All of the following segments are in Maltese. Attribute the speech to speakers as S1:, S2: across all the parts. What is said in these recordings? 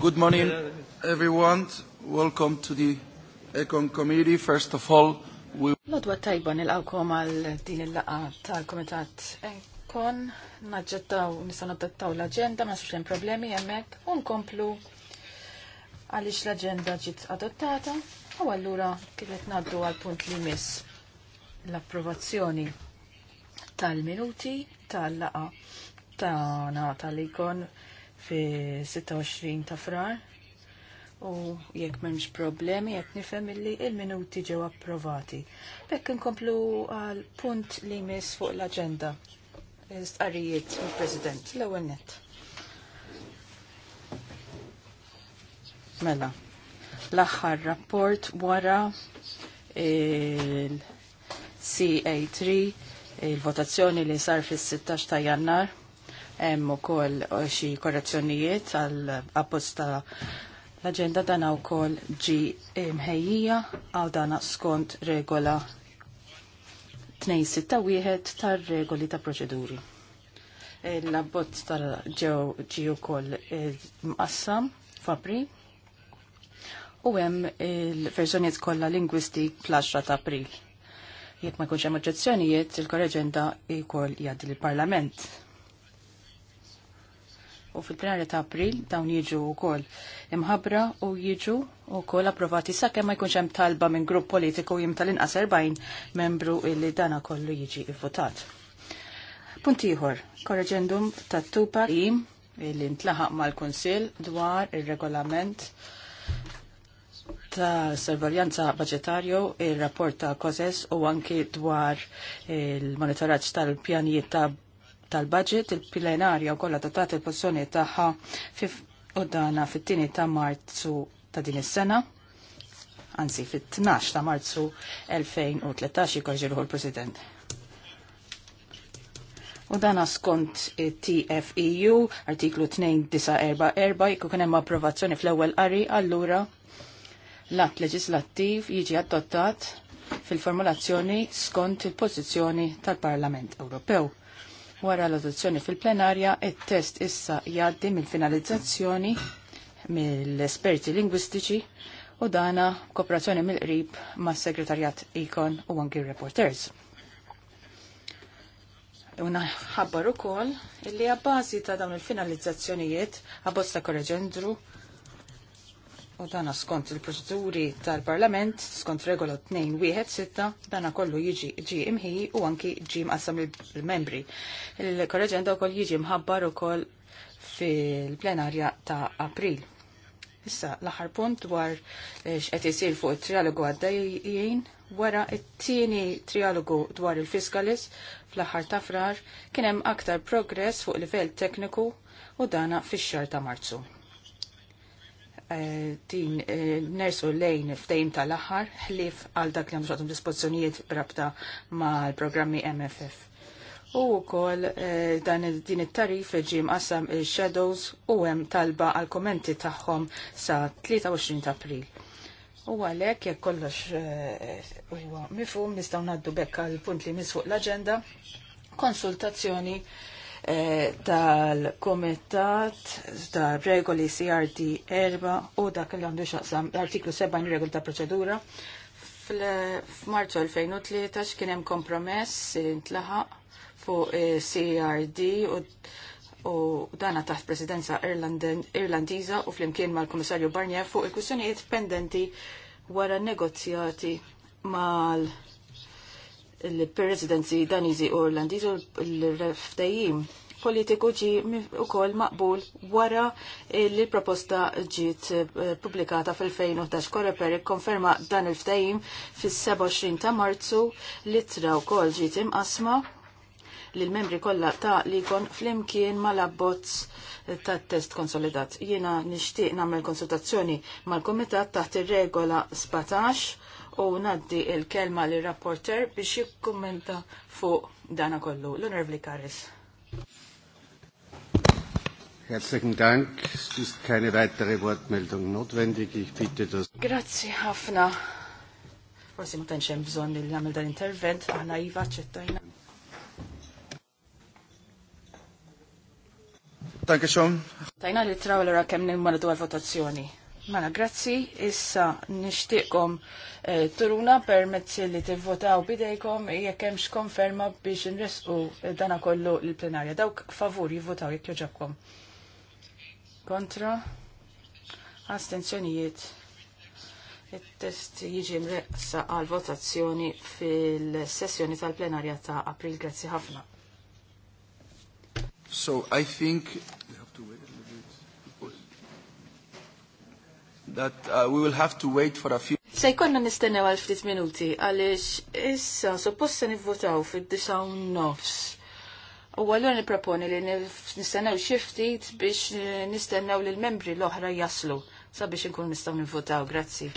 S1: Good morning, everyone. Welcome to the Econ Committee. First of all, we...
S2: Lodwa tajba nil-għawkom għal din il-laqa tal-Komitat Econ. Naġġettaw, nisan adottaw l-agenda, ma hemm problemi jemmek. Unkomplu għalix l-agenda ġit adottata. U għallura kifet naddu għal punt li mis l-approvazzjoni tal-minuti tal-laqa ta' na tal kon fi 26 ta' frar u jekk m'hemmx problemi jekk nifhem illi il-minuti ġew approvati. Bekk inkomplu għal punt li jmiss fuq l-aġenda. Istqarijiet il president l-ewwel nett. Mela, l-aħħar rapport wara il-CA3 il-votazzjoni li sar fis-16 ta' Jannar hemm ukoll xi korrezzjonijiet għal apposta l-aġenda dan wkoll ġi mħejjija għal dan skont regola 261 tar-regoli ta' proċeduri. L-abbozz tal ġew ġi wkoll mqassam f'April u hemm il-verżjonijiet kollha lingwistik fl-10 ta' April. Jekk ma jkunx hemm oġġezzjonijiet, il-korreġenda jkoll jgħaddi lill-Parlament u fil-plenarja ta' april dawn jiġu wkoll imħabbra u jiġu u wkoll approvati sakemm ma jkunx hemm talba minn grupp politiku jim tal-inqas 40 membru illi dana kollu jiġi votat. Punt ieħor, korreġendum tat-tupa li ntlaħaq mal-Kunsill dwar ir-regolament ta' sorveljanza budgetarju, ir rapport ta' COSES u anki dwar il-monitoraġġ tal-pjanijiet ta' tal-budget il-plenarja u kolla dotat il-pozizjoni taħħa u dana fit-tini ta' marzu ta' din is-sena, anzi fit-12 ta' marzu 2013 jikorġiruħu l-President. U dana skont TFEU, artiklu 2944, jekku kien hemm approvazzjoni fl-ewwel qari, allura l-att leġislattiv jiġi adottat fil-formulazzjoni skont il-pożizzjoni tal-Parlament Ewropew. Wara l-adozzjoni fil-plenarja, il test issa jgħaddi mill-finalizzazzjoni mill-esperti lingwistiċi u dana kooperazzjoni mill-qrib ma' segretarjat Ikon u anki reporters. Una ħabbar ukoll illi għabbazi ta' dawn il-finalizzazzjonijiet għabbozz korreġendru u dana skont il-proċeduri tal-Parlament skont regola 2-1-6 dana kollu jiġi ġi imħi u anki ġi mqassam il-membri. Il-korreġenda u koll jiġi mħabbar u koll fil-plenarja ta' april. Issa, l-aħar punt dwar eh, x'qed isir fuq it-trialogu għaddejjin wara it-tieni trialogu dwar il-fiskalis fl-aħħar ta' frar kien hemm aktar progress fuq livell tekniku u dana fix-xar ta' Marzu din eh, nersu lejn f'dejn tal-aħħar ħlif għal dak li għandu xatum dispozzjonijiet brabta mal programmi MFF. U kol eh, dan din it-tarif ġim qasam il-Shadows u hemm talba għal kommenti tagħhom sa 23 ta' April. U għalek, jek kollox eh, mifhum nistgħu ngħaddu bekk għal punt li misfuq l-aġenda, konsultazzjoni Eh, tal-komitat ta' regoli CRD 4 u dak li għandu xaqsam artiklu 7 regoli ta' proċedura. F'Marzu 2003 kien hemm kompromess li fuq eh, CRD u u dana taħt presidenza irlandiza u flimkien mal-Komissarju Barnier fuq il-kussjonijiet pendenti wara negozjati mal il-presidenzi danizi u irlandizi u l-reftajim politiku ġi u kol maqbul wara li proposta ġiet eh, publikata fil-2011. Koreper konferma dan il-ftajim fis-27 ta' marzu li tra u kol ġiet imqasma li l-membri kollha ta' li kon flimkien mal-abbozz ta' test konsolidat. Jiena nixtieq nagħmel konsultazzjoni mal-Kumitat taħt ir-regola 17 u naddi il-kelma li rapporter biex jikkommenta fuq dana kollu. L-Onorevli Karis.
S1: Herzlichen Dank. Es ist keine weitere Wortmeldung notwendig. Ich bitte das.
S2: Grazie, Hafna. Forse ma tantx bżon bżonn li għamil dan intervent, aħna jiva ċettajna. Danke xom. Tajna li trawlera ra kemm nimmardu għal-votazzjoni. Mela, grazzi. Issa nixtieqkom eh, turuna mezzi li tivvotaw bidejkom jekk xkonferma konferma biex nresqu eh, dana kollu l-plenarja. Dawk favur jivvotaw jekk joġobkom. Kontra? Astenzjonijiet. Il-test jiġi mreqsa għal votazzjoni fil-sessjoni tal-plenarja ta' april. Grazzi ħafna.
S1: So I think that uh, we will have to wait for a few
S2: Se jkollna nistennew għal ftit minuti għaliex issa suppost se nivvotaw fid disaw nofs. U għallu niproponi li nistennew xiftit biex nistennew lill l-membri l-oħra jaslu sabiex nkun nistaw nivvotaw. Grazzi.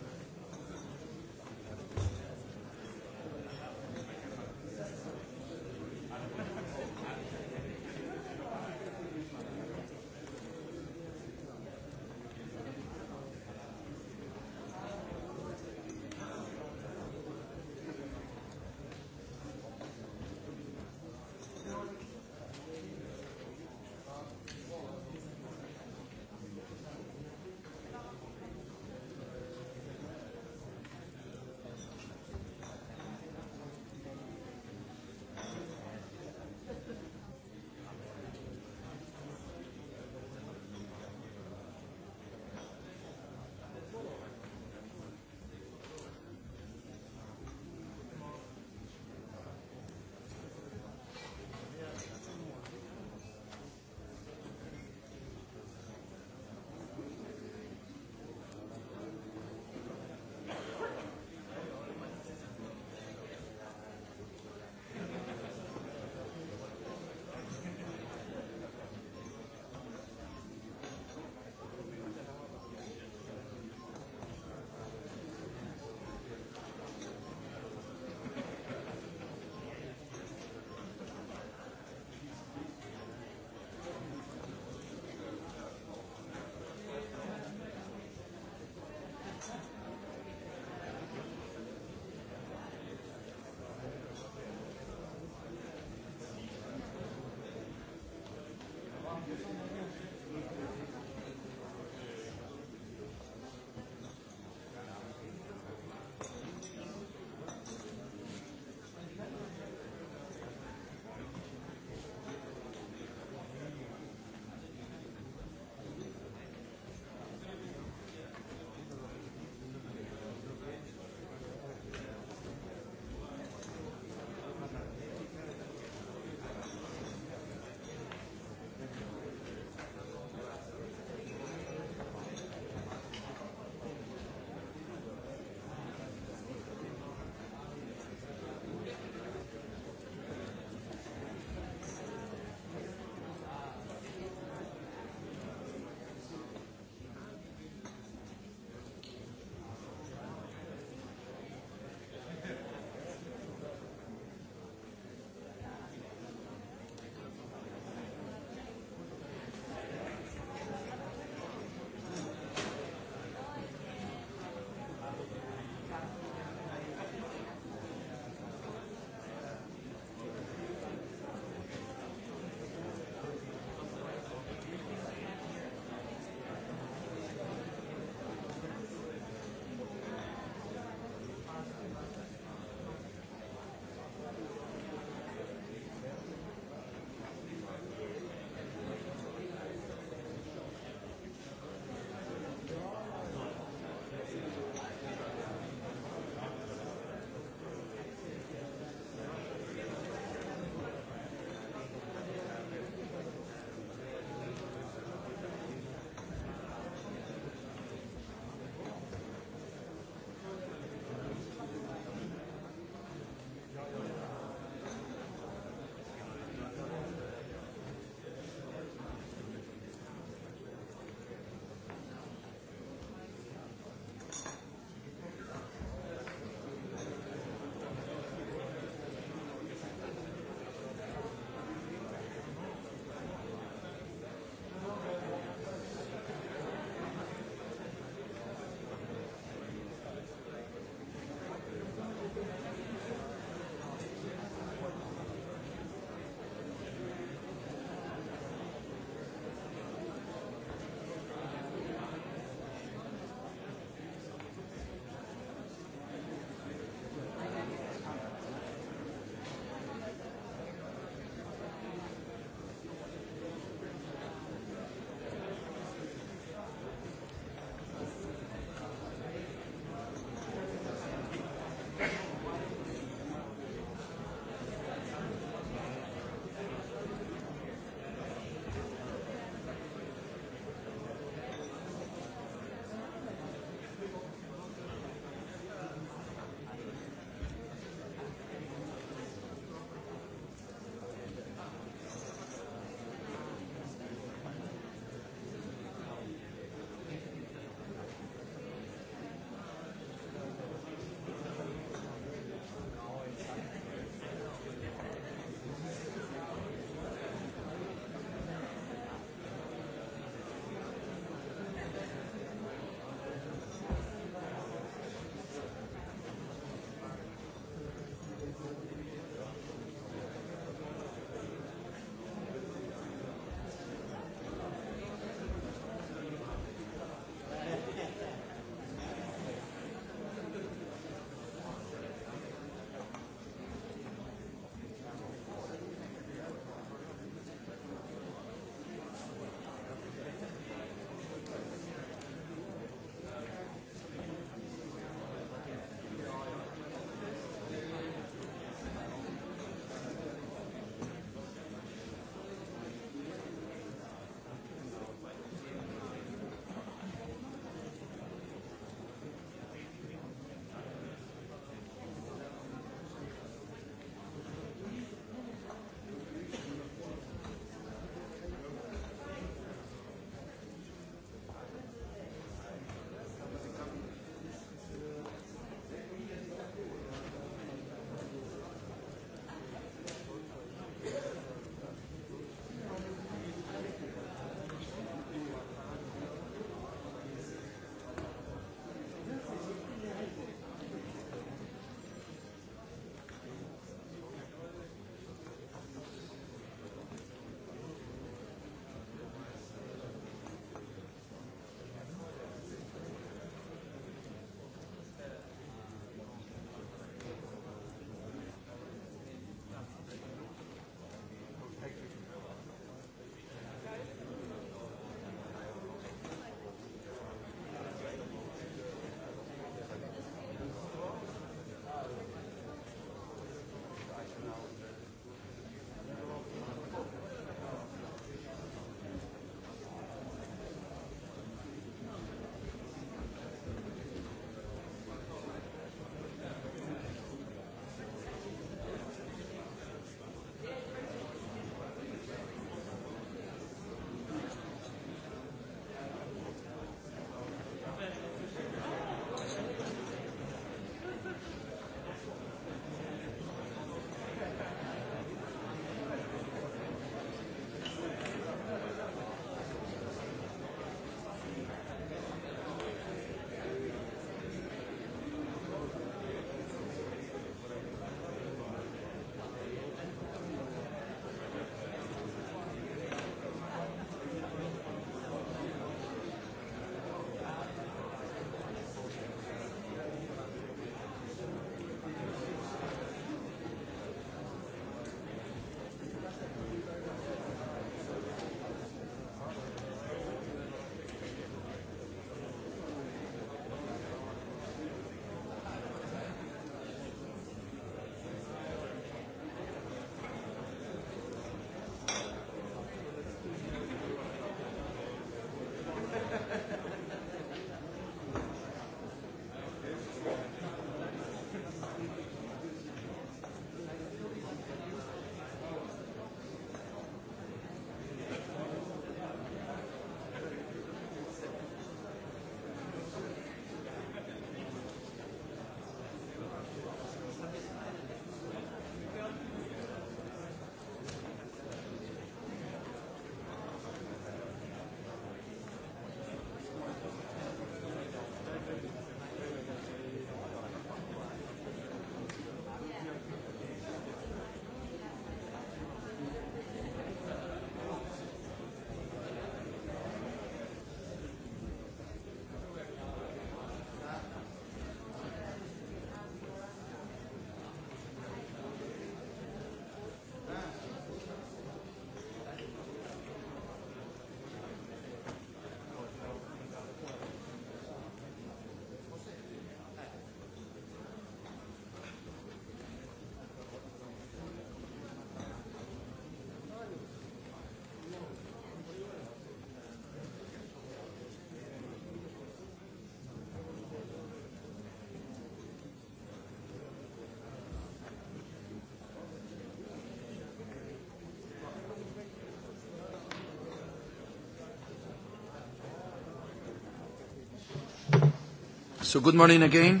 S1: So good morning again.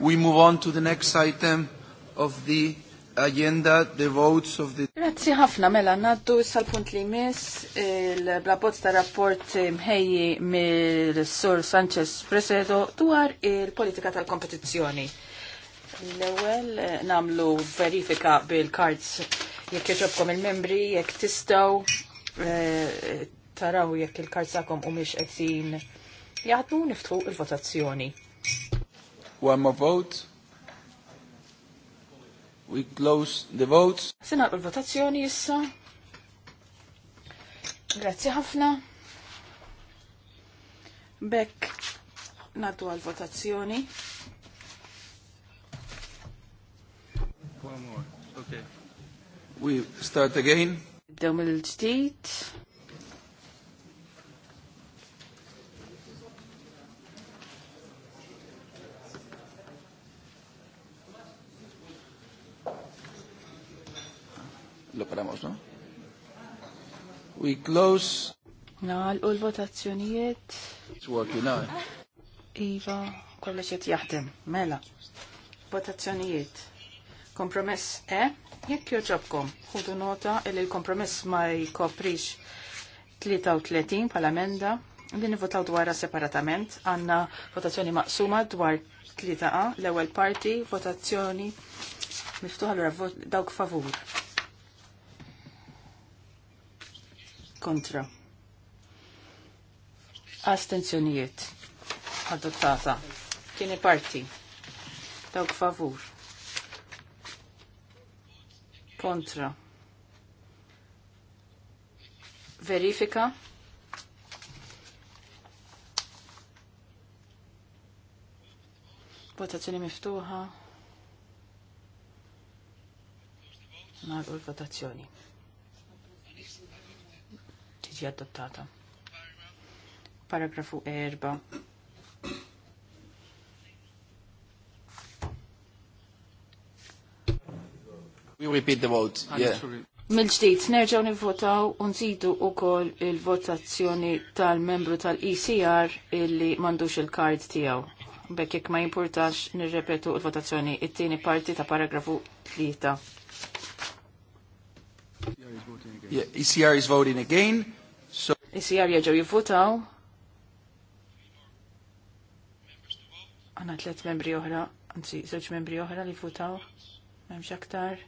S1: We move on to the next item of the agenda, the votes of the...
S2: Grazzi ħafna mela naddu sal-punt li mis il-blabozz ta' rapport mħejji mill-Sur Sanchez Presedo dwar il-politika tal-kompetizzjoni. L-ewel eh, namlu verifika bil kards jekk joġobkom il-membri, jekk tistaw eh, taraw jekk il-cards tagħkom u miex qegħdin jaħdmu niftħu il-votazzjoni.
S1: One more vote. We close the votes.
S2: Sena l-votazzjoni jissa. Grazie ħafna. Bekk natu għal-votazzjoni. One more. Okay.
S3: We start again.
S2: Dew mill-ġdid. We close. Nal u l-votazzjonijiet. It's working Iva, kollox jett jaħdem. Mela. Votazzjonijiet. Kompromess E. Jekk joġobkom, ħudu nota li l-kompromess ma jkoprix 33 pal-amenda li nivotaw dwarra separatament. Għanna votazzjoni maqsuma dwar 3A, l-ewwel parti, votazzjoni miftuħa l dawk favur kontra. Astenzjonijiet. Adottata. Tieni parti. Dawk favur. Kontra. Verifika. Votazzjoni miftuħa. Nagħu l-votazzjoni tiġi adottata. Paragrafu 4.
S1: We repeat the vote. Yeah.
S2: Mil-ġdijt, nerġaw nivvotaw unżidu u kol il-votazzjoni tal-membru tal-ECR illi mandux il-kard tijaw. Bekkek ma jimportax nirrepetu il-votazzjoni it-tieni parti ta' paragrafu 3.
S3: Yeah, ECR is voting
S2: again. Is-sijar jaġaw jivvotaw. Għanna tlet membri oħra, anzi, żewġ membri oħra li votaw. Memx aktar.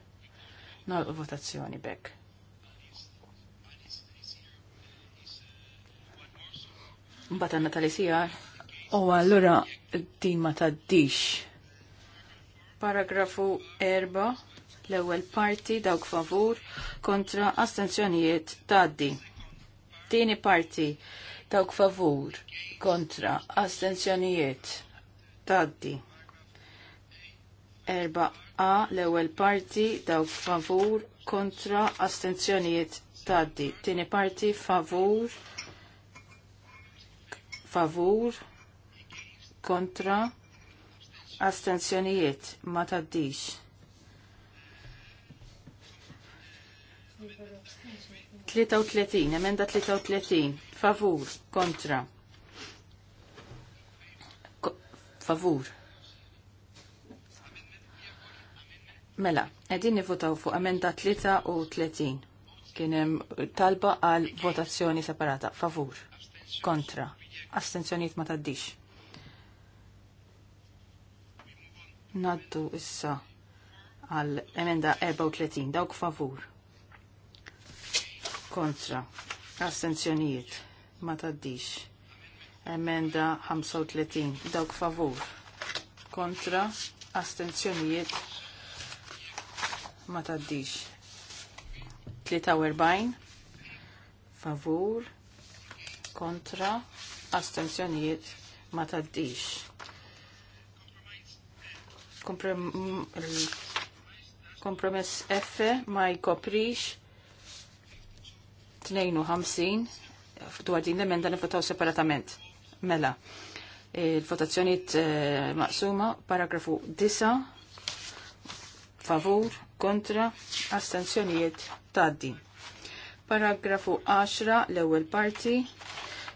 S2: Nal votazzjoni bekk. Mbagħad għanna tal sijar U allura din ma taddix. Paragrafu 4, l-ewwel parti dawk favur kontra astenzjonijiet taddi. Tieni parti dawk favur kontra astenzjonijiet taddi. Erba A l-ewwel parti dawk favur kontra astenzjonijiet taddi. Tieni parti favur favur kontra astenzjonijiet ma taddix. 33, emenda 33, favur, kontra. favur. Mela, edin nivotaw fuq emenda 33. Kienem talba għal votazzjoni separata. Favur, kontra, astenzjoniet ma taddix. Naddu issa għal emenda 34, dawk favur kontra astenzjonijiet ma taddix. Emenda 35 dawk favur kontra astenzjonijiet ma taddix. 43 favur kontra astenzjonijiet ma taddix. Mm, kompromess F ma jkoprix 52 dwar din l-emenda nifotaw separatament. Mela, il-votazzjoniet eh, maqsuma, paragrafu 9, favur, kontra, astenzjonijiet taddi. Paragrafu 10, l-ewwel parti,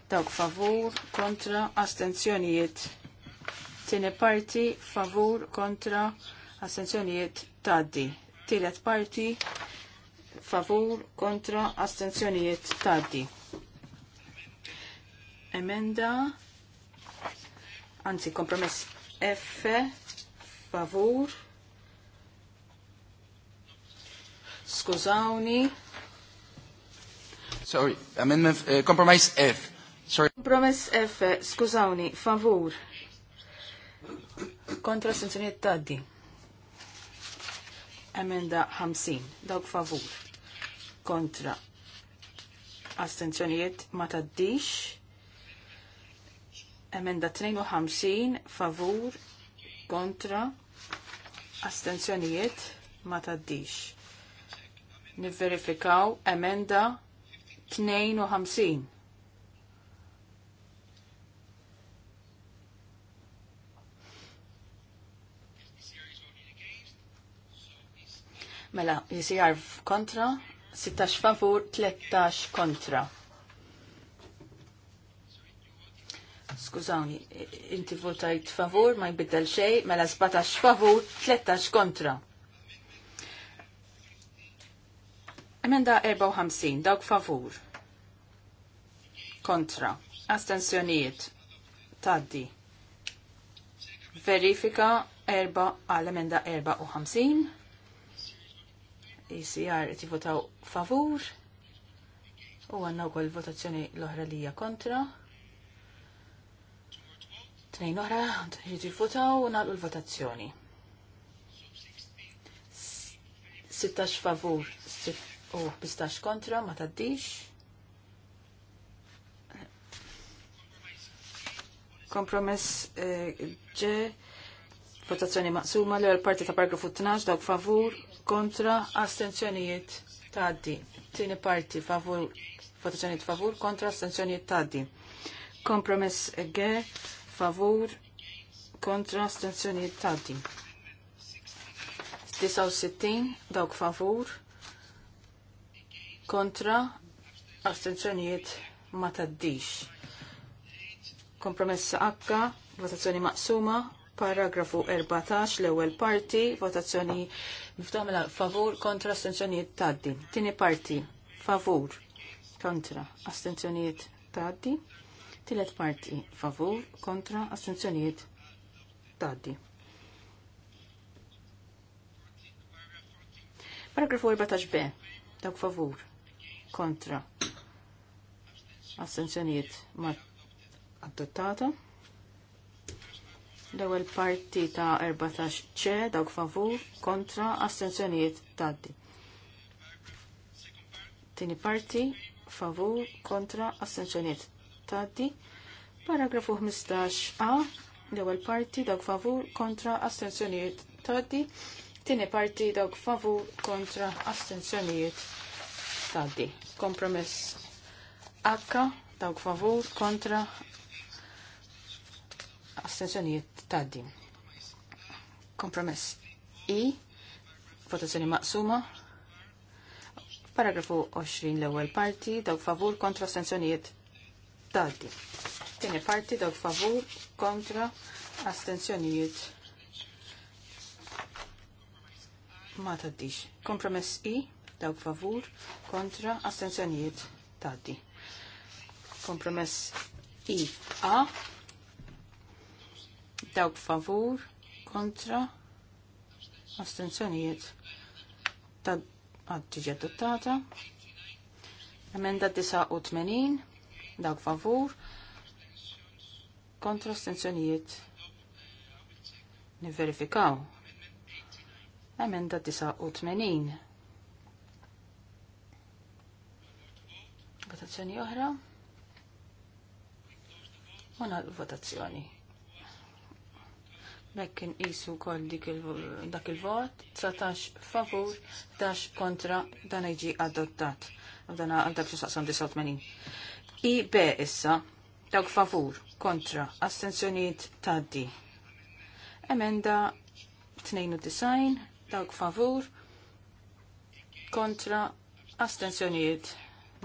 S2: dawk favur, kontra, astenzjonijiet. Tieni parti, favur, kontra, astenzjonijiet taddi. Tielet parti, favur kontra astenzjonijiet tardi. Emenda, anzi kompromess F, favur, skużawni.
S1: Sorry, amendment, uh, compromise F. Sorry.
S2: Compromise F, skużawni, favur. Kontra sanzjoniet taddi. Emenda 50, dawk favur kontra astenzjonijiet ma taddix emenda 52 favur kontra astenzjonijiet ma taddix nivverifikaw emenda 52 Mela, jisir kontra, 16 favur, 13 kontra. Skużawni, inti votajt favur, ma jbiddel xej, mela 17 favur, 13 kontra. Emenda 54, dawk favur. Kontra. Astensjoniet. Taddi. Verifika erba' għal emenda 54. ICR e tivvotaw favur u għanna wkoll votazzjoni l ohra li kontra. Tnejn oħra votaw u nagħlqu l-votazzjoni. 16 favur u 15 kontra ma taddix. Kompromess ġe eh, votazzjoni maqsuma l-ewwel parti ta' paragrafu 12 dawk favur kontra astenzjonijiet taddi. Tini parti favur, votazzjonijiet favur kontra astenzjonijiet taddi. Kompromess G favur kontra astenzjonijiet taddi. 69 dawk favur kontra astenzjonijiet ma taddix. Kompromess H, votazzjoni maqsuma, paragrafu 14, l-ewwel parti, votazzjoni Miftuħa mela favur kontra astenzjonijiet taddi. Tini parti favur kontra astenzjonijiet taddi. Tilet parti favur kontra astenzjonijiet taddi. Paragrafu 14b. Dawk favur. Kontra. astenzjonijiet ma adottata. L-ewwel parti ta' 14 ċe dawk favur kontra astenzjonijiet taddi. Tini parti favur kontra astenzjonijiet taddi. Paragrafu 15 a l-ewwel parti dawk favur kontra astenzjonijiet taddi. Tini parti dawk favur kontra astenzjonijiet taddi. Kompromess H dawk favur kontra astenzjonijiet taddi. Kompromess I, votazzjoni maqsuma, paragrafu 20 l-ewwel parti, dawk favur kontra astenzjonijiet din. Tieni parti dawk favur kontra astenzjonijiet ma taddix. Kompromess I, dawk favur kontra astenzjonijiet taddi. Kompromess I A, dawk favur, kontra, astenzjonijiet ta' għadġiġi adottata. Emenda 89, dawk favur, kontra astenzjonijiet niverifikaw. Emenda 89. Votazzjoni oħra. Unal votazzjoni kien isu wkoll dak il-vot, 19 favur, 10 kontra dan iġi adottat. Dan għadda biex saqsam 89. I B issa, dawk favur, kontra, astensjonijiet taddi. Emenda 92, dawk favur, kontra, astensjonijiet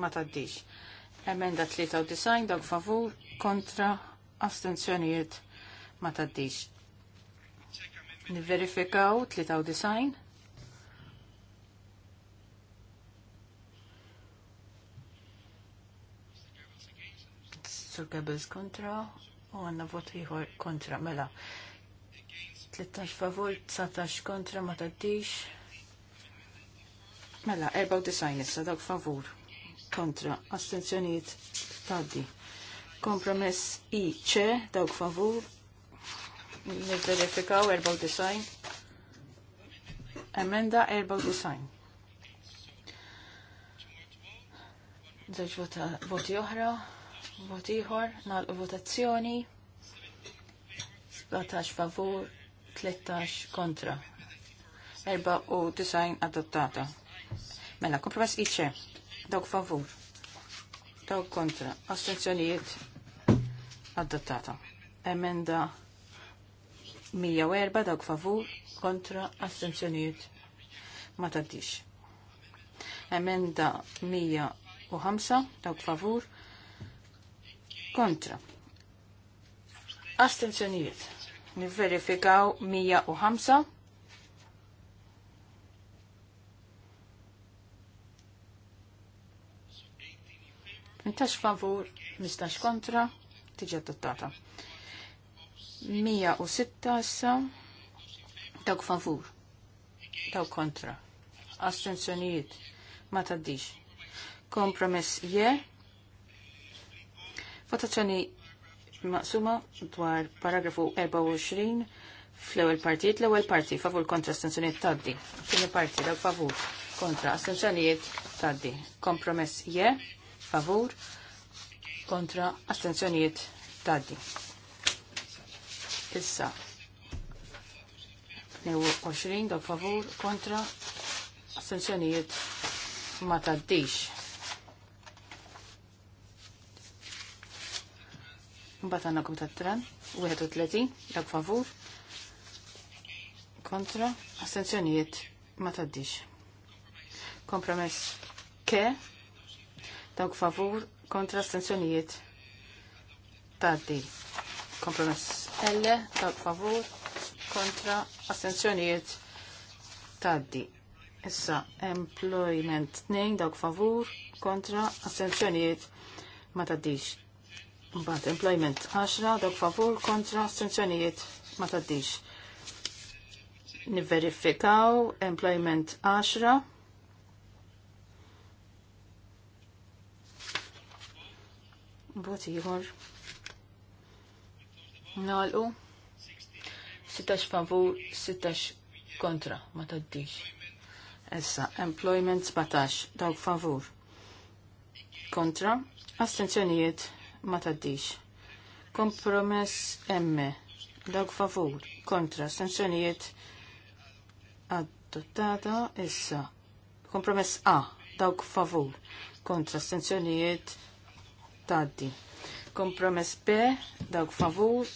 S2: ma taddix. Emenda 93, dak favur, kontra, astensjonijiet ma taddix Niverifikaw 93. Sur Goebbels kontra u għanna vot ieħor kontra mela. 13 favor, 19 kontra ma taddix. Mela, 94 issa dawk favor, Kontra, astenzjoniet, taddi. Kompromess i ċe dawk favor, nivverifikaw design. Emenda design. Zewġ voti oħra, voti ieħor, nagħlqu votazzjoni. 17 favur, 13 kontra. Erba' u design adottata. Mela, kompromess iċe. Dawk favur. Dawk kontra. Astenzjonijiet adottata. Emenda 104 dawk favur kontra astenzjonijiet ma taddix. Emenda 105 dawk favur kontra. Astenzjonijiet. Niverifikaw 105 Mintax favur, mistax kontra, tiġi adottata. 106 issa dawk favur, dawk kontra, astenzjonijiet ma taddix. Kompromess je, votazzjoni maqsuma dwar paragrafu 24 fl-ewwel partijiet l-ewwel parti favur kontra astenzjonijiet taddi. Tieni parti dawk favur kontra astenzjonijiet taddi. Kompromess je, favur kontra astenzjonijiet taddi issa. 22 dak favur kontra sanzjonijiet ma taddix. Mbagħad għandna kumitat tran, 31 dak favur kontra assenzjonijiet ma taddix. Kompromess ke dawk favur kontra astenzjonijiet taddi. Kompromess L ta' favur kontra assenzjonijiet taddi. Issa employment nejn, dawk favur kontra assenzjonijiet ma taddix. Mbagħad employment 10 dawk favur kontra assenzjonijiet ma taddix. Niverifikaw employment 10 Voti jħor. Nalqu. 16 favur, 16 kontra, ma taddix. Issa, employment 17, dawk favur. Kontra, astenzjonijiet ma taddix. Kompromess M, dawk favur. Kontra, astenzjonijiet adottata, issa. Kompromess A, dawk favur. Kontra, astenzjonijiet taddi. Kompromess B, dawk favur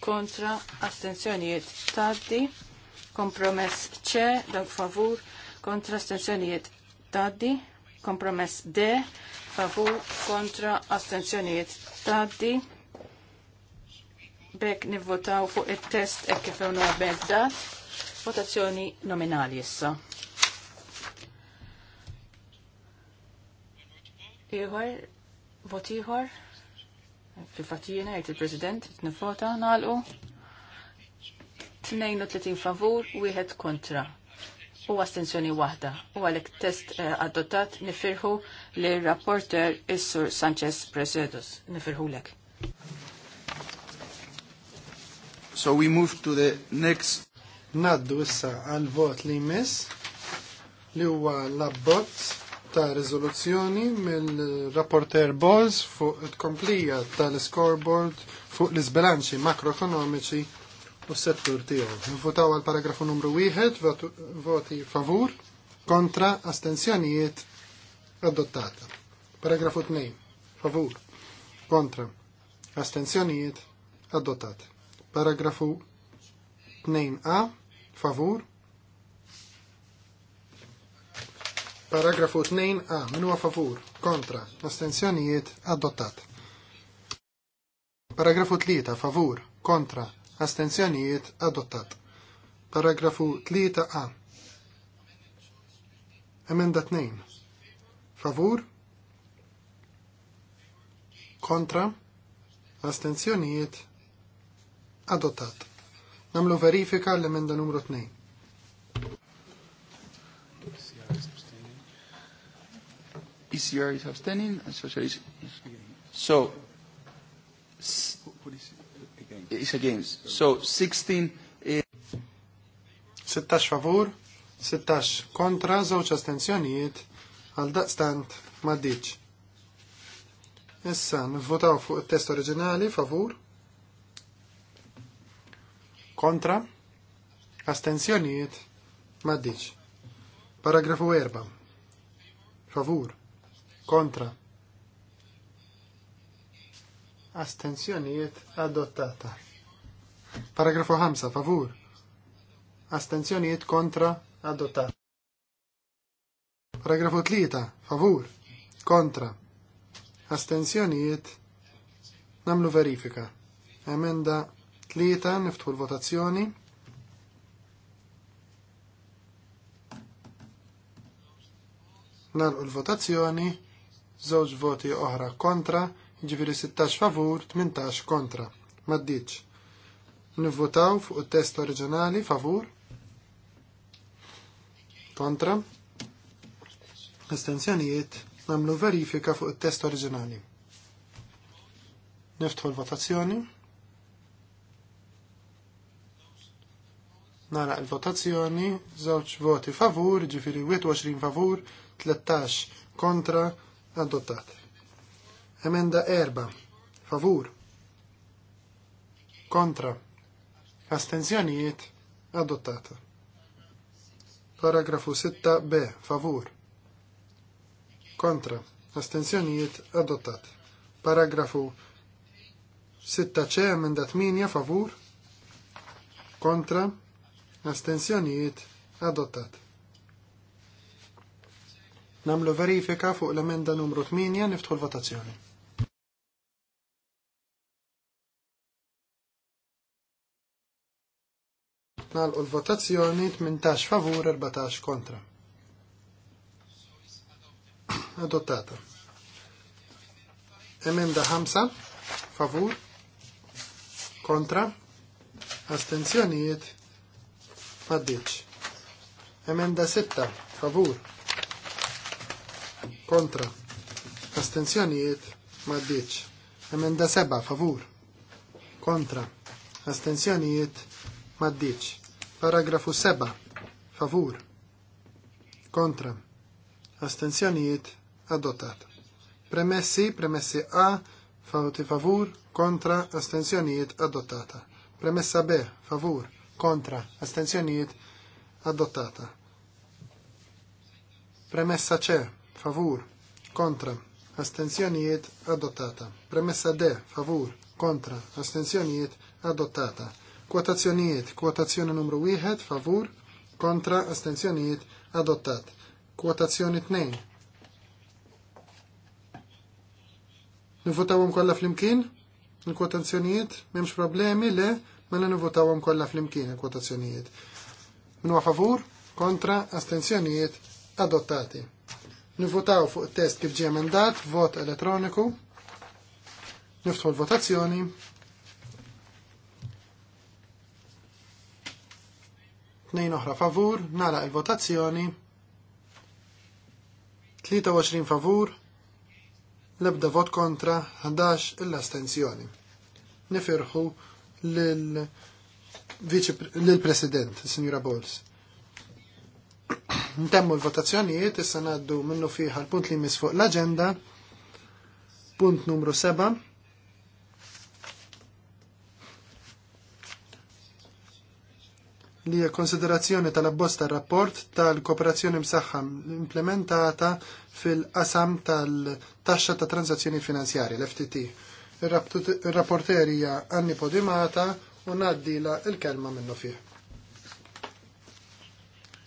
S2: kontra astenzjonijiet taddi, kompromess C, dawk favur, kontra astenzjonijiet taddi, kompromess D, favur, kontra astenzjonijiet taddi, bekk nivvotaw fuq il-test e kif għuna dat votazzjoni nominali issa. Iħor, vot ieħor? Fil-fatijina, jgħid il-President, t-nifota, nalqu. 32 favur, wieħed kontra. U astenzjoni wahda. U għalek test eh, adottat nifirħu li rapporter Issur Sanchez Presedus. Nifirħu lek.
S1: So we move to the next. Naddu issa għal-vot li jmiss li huwa l-abbozz ta' rezoluzzjoni mill-rapporter Bols fuq it-komplija tal-scoreboard fuq l-izbilanċi makroekonomiċi u s-settur tiegħu. Nivvotaw għal paragrafu numru 1, voti favur, kontra, astensjonijiet, adottata. Paragrafu 2, favur, kontra, astensjonijiet, adottata. Paragrafu 2a, favur, Paragrafu 2a minu a favur, kontra, astenzjonijiet adottat. Paragrafu 3 a favur, kontra, astenzjonijiet adottat. Paragrafu 3a. Emenda 2. Favur, kontra, astenzjonijiet adottat. Namlu verifika l-emenda numru 2. ECR is abstaining and socialist is so is against so 16 is 16 favur 16 kontra żewġ astenzjonijiet għal daqstant maddiċ. Issa nivvotaw fuq it-test oriġinali favur kontra astenzjonijiet maddiċ. Paragrafu 4 favur kontra astenzjonijiet adottata. Paragrafu 5, favur. Astenzjonijiet kontra adottata. Paragrafu 3, favur. Kontra. Astenzjonijiet namlu verifika. Emenda 3, niftħu l-votazzjoni. Nalqu l-votazzjoni żewġ voti oħra kontra, jiġifieri 16 favur, 18 kontra. Maddiċ. Nivvotaw fuq it-test oriġinali favur. Kontra. Estenzjonijiet namlu verifika fuq it-test oriġinali. Niftħu l-votazzjoni. Nara il-votazzjoni, żewġ voti favur, ġifiri 21 favur, 13 kontra, adottat. Emenda erba, favur, kontra, astenzioniet, adottata. Paragrafu 6b, favur, kontra, astenzjonijiet, adottat. Paragrafu 6c, emenda 8, favur, kontra, astenzjonijiet, adottat. Namlu verifika fuq l-emenda numru 8 niftħu l-votazzjoni. Nalqu l-votazzjoni 18 favur 14 kontra. Adottata. Emenda 5 favur kontra astenzjonijiet maddiċ. Emenda 6 favur kontra, astenzjonijiet maddiċ. Emenda seba' favur, kontra, astenzjonijiet maddiċ. Paragrafu seba' favur, kontra, astenzjonijiet adottat. Premessi, premessi A, favuti favur, kontra, astenzjonijiet adottata. Premessa B, favur, kontra, astenzjonijiet adottata. Premessa C, favur, kontra, astenzjonijiet adottata. Premessa D, favur, kontra, astenzjonijiet adottata. Kwotazzjonijiet, kwotazzjoni numru 1, favur, kontra, astenzjonijiet adottat. Kwotazzjoni 2. Nivotawhom kollha flimkien? Il-kwotazzjonijiet m'hemmx problemi le ma mela nivotawhom kollha flimkien il-kwotazzjonijiet. Minwa favur, kontra, astenzjonijiet adottati. Nivvotaw fuq test kif ġie emendat, vot elettroniku. Niftħu l-votazzjoni. Tnejn oħra favur, nara il-votazzjoni. 23 favur, lebda vot kontra, 11 il astenzjoni Nifirħu l-President, Signora Bols. Ntemmu l-votazzjonijiet, issa naddu minnu fiħa l-punt li jmiss fuq l-agenda, punt numru 7. li hija konsiderazzjoni tal-abbosta rapport tal-kooperazzjoni msaħħa implementata fil-qasam tal-taxxa ta' transazzjoni finanzjari, l-FTT. Il-rapporterija Anni Podimata u naddila il-kelma minnu fiħ.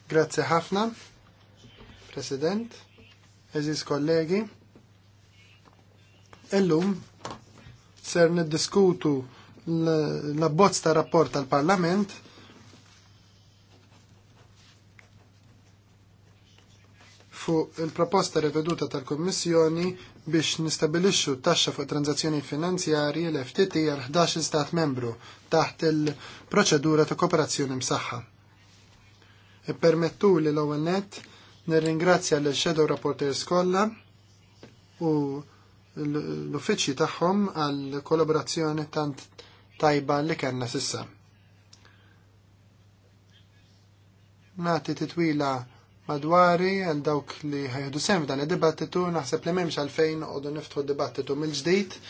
S1: Grazzi ħafna, President, eżis kollegi. Illum ser niddiskutu l-abbozz ta' rapport tal-Parlament fuq il-proposta riveduta tal-Kommissjoni biex nistabilixxu taxxa fuq tranzazzjoni finanzjarji l-FTT għal 11 stat membru taħt il-proċedura ta' kooperazzjoni msaħħa. E permettu li l-ewwel nett nirringrazzja l shadow Rapporteurs kollha u l-uffiċċji tagħhom għal kollaborazzjoni tant tajba li kellna sissa. Nagħti titwila madwari għal dawk li ħajdu sem dan id-dibattitu naħseb li m'hemmx għalfejn qogħdu niftħu d-dibattitu mill-ġdid.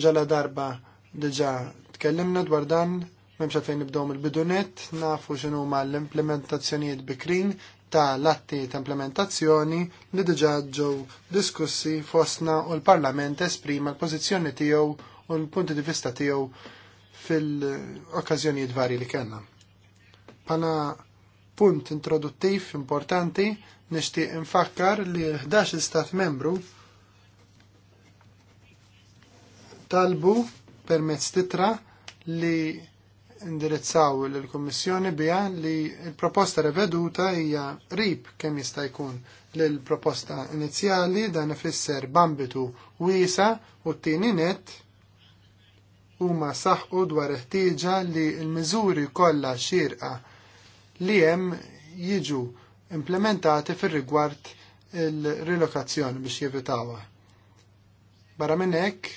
S1: Ġala darba diġà tkellimna dwar dan memxat fejn nibdow mill-bidunet, nafu xinu ma l-implementazzjonijiet bikrin ta' l-atti ta' implementazzjoni li diġa ġew diskussi fosna u l-Parlament esprima l-pożizzjoni tiegħu u l-punti di vista tiegħu fil-okkażjonijiet varji li kellna. Pala punt introduttiv importanti nixtieq infakkar li 11 stat membru talbu permezz titra li indirizzaw l-Kommissjoni bija li l-proposta reveduta hija rib kemm jista' jkun l-proposta inizjali dan ifisser bambitu wiesa u t-tieni net huma saħqu dwar ħtieġa li l-miżuri kollha xirqa li hemm jiġu implementati fir-rigward il-relokazzjoni biex jevitawha. Barra minn hekk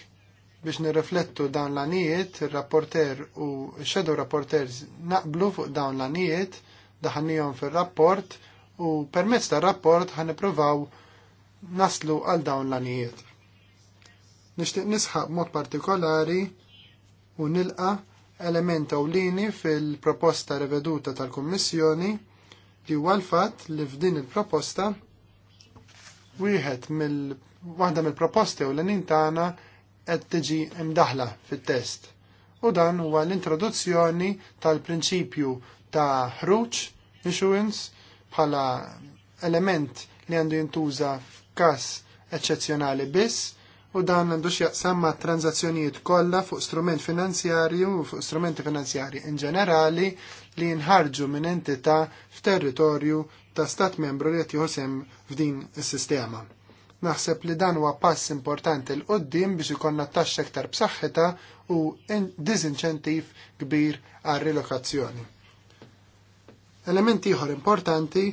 S1: biex nirriflettu dawn l-anijiet, il-rapporter u shadow rapporters naqblu fuq dawn l-anijiet, daħannijom fil-rapport u permezz ta' rapport ħan naslu għal dawn l-anijiet. Nishtiq nisħab mod partikolari u nilqa element ewlieni fil-proposta reveduta tal-Kummissjoni li huwa l-fatt li f'din il-proposta wieħed mill waħda mill-proposti u l-nin qed tiġi imdaħla fit-test. U dan huwa l-introduzzjoni tal-prinċipju ta' ħruġ issuance bħala element li għandu jintuża f'każ eċċezzjonali biss u dan għandu x'jaqsam ma' tranzazzjonijiet kollha fuq strument finanzjarju u fuq strumenti finanzjarji in ġenerali li jinħarġu minn entità f'territorju ta' stat membru li qed jieħu f'din is-sistema. Naħseb li dan huwa pass importanti l qoddim biex ikonna tax aktar b'saħħita u disincentiv kbir għal relokazzjoni Element ieħor importanti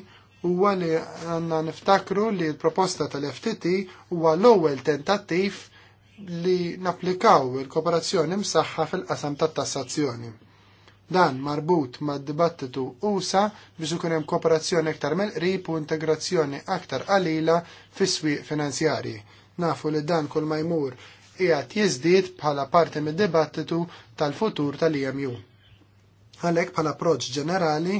S1: huwa li għandna niftakru li l-proposta tal-FTT huwa l-ewwel tentattiv li napplikaw il-kooperazzjoni msaħħa fil-qasam tat-tassazzjoni Dan marbut mad dibattitu USA biex ikun hemm kooperazzjoni aktar mill-qrib u integrazzjoni aktar qalila fis-swieq finanzjarji. Nafu li dan kull ma jmur qiegħed jiżdied bħala parti mid-dibattitu tal-futur tal-EMU. Għalhekk bħala approċċ ġenerali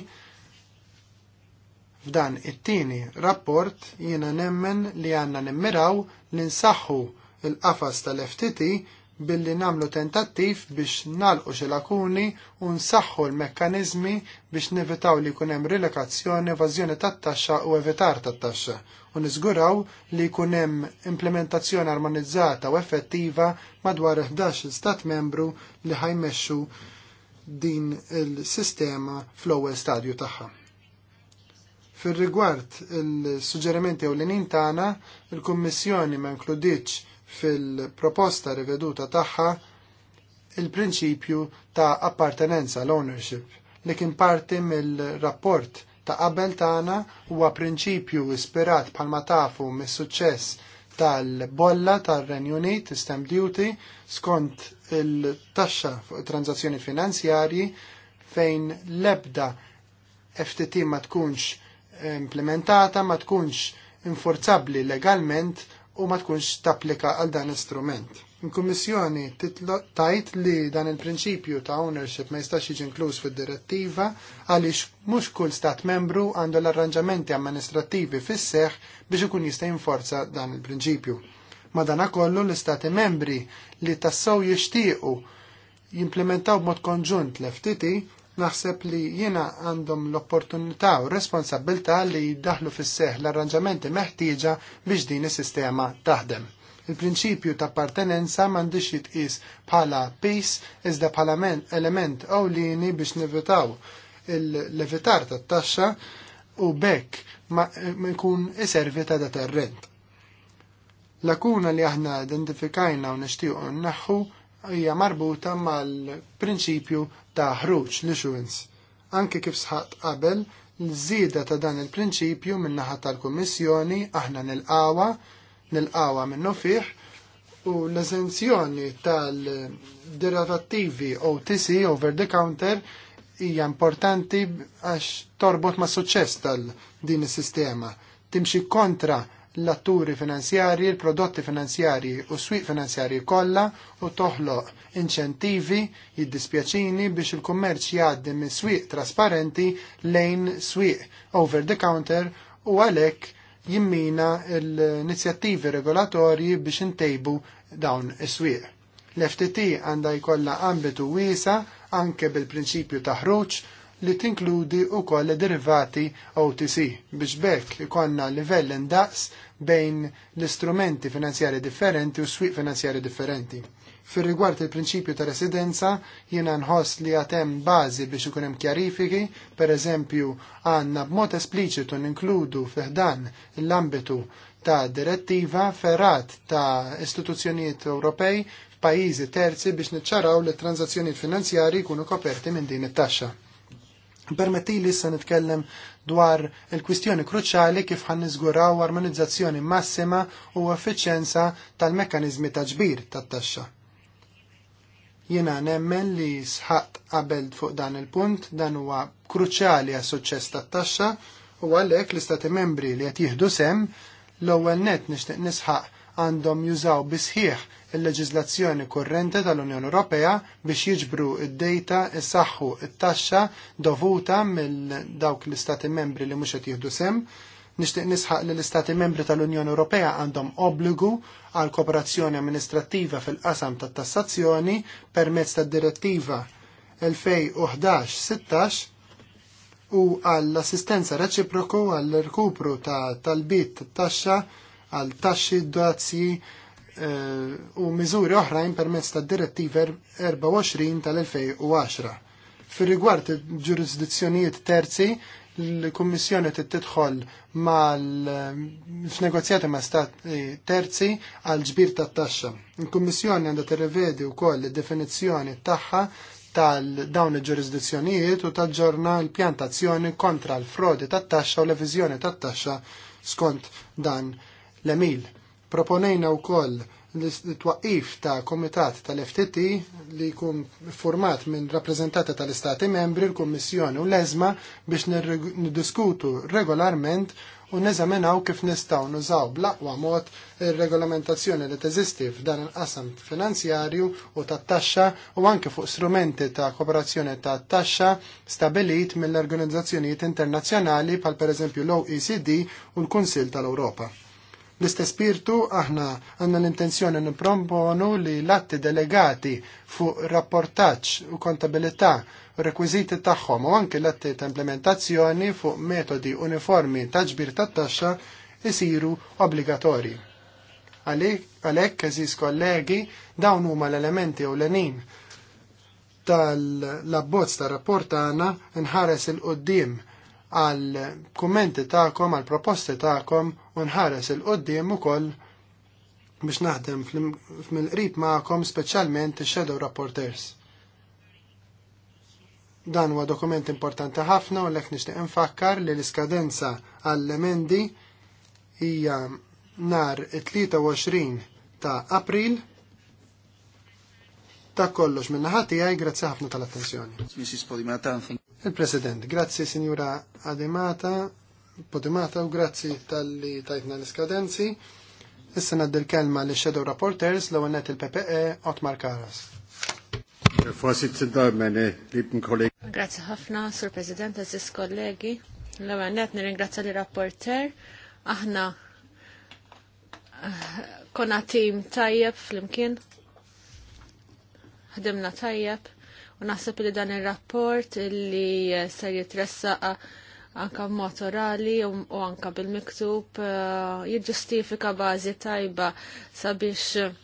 S1: f'dan it-tieni rapport jiena nemmen li għandna nimmiraw li nsaħħu il-qafas tal-FTT billi namlu tentattiv biex nalqu xi lakuni u nsaħħu l-mekkaniżmi biex nevitaw li jkun hemm relokazzjoni, evażjoni tat-taxxa u evitar tat-taxxa u niżguraw li jkun hemm implementazzjoni armonizzata u effettiva madwar 11 stat membru li ħajmexxu din il-sistema fl-ewwel stadju tagħha. Fil rigward il-suġġerimenti u l-inin tagħna, il-Kummissjoni ma inkludiċ fil-proposta riveduta tagħha il-prinċipju ta' appartenenza l-ownership li kien parti mill-rapport ta' qabel tagħna huwa prinċipju ispirat bħalma tafu mis-suċċess tal-bolla tar-Renju Unit stamp duty skont il-taxxa fuq transazzjoni finanzjarji fejn l-ebda FTT ma tkunx implementata, ma tkunx inforzabbli legalment u ma tkunx tapplika għal dan instrument. istrument Il-Kummissjoni tajt li dan il-prinċipju ta' ownership ma jistax jiġi inkluż fid-direttiva għaliex mhux kull stat membru għandu l-arranġamenti amministrattivi fis-seħ biex ikun jista' jinforza dan il-prinċipju. Madanakollu l-istati membri li tassew jixtiequ jimplementaw b'mod konġunt l-FTT naħseb li jiena għandhom l-opportunità u responsabilità li jiddaħlu fis seħħ l-arranġamenti meħtieġa biex din is-sistema taħdem. Il-prinċipju ta' appartenenza m'għandix jitqis bħala peace iżda bħala element ewlieni biex nevitaw il-levitar tat-taxxa u bekk ma jkun iservi ta' deterrent. Lakuna li aħna identifikajna u nixtiequ naħħu hija marbuta mal-prinċipju ta' ħruġ l-issuance. Anke kif sħat qabel, l-żieda ta' dan il-prinċipju min-naħa tal-Kummissjoni aħna nilqawa, nilqawa minn fih, u l-eżenzjoni tal-derivattivi OTC, over the counter, hija importanti għax torbot ma' suċċess tal-din is-sistema. Timxi kontra l-atturi finanzjari, l-prodotti finanzjari u s-swiq finanzjari kollha u toħloq inċentivi jiddispjaċini biex il-kummerċ jgħaddi minn swiq trasparenti lejn swiq over the counter u għalhekk jimmina l-inizjattivi regolatorji biex intejbu dawn is-swieq. L-FTT għandha jkollha ambitu wiesa anke bil-prinċipju ta' ħruġ li tinkludi u koll derivati OTC biex bekk ikonna livell indaqs bejn l-istrumenti finanzjari differenti u swiq finanzjari differenti. Fir rigward il-prinċipju ta' residenza, jiena nħoss li għatem bazi biex ikun hemm kjarifiki, per eżempju għandna b'mod espliċitu ninkludu fiħdan l-ambitu ta' direttiva ferrat ta' istituzzjonijiet Ewropej f'pajjiżi terzi biex niċċaraw li transazzjonijiet finanzjari jkunu koperti minn din it-taxxa. Permetti li issa nitkellem dwar il-kwistjoni kruċali kif ħan niżguraw armonizzazzjoni massima u effiċjenza tal-mekkanizmi ta' ġbir tat-taxxa. Jiena nemmen li sħat qabel fuq dan il-punt dan huwa kruċali għas suċċess tat-taxxa u għalhekk l-istati membri li qed jieħdu sem l-ewwel net nixtieq nisħaq għandhom jużaw bisħieħ il-leġizlazzjoni korrente tal-Unjoni Ewropea biex jiġbru id-dejta isaħħu it-taxxa dovuta mill dawk l-istati membri li mhux qed jieħdu sem. Nixtieq nisħaq li l-istati membri tal-Unjoni Ewropea għandhom obbligu għal kooperazzjoni amministrattiva fil-qasam tat-tassazzjoni permezz tad-direttiva 2011-16 u għall-assistenza reċiproku għall-rkupru ta' talbit taxxa għal taxxi, dozzi eh, u miżuri oħrajn permezz tad direttiva 24 er-, tal-2010. Fir-rigward ġurisdizzjonijiet terzi, l-Kummissjoni tidħol mal-negozjati ma' stati terzi għal ġbir tat taxxa. Il-Kummissjoni għandha tirrevedi wkoll id-definizzjoni tagħha tal-dawn il-ġurisdizzjonijiet u taġġorna l-pjantazzjoni kontra l-frodi tat taxxa u l-eviżjoni tat taxxa skont dan l-emil. Proponejna wkoll l-twaqif ta' komitat tal-FTT li kum format minn rappresentata tal-Istati membri, l-Kummissjoni u l-Ezma biex niddiskutu regolarment u neżaminaw kif nistgħu nużaw blaqwa mod ir-regolamentazzjoni li teżisti f'dan il-qasam finanzjarju u tat-taxxa u anke fuq strumenti ta' kooperazzjoni tat-taxxa stabilit mill-organizzazzjonijiet internazzjonali per pereżempju l-OECD u l kunsil tal-Ewropa. L-istess spirtu aħna għandna l-intenzjoni nippromponu li l-atti delegati fuq rapportaċ u kontabilità u rekwiziti tagħhom u anke l-atti ta' implementazzjoni fuq metodi uniformi ta' ġbir tat-taxxa isiru obbligatorji. Għalhekk eżis kollegi dawn huma l-elementi ewlenin tal-abbozz ta' rapport għana nħares il-qoddim għal kummenti ta'kom, għal proposti ta'kom u nħares il-qoddim ukoll biex naħdem fil qrib ma'kom speċjalment shadow rapporters. Dan huwa dokument importanti ħafna u l-ek nixtieq infakkar li l-iskadenza għall-emendi hija nar 23 ta' April ta' kollox minna ħati għaj, grazzi ħafna tal-attenzjoni. Il-President, grazzi signora Ademata, Podemata, u grazzi tal-li tajtna l-iskadenzi. Issa naddil kelma li Shadow Reporters l għannet il-PPE Otmar Karas.
S3: Grazzi ħafna, Sur President, Aziz kollegi. l għannet nirringrazza li rapporter. Aħna eh, konna tim tajjeb fl-imkien. Ħdimna tajjeb u naħseb li dan ir-rapport li eh, ser jitressaq anka mod orali u anka bil-miktub eh, jiġustifika bażi tajba sabiex eh,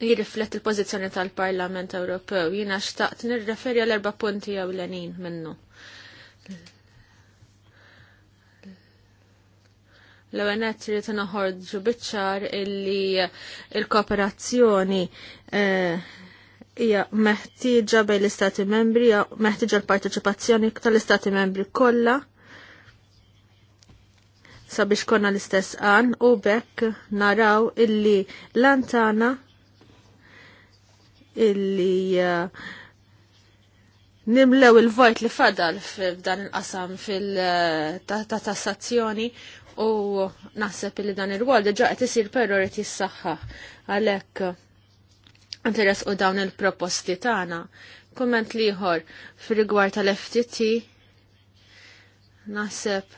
S3: jirriflet il-pozizjoni tal-Parlament Ewropew. Jina xtaqt nirreferi għal erba punti ewlenin minnu. L-għenet rrit noħorġu bitċar illi il-kooperazzjoni eh, hija meħtieġa bejn l-Istati Membri, hija meħtieġa l-parteċipazzjoni tal-Istati Membri kollha sabiex konna l-istess għan u bekk naraw illi lantana illi uh, nimlew il-vojt li fadal f'dan il-qasam fil-tassazzjoni u naħseb illi dan il-wol deġa qed isir peroriti s-saħħa għalhekk interess u dawn il-proposti tagħna. Kumment liħor fil-rigward tal-FTT naħseb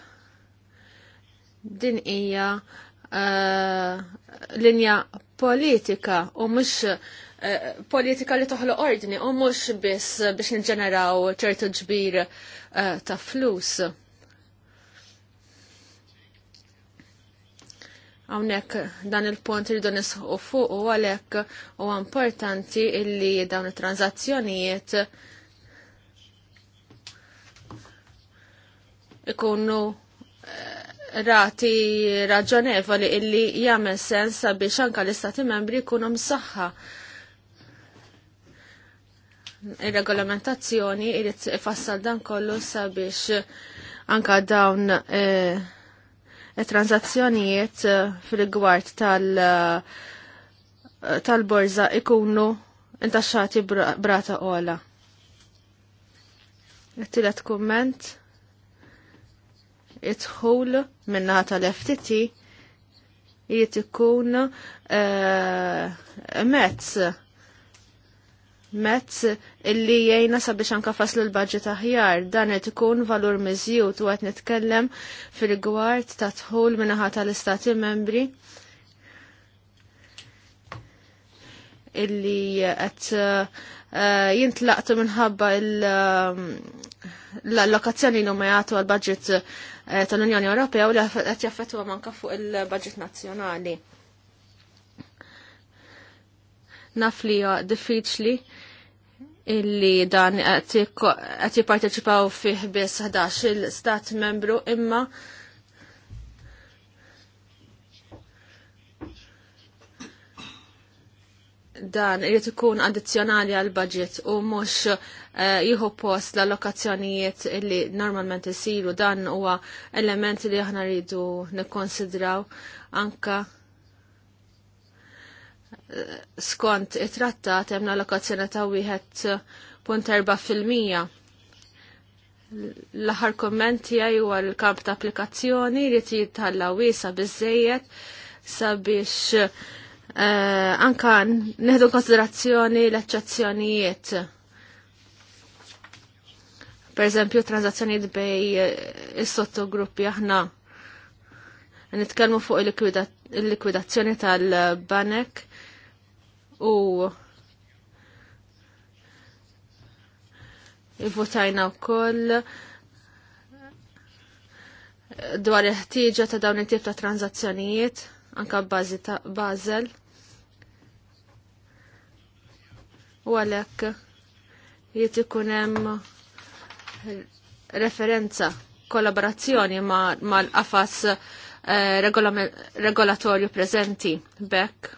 S3: din hija uh, linja politika u mhux uh, politika li toħloq ordni u mhux biss biex niġġeneraw ċertu ġbir uh, ta' flus. Għawnek dan il li rridu nisħu fuq u għalek u importanti illi dawn il-tranzazzjonijiet ikunu eh, rati raġonevoli illi jagħmel sens sabiex anka l-istati membri jkunu msaħħa ir-regolamentazzjoni irid ifassal dan kollu sabiex anka dawn eh, transazzjonijiet eh, fil-gwart tal- eh, tal-borza ikunu intaxxati brata ola. Tilet komment itħul minna tal-FTT jiet ikun uh, mezz mezz illi jgħina sabiex anka faslu l-budget aħjar. Dan qed ikun valur miżjud u qed nitkellem fil-gwart ta' tħul minaħa tal-istati membri illi qed uh, uh, jintlaqtu minħabba um, l-allokazzjoni li huma jagħtu għal-budget uh, tal-Unjoni Ewropea u li qed jaffettwa manka fuq il-budget nazzjonali naf li diffiċli illi dan għati jipparteċipaw fih biss 11 il-stat membru imma dan irrit ikun addizzjonali għal budget u mhux uh, jieħu post l-allokazzjonijiet li normalment isiru dan huwa element li aħna rridu nikkonsidraw anka skont it-trattat hemm lokazzjoni ta' wieħed punt erba' fil-mija. L-aħħar komment tiegħi huwa l-kamp ta' applikazzjoni li jitħalla wiesa biżejjed sabiex uh, anka neħdu konsiderazzjoni l-eċċezzjonijiet. Per eżempju, transazzjonijiet bej eh, is-sottogruppi aħna nitkellmu fuq il-likwidazzjoni tal-banek u votajna wkoll dwar il ħtijġa ta' dawn it-tip ta' tranzazzjonijiet anka b'bażi ta' Basel. U għalhekk jiet ikun hemm referenza kollaborazzjoni mal-qafas eh, regolatorju preżenti bekk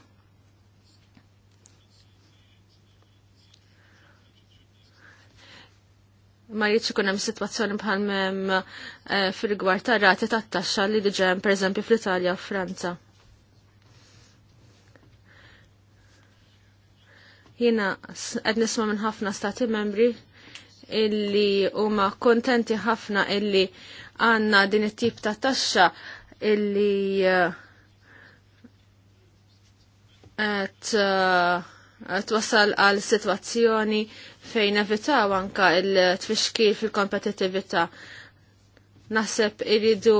S3: ma jridx ikun hemm sitwazzjoni bħal m'hemm eh, fil-gwar ta' rati tat-taxxa li diġà hemm pereżempju fl-Italja u Franza. Jiena qed nisma' minn ħafna stati membri illi huma kontenti ħafna illi għandna din it-tip ta' taxxa illi eh, qed uh, Eh, twasal għal situazzjoni fejn evitaw anka il-tfixkil fil kompetitivita Naħseb iridu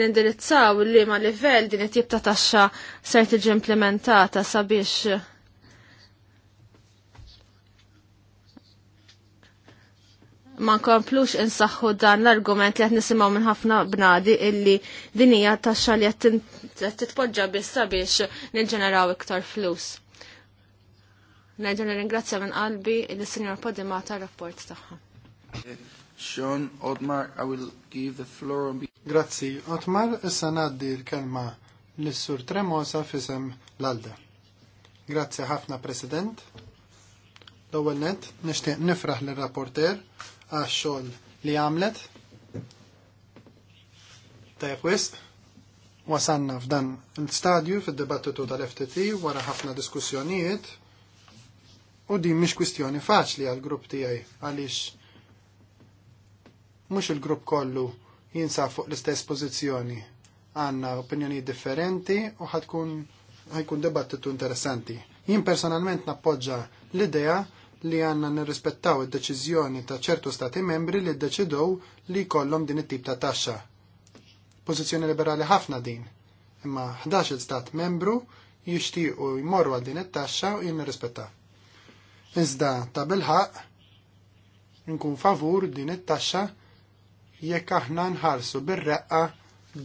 S3: nindirizzaw li ma livell din it-tip ta' taxxa ser tiġi implementata sabiex ma nkomplux insaħħu dan l-argument li qed nisimgħu minn ħafna bnadi illi din hija xal li qed titpoġġa biss sabiex niġġeneraw iktar flus. Nerġa' nirringrazzja minn qalbi lis-Sinjor Podimata rapport tagħha.
S1: Sean Otmar, I will give the floor on Grazzi, Otmar, issa naddi l-kelma l sur Tremosa fisem l-Alda. Grazzi ħafna, President. L-ewwel nett nixtieq nifraħ lir-rapporter għax-xogħol li għamlet. Tajjeb wisq, wasanna f'dan l-stadju fid-dibattitu tal-FTT wara ħafna diskussjonijiet u din mhix kwistjoni faċli għall-grupp tiegħi għaliex mhux il-grupp kollu jinsab fuq l-istess pożizzjoni għandna opinjoni differenti u ħadkun ħajkun dibattitu interessanti. Jien personalment nappoġġa l-idea li għanna nirrispettaw id-deċiżjoni ta' ċertu stati membri li d-deċidow li kollom din it-tip ta' taxxa. Pożizzjoni liberali ħafna din, imma 11 stat membru jixtiequ jmorru għal din it-taxxa u jien Iżda ta' bilħaq nkun favur din it-taxxa jekk aħna nħarsu bir-reqqa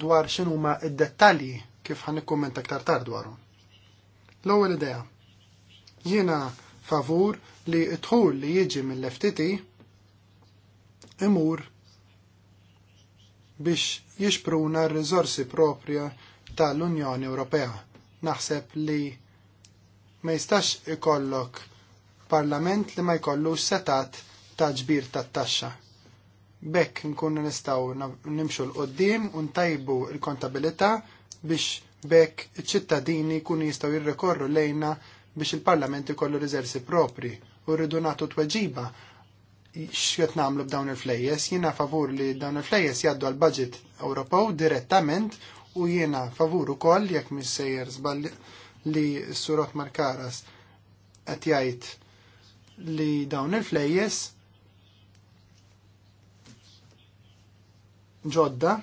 S1: dwar x'inhuma id-dettalji kif ħan ikkumment aktar tard dwarhom. L-ewwel idea. Jiena favur li tħul li jiġi mill-FTT imur biex jixpruna r-rizorsi propria tal-Unjoni Ewropea. Naħseb li ma jistax ikollok parlament li ma jkollux setat ta' ġbir ta' taxxa. Bekk nkun nistaw nimxu l-qoddim u ntajbu l-kontabilità biex bekk iċ-ċittadini kun jistaw jirrekorru lejna biex il-parlament ikollu rizorsi propri u rridu nagħtu tweġiba x'qed nagħmlu b'dawn il-flejjes. Jiena favur li dawn il-flejjes jgħaddu għal budget Ewropew direttament u jiena favur ukoll jekk missejjer żball li s-surot Markaras qed jgħid li dawn il-flejjes ġodda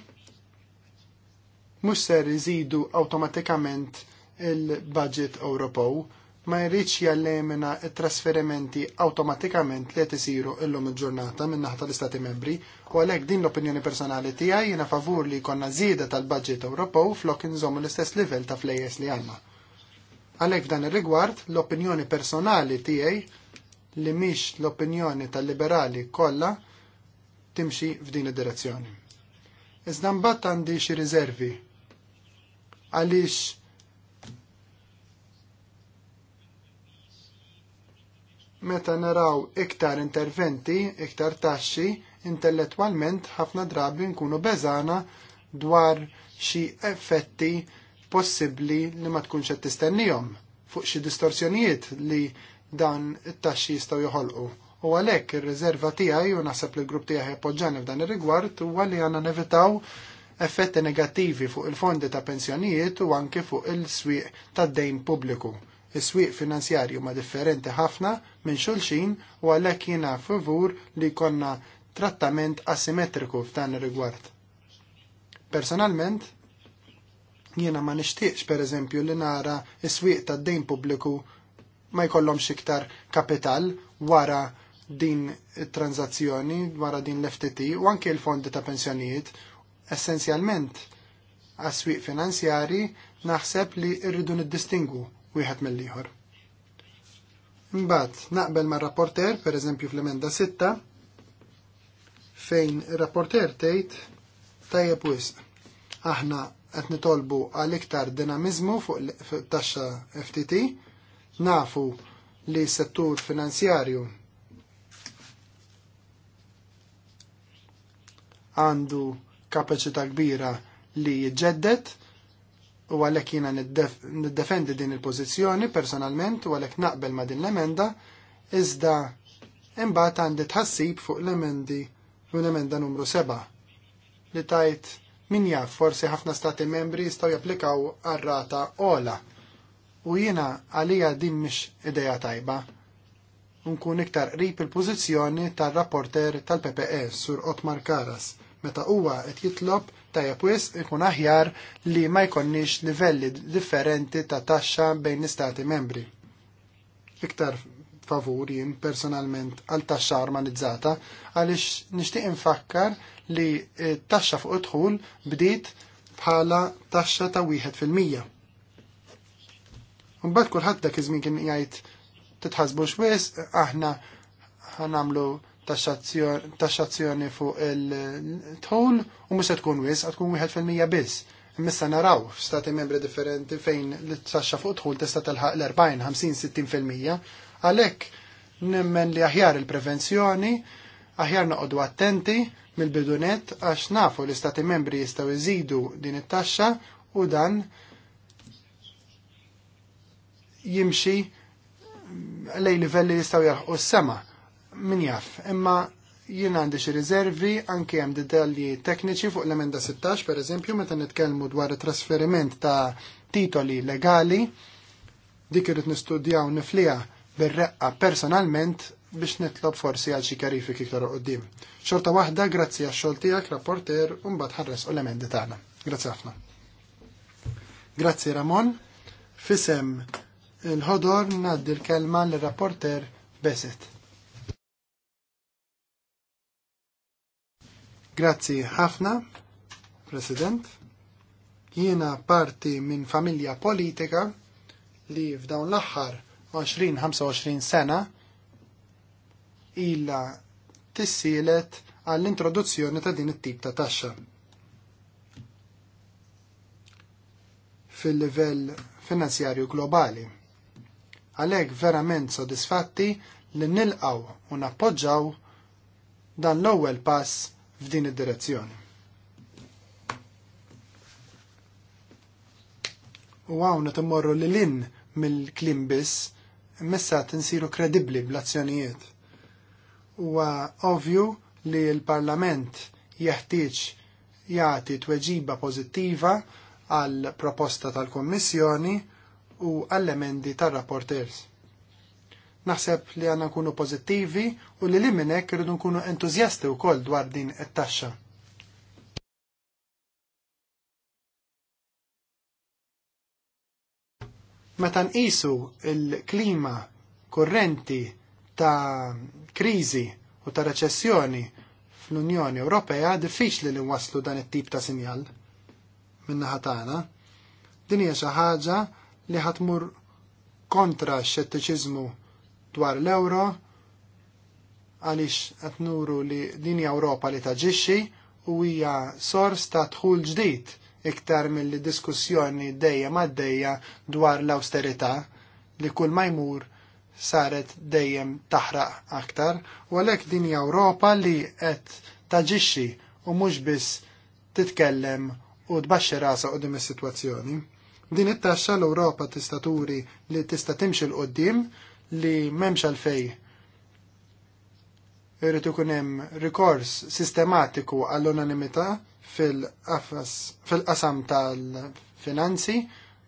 S1: mhux ser iżidu awtomatikament il-budget Ewropew ma jridx jallemina trasferimenti automatikament li qed isiru illum il-ġurnata minn naħta l-Istati Membri u għalhekk din l-opinjoni personali tiegħi jiena favur li konna żieda tal-budget Ewropew flok inżommu l-istess livell ta' flejjes li għandna. Għalhekk dan ir-rigward l-opinjoni personali tiegħi li mhix l-opinjoni tal-liberali kollha timxi f'din id-direzzjoni. Iżda mbagħad għandi xi riservi għaliex meta naraw iktar interventi, iktar taxxi, intellettwalment ħafna drabi nkunu beżana dwar xi effetti possibbli li ma tkunx qed tistennihom fuq xi distorsjonijiet li dan it-taxxi jistgħu joħolqu. U għalhekk ir-riserva tiegħi u naħseb li l-grupp tiegħi appoġġjani f'dan ir-rigward huwa li għandna nevitaw effetti negattivi fuq il-fondi ta' pensjonijiet u anke fuq il-swieq tad-dejn pubbliku Is-swieq finanzjarju ma differenti ħafna minn xulxin u għalhekk jiena favur li konna trattament asimetriku f'dan ir-rigward. Personalment, jiena ma nixtieqx pereżempju li nara is-swieq tad-dejn pubbliku ma jkollhomx iktar kapital wara din it-tranzazzjoni, wara din l-FTT u anke l-fondi ta' pensjonijiet. Essenzjalment, għas-swieq finanzjari naħseb li rridu niddistingu wieħed mill-ieħor. Imbagħad naqbel mar-rapporter, pereżempju fl-emenda 6, fejn ir rapporter tgħid tajjeb wisq. Aħna qed nitolbu għal iktar dinamiżmu fuq taxxa FTT, nafu li s-settur finanzjarju għandu kapaċità kbira li jġeddet u għalhekk jiena niddefendi din il-pożizzjoni personalment u għalhekk naqbel ma' din l-emenda iżda imbagħad għandi tħassib fuq l-emendi u l-emenda numru 7 li tajt min jaf forsi ħafna stati membri jistgħu japplikaw għar-rata ola u jiena għalija din mhix ideja tajba unkun iktar qrib il-pożizzjoni tar-rapporter tal-PPE sur Otmar Karas meta huwa qed jitlob tajja wis ikun aħjar li ma jkonniex livelli differenti ta' taxxa bejn l-istati membri. Iktar favur jien personalment għal taxxa armanizzata għaliex nixtieq infakkar li taxxa fuq idħul bdiet bħala taxxa ta' wieħed fil-mija. Mbagħad kulħadd dak iż-żmien kien jgħid titħasbux wis aħna ħanamlu Taxazzjoni fuq il-tħol u mhux se tkun wis, tkun wieħed fil-mija biss. Missa naraw Stati membri differenti fejn l-taxxa fuq tħul tista' telħaq l-40, 50, 60 fil-mija. Għalhekk nimmen li aħjar il-prevenzjoni, aħjar noqogħdu attenti mill-bidunet għax nafu li stati membri jistgħu jżidu din it-taxxa u dan jimxi lej livelli jistgħu jarħu s-sema' min jaff, imma jien għandi xi riservi anke hemm detalji tekniċi fuq l-emenda 16 per eżempju meta nitkellmu dwar trasferiment ta' titoli legali dik irid nistudjaw nifliha bir-reqqa personalment biex nitlob forsi għal xi karifiki iktar qudiem. Xorta waħda grazzi għax-xogħol tiegħek rapporter u mbagħad ħarres u l-emendi tagħna. Grazzi ħafna. Grazzi Ramon. Fisem il-ħodor ngħaddi l-kelma l-rapporter Beset. Grazzi ħafna, President. Jiena parti minn familja politika li f'dawn l-aħħar 20-25 sena illa tissielet għall-introduzzjoni ta' din it-tip ta' taxxa. fil-livell finanzjarju globali. Għalek verament sodisfatti li nilqaw u nappoġġaw dan l-ewwel pass f'din id-direzzjoni. U għawna timmorru li l-in mill-klim biss, messa t-insiru kredibli bl-azzjonijiet. Huwa ovvju li l-Parlament jeħtieġ jagħti tweġiba pożittiva għal proposta tal-Kommissjoni u għall-emendi tar-rapporters. Naħseb li għanna nkunu pozittivi u li li minnek rridu nkunu entuzjasti wkoll dwar din it-taxxa. Meta nqisu il-klima kurrenti ta' kriżi u ta' recessjoni fl-Unjoni Ewropea diffiċli li waslu dan it-tip ta' sinjal minna tagħna. Din hija xi ħaġa li ħatmur kontra x-xettiċiżmu dwar l-euro għaliex qed nuru li dini Ewropa li taġixxi u hija sors ta' tħul ġdid iktar mill diskussjoni dejjem għaddejja dwar l-austerità li kull ma jmur saret dejjem taħraq aktar u għalhekk din Ewropa li qed taġixxi u mhux biss titkellem u tbaxxi rasa u is-sitwazzjoni. Din it-taxxa l-Ewropa tista' turi li tista' timxi l qoddim li memx għalfej irritu kunem rikors sistematiku għall-unanimità fil-qasam fil tal-finanzi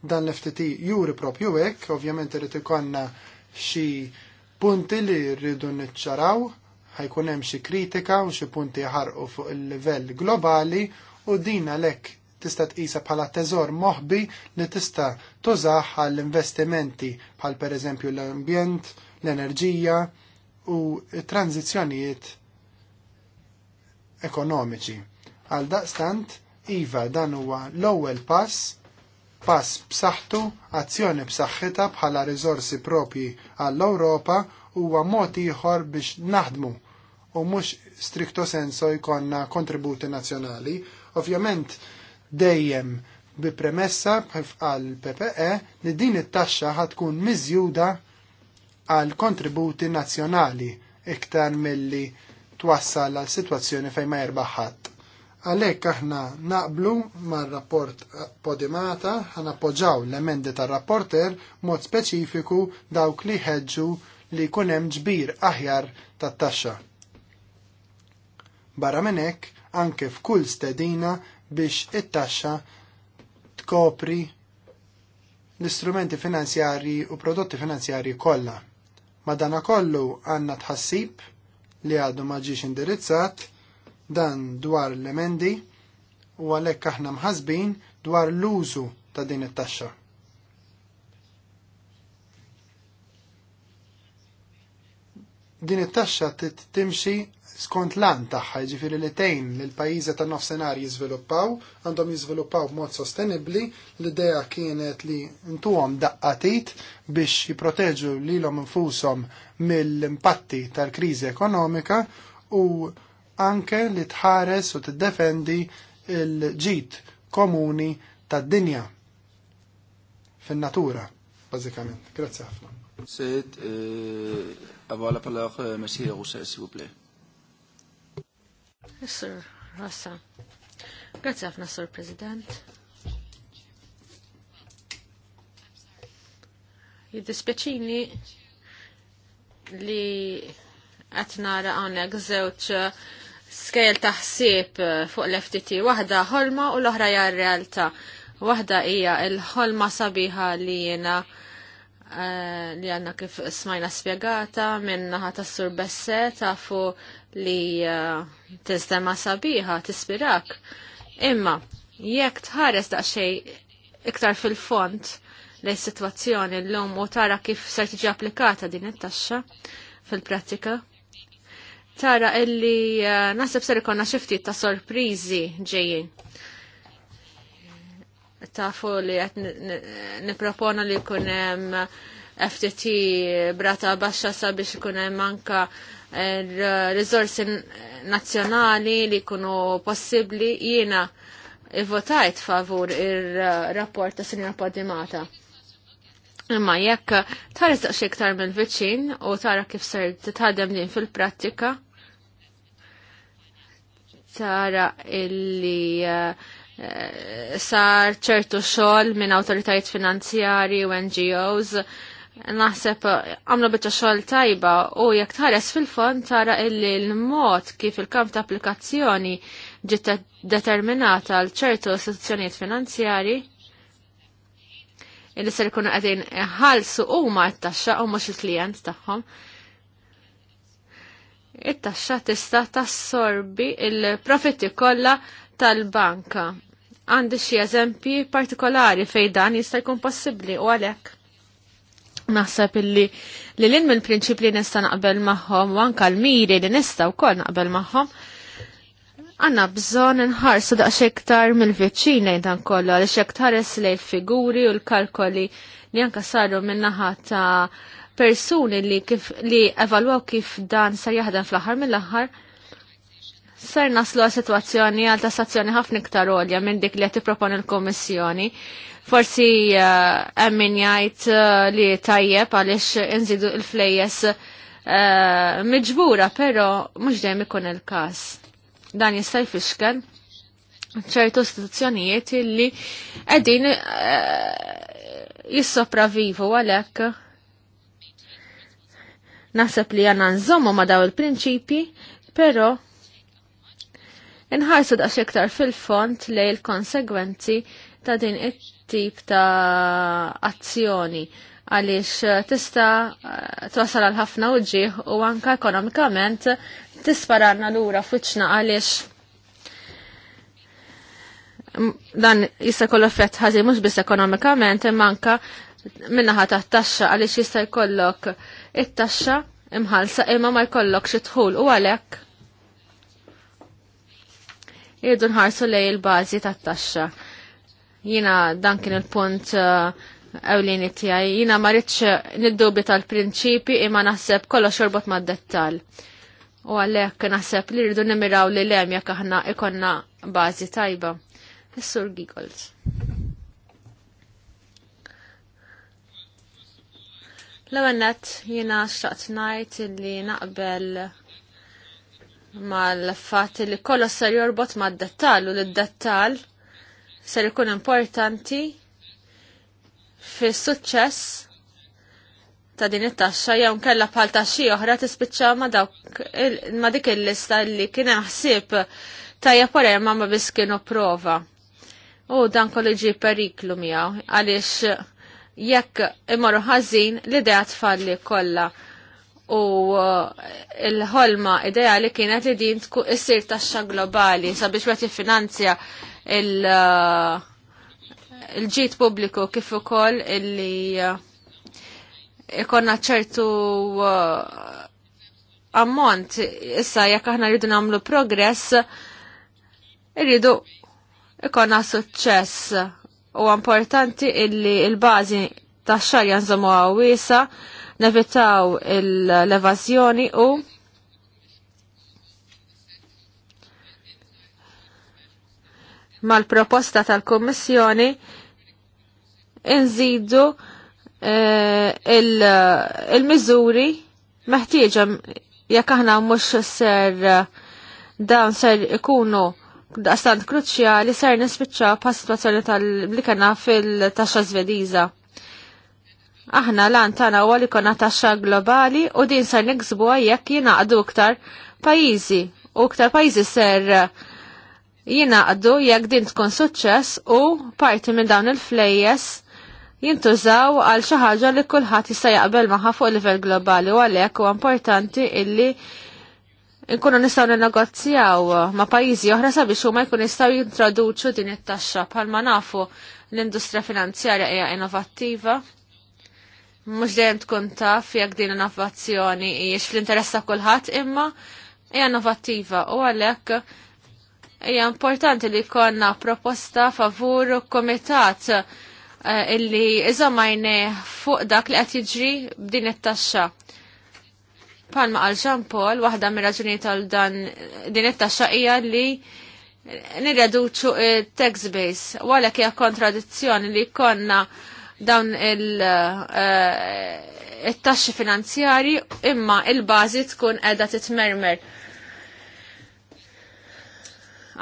S1: dan l-FTT juri propju hekk, ovvjament irrid ikonna xi punti li rridu niċċaraw, ħajkun hemm xi kritika u xi punti ħarqu fuq il-livell globali u din għalhekk tista' tqisa bħala teżor moħbi li tista' tużaħ għall investimenti bħal pereżempju l-ambjent, l-enerġija u tranzizzjonijiet ekonomiċi. Għal daqstant, iva dan huwa l-ewwel pass pass b'saħħtu, azzjoni b'saħħitha bħala riżorsi propji għall-Ewropa huwa mod ieħor biex naħdmu u mhux strikto senso jkollna kontributi nazzjonali. Ovvjament dejjem bi premessa bħal PPE li din it-taxxa ħatkun miżjuda għal kontributi nazzjonali iktar milli twassal għal situazzjoni fejn ma jerbaħ ħadd. Għalhekk aħna naqblu mar-rapport Podimata ħanappoġġaw l-emendi tar-rapporter mod speċifiku dawk li ħeġġu li jkun hemm ġbir aħjar tat-taxxa. Barra minn hekk, anke f'kull stedina biex it-taxxa tkopri l-istrumenti finanzjari u prodotti finanzjari kollha. Madana kollu għandna tħassib li għadu ma indirizzat dan dwar l-emendi u għalhekk aħna mħasbin dwar l-użu ta' din it-taxxa. Din it-taxxa timxi skont lan tagħha jiġifieri li tejn li l-pajjiżi ta' nofsinhar jiżviluppaw, għandhom jiżviluppaw b'mod sostenibbli, l-idea kienet li ntuhom daqqatit biex jipproteġu lilhom infushom mill-impatti tal-kriżi ekonomika u anke li tħares u tiddefendi l-ġid komuni tad-dinja fin-natura, bażikament. Grazzi ħafna. Sid, għavala palaħ mesija għusa, s'il vous plaît.
S3: Sir Rossa. Grazie ħafna, Sir President. Jiddispeċini li għatnara għonek zewċ skejl taħsib fuq l-FTT. Wahda ħolma u l-oħra hija realtà. Wahda hija l-ħolma sabiħa li jena eh, li għanna kif smajna spiegata minn naħa ta' Sur Besse ta' fu li uh, tizdema sabiħa, tispirak. Imma, jekk tħares daqxej iktar fil-font li situazzjoni l-lum u tara kif ser tiġi applikata din it-taxxa fil-prattika, tara illi uh, nasib ser ikonna xifti ta' sorprizi ġejjin. Tafu li għet nipropona li kunem FTT brata baxxa sabiex kunem manka rizorsi nazzjonali li kunu possibli jiena votajt favur il rapport ta' Sinjor Podimata. Imma jekk tħares daqs iktar minn viċin u tara kif ser titħadem din fil-prattika, tara illi eh, sar ċertu xogħol minn awtoritajiet finanzjari u NGOs naħseb uh, għamlu bieċa xogħol tajba u jekk tħares fil-fond tara illi l-mod kif il-kamp ta' applikazzjoni ġiet determinata għal ċertu istituzzjonijiet finanzjari illi ser ikunu qegħdin ħalsu huma t-taxxa u mhux il-klijent tagħhom. It-taxxa tista' tassorbi il-profitti kollha tal-banka. Għandi xi eżempji partikolari fejn dan jista' jkun possibbli u għalhekk naħseb illi li l-in mill prinċip li nista naqbel maħħom u anka l-miri li nista u kol naqbel maħħom għanna bżon nħarsu da' xektar mill-veċin lejn dan kollu għal xektar lej figuri u l-kalkoli li anka saru minnaħa ta' persuni li, kif, li evalwaw kif dan sar jahdan fl-ħar mill-ħar ser naslu għal situazzjoni għal tassazzjoni ħafna iktar għolja minn dik li għati propon il-Komissjoni Forsi eh, emmin jajt eh, li tajjeb għalix inżidu il-flejjes eh, miġbura, pero mux dejjem ikun il-kas. Dan jista' jfixken ċertu istituzzjonijiet li qegħdin jissopravivu għalhekk naħseb li għanna nżommu ma daw il-prinċipi, pero nħarsu daċ iktar fil-font li l-konsegwenzi ta' din it tip ta' azzjoni għaliex tista' twasal għal ħafna uġġieħ u anka ekonomikament tisparanna lura fuċna għaliex dan jista' kollu effett ħażin mhux biss ekonomikament imma anka minnaħa ta' taxxa għaliex jista' jkollok it-taxxa imħalsa imma ma jkollok xi tħul u għalhekk irdu nħarsu lej il-bażi tat-taxxa Jina dan kien il-punt eh, ewlieni tiegħi. Jina ma eh, niddubi tal-prinċipi imma naħseb kollox jorbot mad-dettal. U għalhekk naħseb li rridu nimiraw li lem jekk aħna ikonna bażi tajba. Is-Sur Giggles. L-għannet jina xtaqt najt li naqbel mal-fat li kollox ser jorbot ma' d-dettal u l-dettal ser ikun importanti fis suċċess ta' din it-taxxa jew nkella bħal taxxi oħra tispiċċa ma' dawk ma' dik il-lista li kien ħsieb tajjeb wara ma ma biss kienu prova. U dan kollu ġi periklu miegħu għaliex jekk imorru ħażin l-idea tfalli kollha u eh, il-ħolma ideali kienet li din tkun issir taxxa globali sabiex wet jiffinanzja il-ġit il eh, pubbliku kif ukoll illi eh, ikonna ċertu ammont issa jekk aħna rridu nagħmlu progress irridu ikonna suċċess u importanti illi il-bażi tax-xarja nżommuha għawisa nevitaw l-evazjoni u mal-proposta tal-Kommissjoni inżidu eh, il-miżuri meħtieġem jekk aħna mhux ser dan ser ikunu daqstant kruċjali ser nispiċċaw pa' situazzjoni tal-li kena fil-taxxa Svediża. Aħna lan tana għal ikona taxxa globali u din ser niksbu jekk jinaqdu iktar pajizi u iktar pajizi ser jinaqdu jekk din tkun suċċess u parti minn dawn il-flejjes jintużaw għal xi ħaġa li kulħadd jista' jaqbel maħħa fuq livell globali u għalhekk huwa importanti illi nkunu nistgħu ninegozjaw ma' pajjiżi oħra sabiex huma jkun jistgħu jintroduċu din it-taxxa bħalma nafu l-industrija finanzjarja hija innovattiva mhux dejjem tkun taf jekk din innovazzjoni hijiex fl-interess ta' kulħadd imma hija innovattiva u għalhekk hija importanti li jkollna proposta favur komitat eh, illi iżomajne fuq dak li qed jiġri b'din it-taxxa. Palma għal Jean Paul, waħda mir raġunijiet għal dan din it-taxxa hija li nirreduċu tax base, għalhekk hija kontradizzjoni li konna dawn il-taxxi eh, eh, finanzjari imma il-bażi tkun qiegħda titmermer.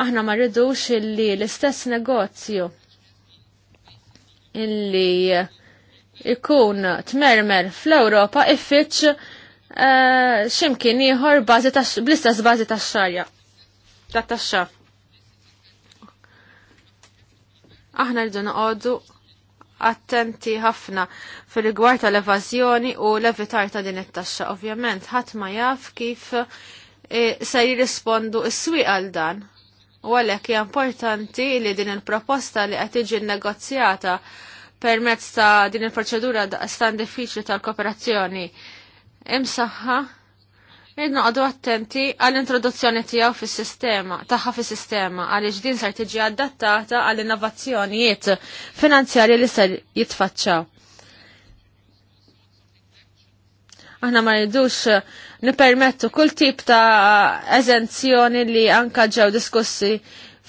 S3: Aħna ma rridux illi l-istess negozju illi ikun tmermer fl-Ewropa iffiċ eh, ximkien ieħor bl-istess bażi tax-xarja. Ta' taxxa. Aħna rridu noqogħdu attenti ħafna fil-rigward tal-evażjoni u l-evitar ta' din it-taxxa. Ovvjament, ħadd ma jaf kif e, se jirrispondu s-swieq għal dan. U għalhekk hija importanti li din il-proposta li qed tiġi negozjata permezz ta' din il-proċedura stan diffiċli tal-kooperazzjoni imsaħħa Irna għadu attenti għall-introduzzjoni tijaw fil-sistema, taħħa fil-sistema, għalix din sar tiġi adattata għall-innovazzjonijiet finanzjarji li ser jitfaċċaw. Aħna ma rridux nipermettu kull tip ta' eżenzjoni li anka ġew diskussi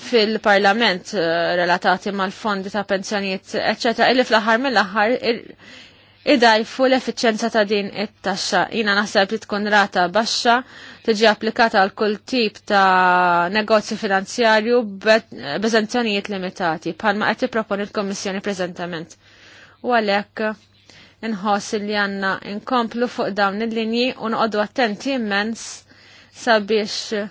S3: fil-parlament eh, relatati mal-fondi ta' pensjonijiet, eccetera, illi fl-aħħar mill-aħħar idajfu l-effiċenza ta' din it-taxxa. Jina naħseb li tkun rata baxxa tiġi applikata għal kull tip ta' negozju finanzjarju b'eżenzjonijiet limitati bħalma qed tipproponi l-Kommissjoni preżentament. U għalhekk inħoss li għandna inkomplu fuq dawn il-linji u noqogħdu attenti immens sabiex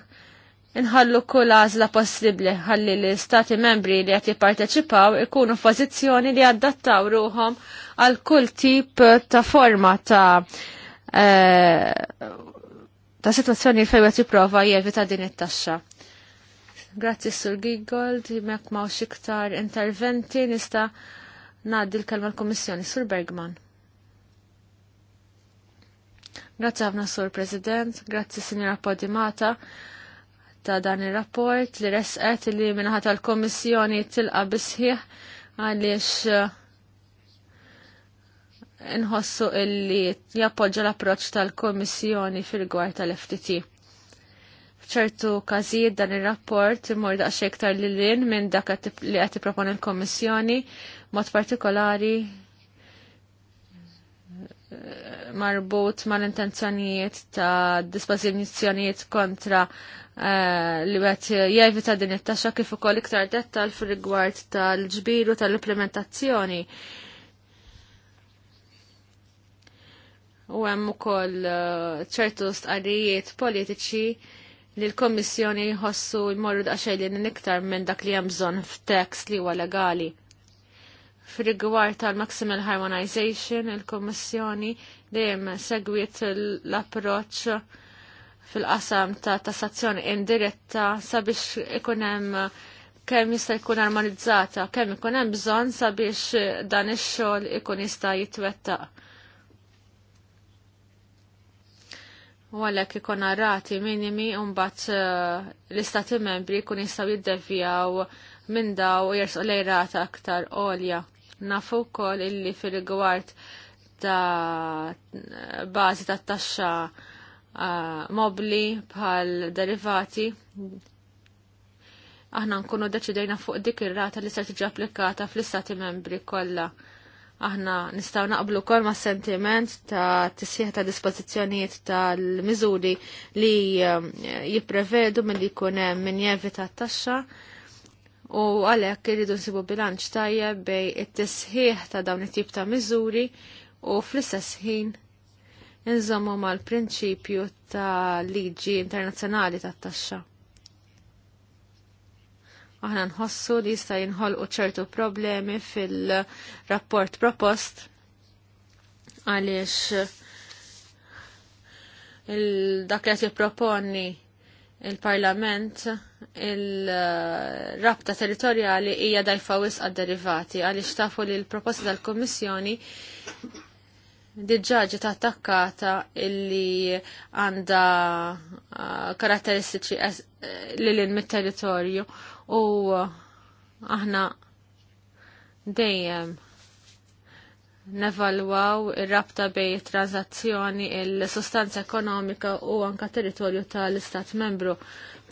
S3: Inħallu kull għażla possibbli ħalli l Stati membri li qed jipparteċipaw ikunu f'pożizzjoni li adattaw ruhom għal kull tip ta' forma ta' eh, ta' situazzjoni fejn qed jipprova jevita din it-taxxa. Grazzi Sur Gigold, mek ma' xiktar interventi nista' ngħaddi l-kelma l-Kummissjoni Sur Bergman. Grazzi ħafna Sur President, grazzi Sinjora Podimata ta' dan il-rapport li resqet li minnaħat tal-Komissjoni tilqa bisħiħ għaliex eh, nħossu illi jappoġġa l-approċ tal-Komissjoni fil-gwar tal-FTT. F'ċertu każijiet dan ir-rapport imur daqs iktar lil lin minn dak li qed tippropon l kummissjoni mod partikolari eh, marbut mal intenzjonijiet ta' dispożizzjonijiet kontra Eh, li għet jevita din it-taxxa kif ukoll iktar dettal fil rigward tal-ġbiru tal-implementazzjoni. U hemm ukoll eh, ċertu stqarrijiet politiċi li l-Kommissjoni jħossu jmorru daqsxejn iktar minn dak li hemm bżonn f'tekst li huwa legali. Fir-rigward tal-maximal harmonization, il-Kommissjoni dejjem segwiet l-approċċ fil-qasam ta' tassazzjoni indiretta sabiex ikun hemm kemm jista' jkun armonizzata, kemm ikun hemm bżonn sabiex dan ix-xogħol ikun jista' jitwettaq. U għalhekk ikun rati minimi u mbagħad eh, l-istati membri jkun jistgħu jiddevjaw minn daw u jersu lej rata aktar għolja. Nafu wkoll illi fir-rigward ta' bażi tat-taxxa mobli bħal derivati aħna nkunu deċidejna fuq dik ir-rata li se tiġi applikata fl-istati membri kollha. Aħna nistgħu naqblu kol ma' sentiment ta' tisjeħ ta' dispożizzjonijiet tal-miżuri li um, jipprevedu milli jkun hemm min jevita taxxa u għalhekk irridu nsibu bilanċ tajjeb bej it-tisħiħ ta' dawn it-tip ta' miżuri u fl-istess ħin inżommu mal-prinċipju ta' liġi internazzjonali ta' taxxa. Aħna nħossu li jista' jinħolqu ċertu problemi fil-rapport propost għaliex dak li jipproponi il-Parlament il-rabta territorjali hija dajfa wisq għad-derivati għaliex tafu li l-proposta tal-Kommissjoni diġġaġi ta' attakkata illi għanda uh, karatteristiċi eh, li l mit-territorju u uh, aħna dejjem nevalwaw ir-rabta bej transazzjoni il-sustanza ekonomika u anka territorju tal-istat membru.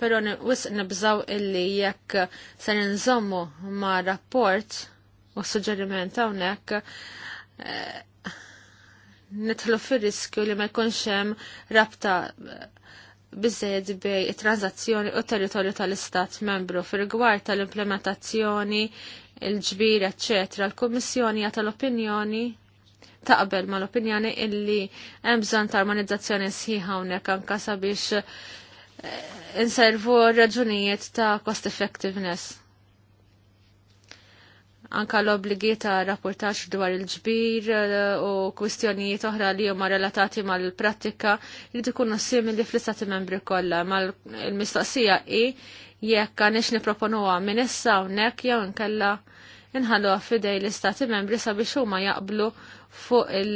S3: Pero wis nibżaw illi jekk se nżommu ma' rapport u suġġeriment hawnhekk eh, netħlu fir-riskju li ma jkunx hemm rabta eh, bizzejed bej it-transazzjoni u territorju tal-Istat membru fir-rigward tal-implementazzjoni, il-ġbir, eccetera, l-Kummissjoni għata l-opinjoni taqbel ma l-opinjoni illi hemm bżonn ta' armonizzazzjoni sħiħa hawnhekk anke sabiex eh, inservu raġunijiet ta' cost effectiveness anka l-obligi ta' rapportax dwar il-ġbir eh, u kwistjonijiet oħra li huma relatati mal-prattika li tkunu simili fl-istati membri kollha. Mal-mistoqsija i jekk għaniex niproponuha minn issa hawnhekk jew inkella inħalluha fidej l-istati membri sabiex huma jaqblu fuq eh,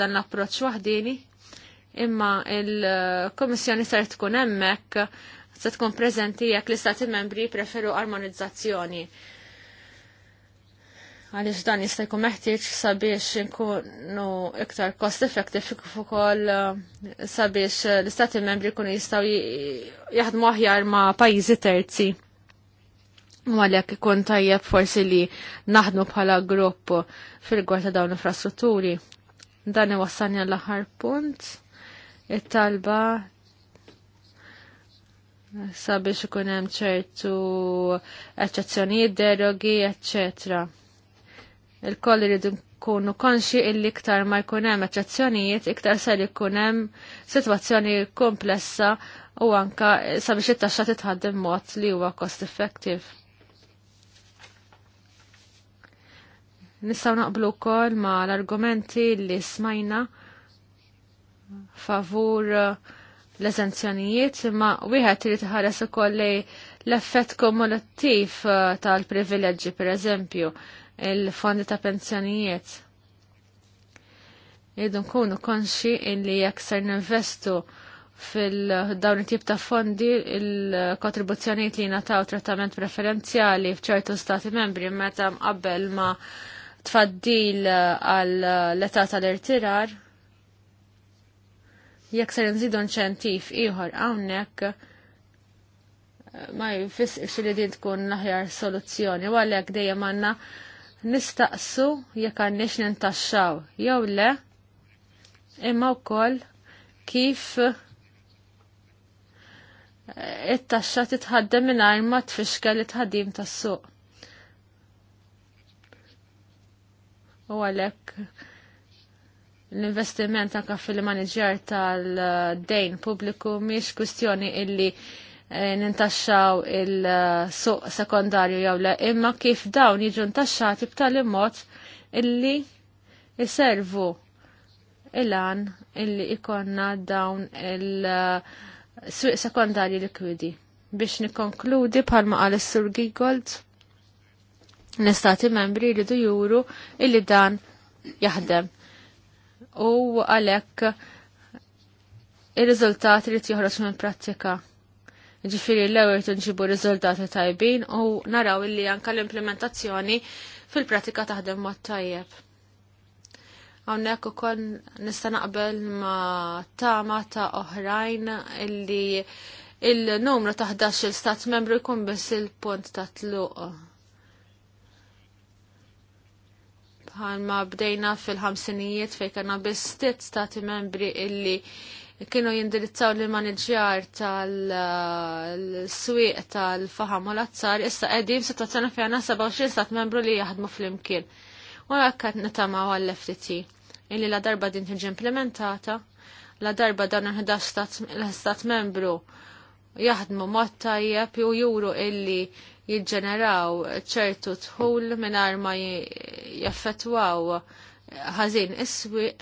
S3: dan l-approċċ waħdini imma il-Komissjoni ser tkun hemmhekk se tkun preżenti jekk l-Istati membri preferu armonizzazzjoni għaliex dan jista' jkun meħtieġ sabiex inkunu iktar cost effective kif ukoll eh, sabiex eh, l-istati membri jkunu jistgħu jaħdmu aħjar ma' pajjiżi terzi. U għalhekk ikun tajjeb forsi li naħdmu bħala grupp fil-gwar ta' dawn infrastrutturi. Dan iwassani għall-aħħar punt it-talba sabiex ikun hemm ċertu eċċezzjonijiet derogi, eċċetera il-koll irid nkunu konxi illi iktar ma jkun hemm eċċezzjonijiet, iktar se jkunem hemm sitwazzjoni komplessa u anka sabiex it-taxxa titħaddem mod li huwa cost effective. Nistgħu naqblu wkoll ma l-argumenti li smajna favur l-eżenzjonijiet imma wieħed irid iħares ukoll l-effett kumulattiv eh, tal-privileġġi pereżempju. eżempju il-fondi ta' pensjonijiet. Irridu nkunu konxi illi jekk ser ninvestu fil dawni it-tip ta' fondi il-kontribuzzjonijiet li nataw trattament preferenzjali f'ċertu stati membri meta mqabbel ma tfaddil għal l-età tal-irtirar jekk ser nżidu inċentiv ieħor hawnhekk ma jfissirx li din tkun l-aħjar soluzzjoni u għalhekk dejjem għandna nistaqsu jekk għandniex nintaxxaw jew le imma wkoll kif eh, it-taxxa titħaddem mingħajr ma tfixkel it-ħaddim tas-suq. U għalhekk l-investiment anke fil maniġer tal-dejn pubbliku mhix kwistjoni illi Eh, nintaxxaw il-suq sekondarju jew le, imma kif dawn jiġu ntaxxati b'tali mod illi jiservu il-għan illi ikonna dawn il-suq sekondarju likwidi. Biex nikonkludi palma għal sur Gigold, nistati membri li juru illi dan jaħdem. U għalek il-rizultati li tjoħroġ minn prattika Ġifiri l-ewel tinġibu riżultati tajbin u naraw illi anka l-implementazzjoni fil-pratika taħdem mod tajjeb. Għonnek u kon nista naqbel ma tama ta' oħrajn illi il-numru ta' 11 il-stat membru jkun biss il-punt ta' tluq. Bħalma bdejna fil-ħamsinijiet fejkana biss stat stati membri illi kienu jindirizzaw l maniġjar tal-swieq tal-faham u l-azzar, issa qegħdin situazzjoni fejn għandna 27 stat membru li jaħdmu fl-imkien. U hekk qed nitama għall-FTT illi la darba din tiġi implementata, la darba dan l-stat membru jaħdmu mod tajjeb u juru illi jiġġeneraw ċertu tħul minn ma jaffetwaw ħażin is-swieq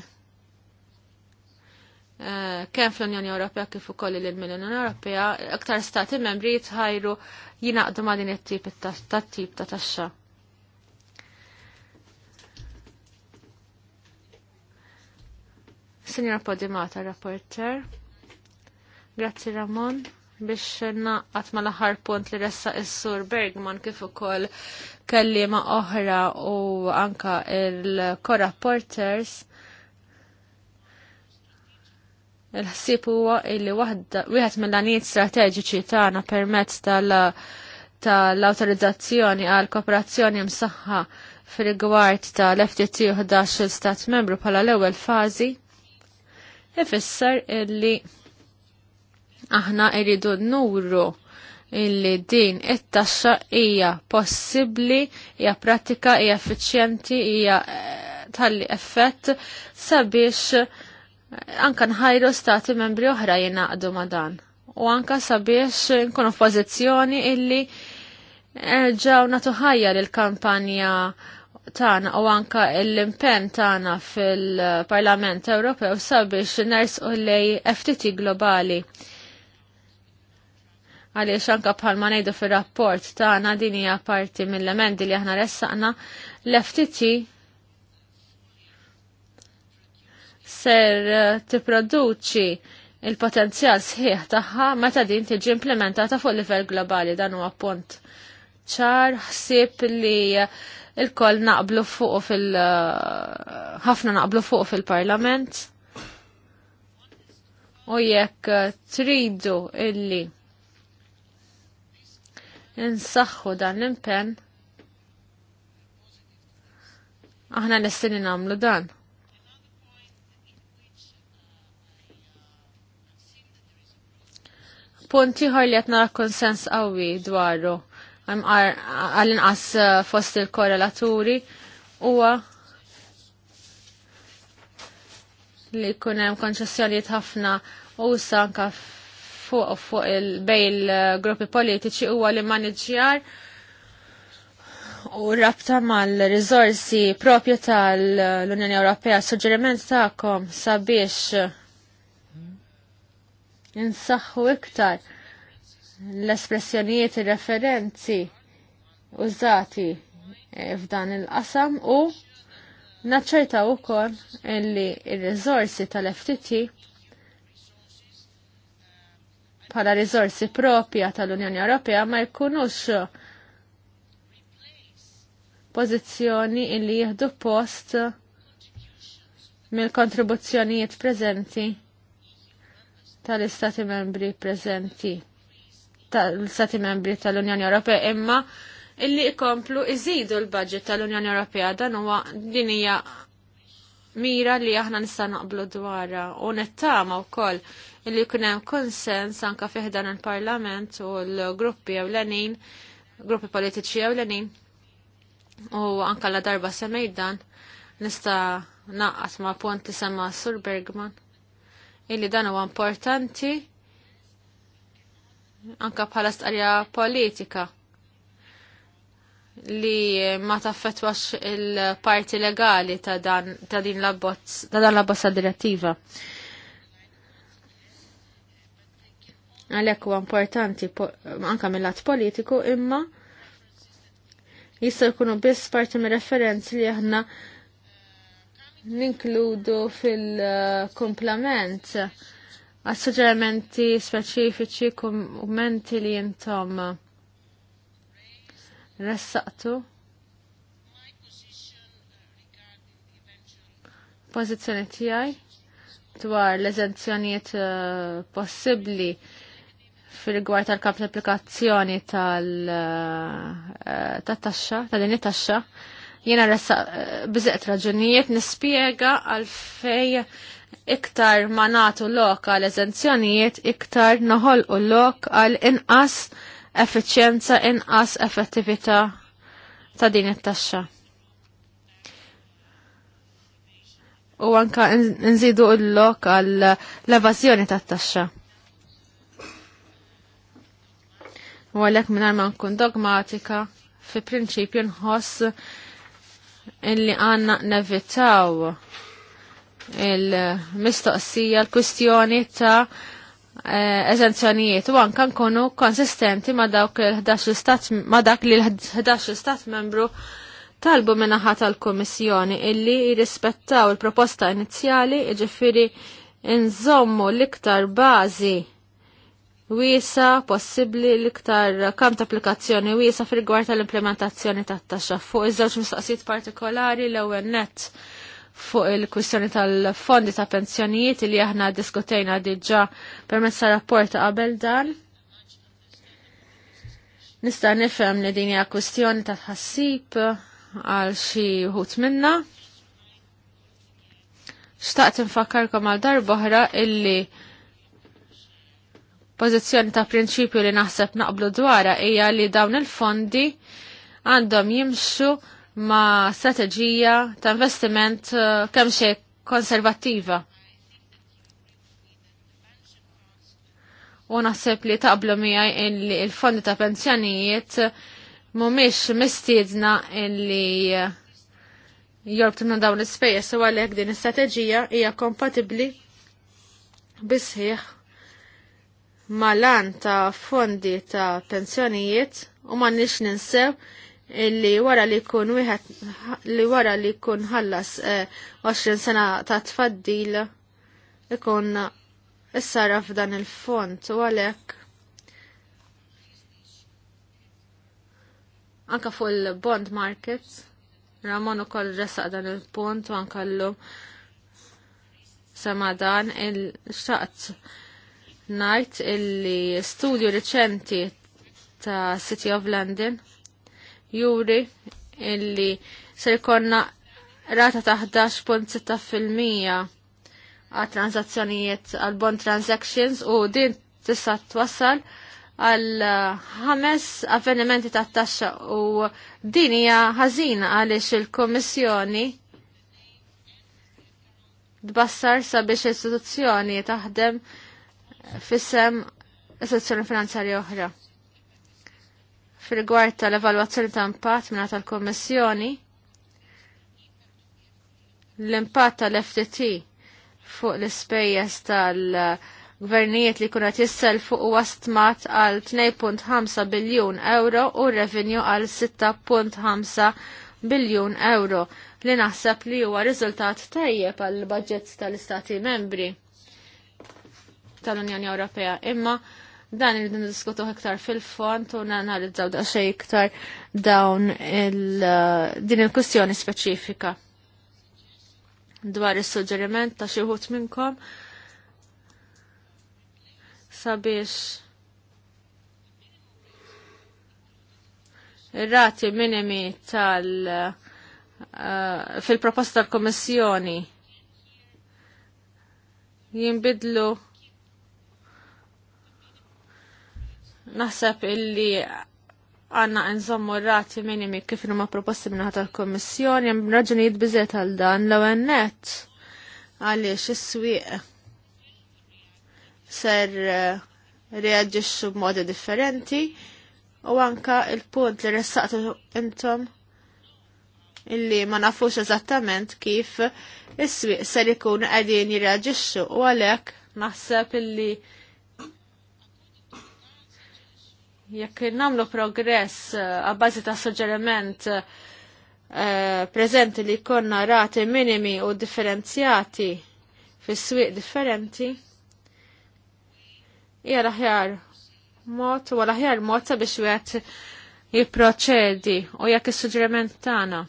S3: Eh, kemm fl-Unjoni Ewropea kif ukoll lil mill-Unjoni Ewropea aktar stati membri jitħajru jingħaqdu ma' din it-tip tat-tip ta' taxxa. Signora Podimata, rapporter. Grazzi Ramon biex naqqat ma l-aħħar punt li ressa is-sur Bergman kif ukoll kellima oħra u anka il-korrapporters il ħsib huwa illi wieħed mill-għanijiet strateġiċi tagħna permezz tal-awtorizzazzjoni għal kooperazzjoni msaħħa fir rigward tal-FTT 11 stat membru bħala l-ewwel fażi ifisser illi aħna irridu nuru illi din it-taxxa hija possibbli, hija pratika, hija effiċjenti, hija eh, tal-effett sabiex anka nħajru stati membri oħra jinaqdu ma dan. U anka sabiex nkunu f-pozizjoni illi eh, ġaw natu ħajja l-kampanja tana u anka l-impen tana fil-Parlament Ewropew sabiex ners u lej FTT globali. Għaliex anka bħalma nejdu fil-rapport tana din hija parti mill-emendi li aħna ressaqna l-FTT ser eh, tipproduċi il-potenzjal sħiħ tagħha meta din tiġi implementata fuq livell globali dan huwa punt ċar ħsieb li il-koll naqblu fuq fil- eh, ħafna naqblu fuq fil-parlament. U jekk eh, tridu illi insaxħu dan l-impen, aħna nistini namlu dan. punt ieħor li qed nara konsens qawwi dwaru għall-inqas uh, fost il-korrelaturi huwa li jkun hemm konċessjonijiet ħafna u anke fuq fuq il-bej il-gruppi politiċi huwa li maniġjar u rabta mal-rizorsi propju tal-Unjoni Ewropea suġġeriment tagħkom sabiex insaħħu iktar l-espressjonijiet referenzi użati eh, f'dan il-qasam u naċċerta wkoll illi ir-riżorsi tal-FTT bħala riżorsi propja tal-Unjoni Ewropea ma jkunux pożizzjoni illi jieħdu post mill-kontribuzzjonijiet preżenti tal-Istati membri prezenti tal-Istati membri tal-Unjoni Ewropea imma illi ikomplu iżidu l-budget tal-Unjoni Ewropea dan huwa din hija mira li aħna nista' naqblu dwarha u nittama wkoll illi jkun hemm konsens anke fih dan il-Parlament u l-gruppi ewlenin, gruppi politiċi ewlenin. U anke la darba semmejt dan nista' naqqas ma' punt li semma Sur Bergman illi dan huwa importanti anka bħala stqarja politika li ma taffetwax il-parti legali ta' dan ta' din l-abbozz ta' dan l-abbozza direttiva. Għalhekk huwa importanti anka mill-lat politiku imma jista' jkunu biss parti mir-referenzi li aħna ninkludu fil-komplement għas-suġġerimenti speċifiċi kummenti li jintom ressaqtu. Pożizzjoni tiegħi dwar l-eżenzjonijiet eh, possibbli fil-rigward tal-kap l-applikazzjoni tal-taxxa, eh, tal-linja taxxa, Jena ressa eh, bizet raġunijiet nispiega għalfej iktar ma lok għal eżenzjonijiet iktar noħol u lok għal inqas effiċjenza inqas effettività ta' din it-taxxa. U anka nżidu l-lok għal l-evażjoni tat-taxxa. U għalhekk mingħajr ma nkun dogmatika fi prinċipju nħoss illi għanna nevitaw il-mistoqsija l-kwistjoni ta' eh, eżenzjonijiet u anka nkunu konsistenti ma dawk il-11 stat ma dak li l-11 stat membru talbu minnaħa tal-Komissjoni illi jirrispettaw il-proposta inizjali iġifiri nżommu l-iktar bażi wiesa possibbli l-iktar kam ta' applikazzjoni wiesa fil-gwar tal-implementazzjoni tat-taxxa fuq iż-żewġ mistaqsijiet partikolari l-ewwel nett fuq il-kwistjoni tal-fondi ta' pensjonijiet li aħna diskutejna diġà permezz rapport qabel dan. Nista' nifhem li din hija kwistjoni ta' tħassib għal xi wħud minna. Xtaqt infakkarkom għal oħra illi pożizzjoni ta' prinċipju li naħseb naqblu dwara hija li dawn il-fondi għandhom jimxu ma' strateġija ta' investiment eh, kemm xi konservattiva. U naħseb li taqblu miegħi li il-fondi ta' pensjonijiet mhumiex mistiedna illi eh, jorbtu minn dawn l-ispejjeż u għalhekk din l-istrateġija hija kompatibbli sħiħ malan ta' fondi ta' pensjonijiet u ma nix ninsew li wara li kun wieħed li wara li kun ħallas 20 eh, sena ta' tfaddil ikun issara f'dan il-fond u għalhekk anka fuq il-bond market, Ramon u koll resaq dan il-punt u anka l sema dan il-xtaqt najt illi studju reċenti ta' City of London juri illi ser konna rata ta' 11.6% għal transazzjonijiet għal bond transactions u din tista' twassal għal ħames avvenimenti ta' taxxa u din hija ħażina għaliex il kummissjoni tbassar sabiex l-istituzzjoni taħdem fissem sezzjoni finanzjarja oħra. Fil-gwart tal-evalwazzjoni ta' impatt minna tal-Kommissjoni, l-impatt tal-FTT fuq l-ispejjeż tal-gvernijiet li kunet jissel fuq u wastmat għal 2.5 biljun euro u revenju għal 6.5 biljun euro li naħseb li huwa riżultat tajjeb għal budgets tal-Istati membri tal-Unjoni Ewropea. Imma dan irridu niddiskutu iktar fil-font u nanalizzaw da xej iktar dawn il uh, din il-kwistjoni speċifika. Dwar is-suġġeriment ta' xi wħud minnkom sabiex ir-rati minimi tal uh, fil-proposta tal kummissjoni jinbidlu Naħseb illi għanna nżommu rati minimi kif ma proposti minna tal-Kommissjoni, jem raġunijiet jitbizet għal dan l għennet għaliex is-swieq ser b eh, b'modi differenti u anka il-punt li ressaqtu intom illi ma nafux eżattament kif is-swieq ser ikun qegħdin jirreaġixxu u għalhekk naħseb illi Jekk namlu progress eh, għabbażi ta' suġġeriment eh, prezenti li konna rati minimi u differenzjati fis swieq differenti, hija l-aħjar mod u l-aħjar mod sabiex wieħed jipproċedi u jekk is-suġġeriment tagħna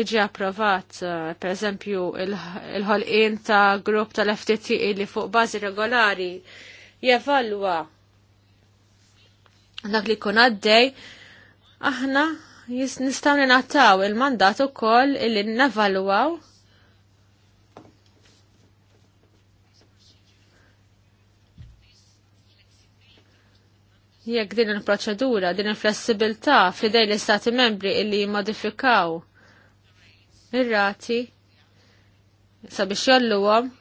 S3: jiġi approvat, eh, per eżempju, il-ħolqien ta' grupp tal-FTT li fuq bażi regolari jevalwa dak li kun għaddej, aħna nistaw nataw il-mandat u koll illi navaluaw jekk din il-proċedura, din il-flessibilità fidej l-istati membri illi modifikaw ir-rati sabiex jolluhom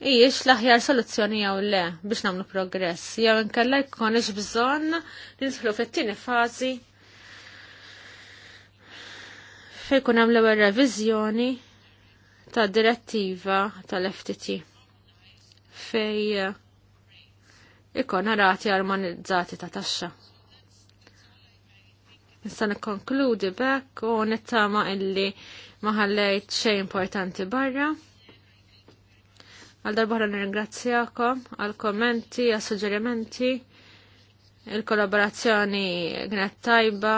S3: ijiex l-aħjar soluzzjoni jew le biex nagħmlu progress. Jew inkella ix bżonn nidħlu fit-tieni fażi fejn kun hemm l-ewwel reviżjoni ta' direttiva tal-FTT fej eh, ikon rati armonizzati ta' taxxa. Nista' nikkonkludi bekk u nittama illi ma ħallejt xejn importanti barra. Għal darbohra nirringrazzjakom għal kommenti, għal suġġerimenti, il-kollaborazzjoni għnet tajba,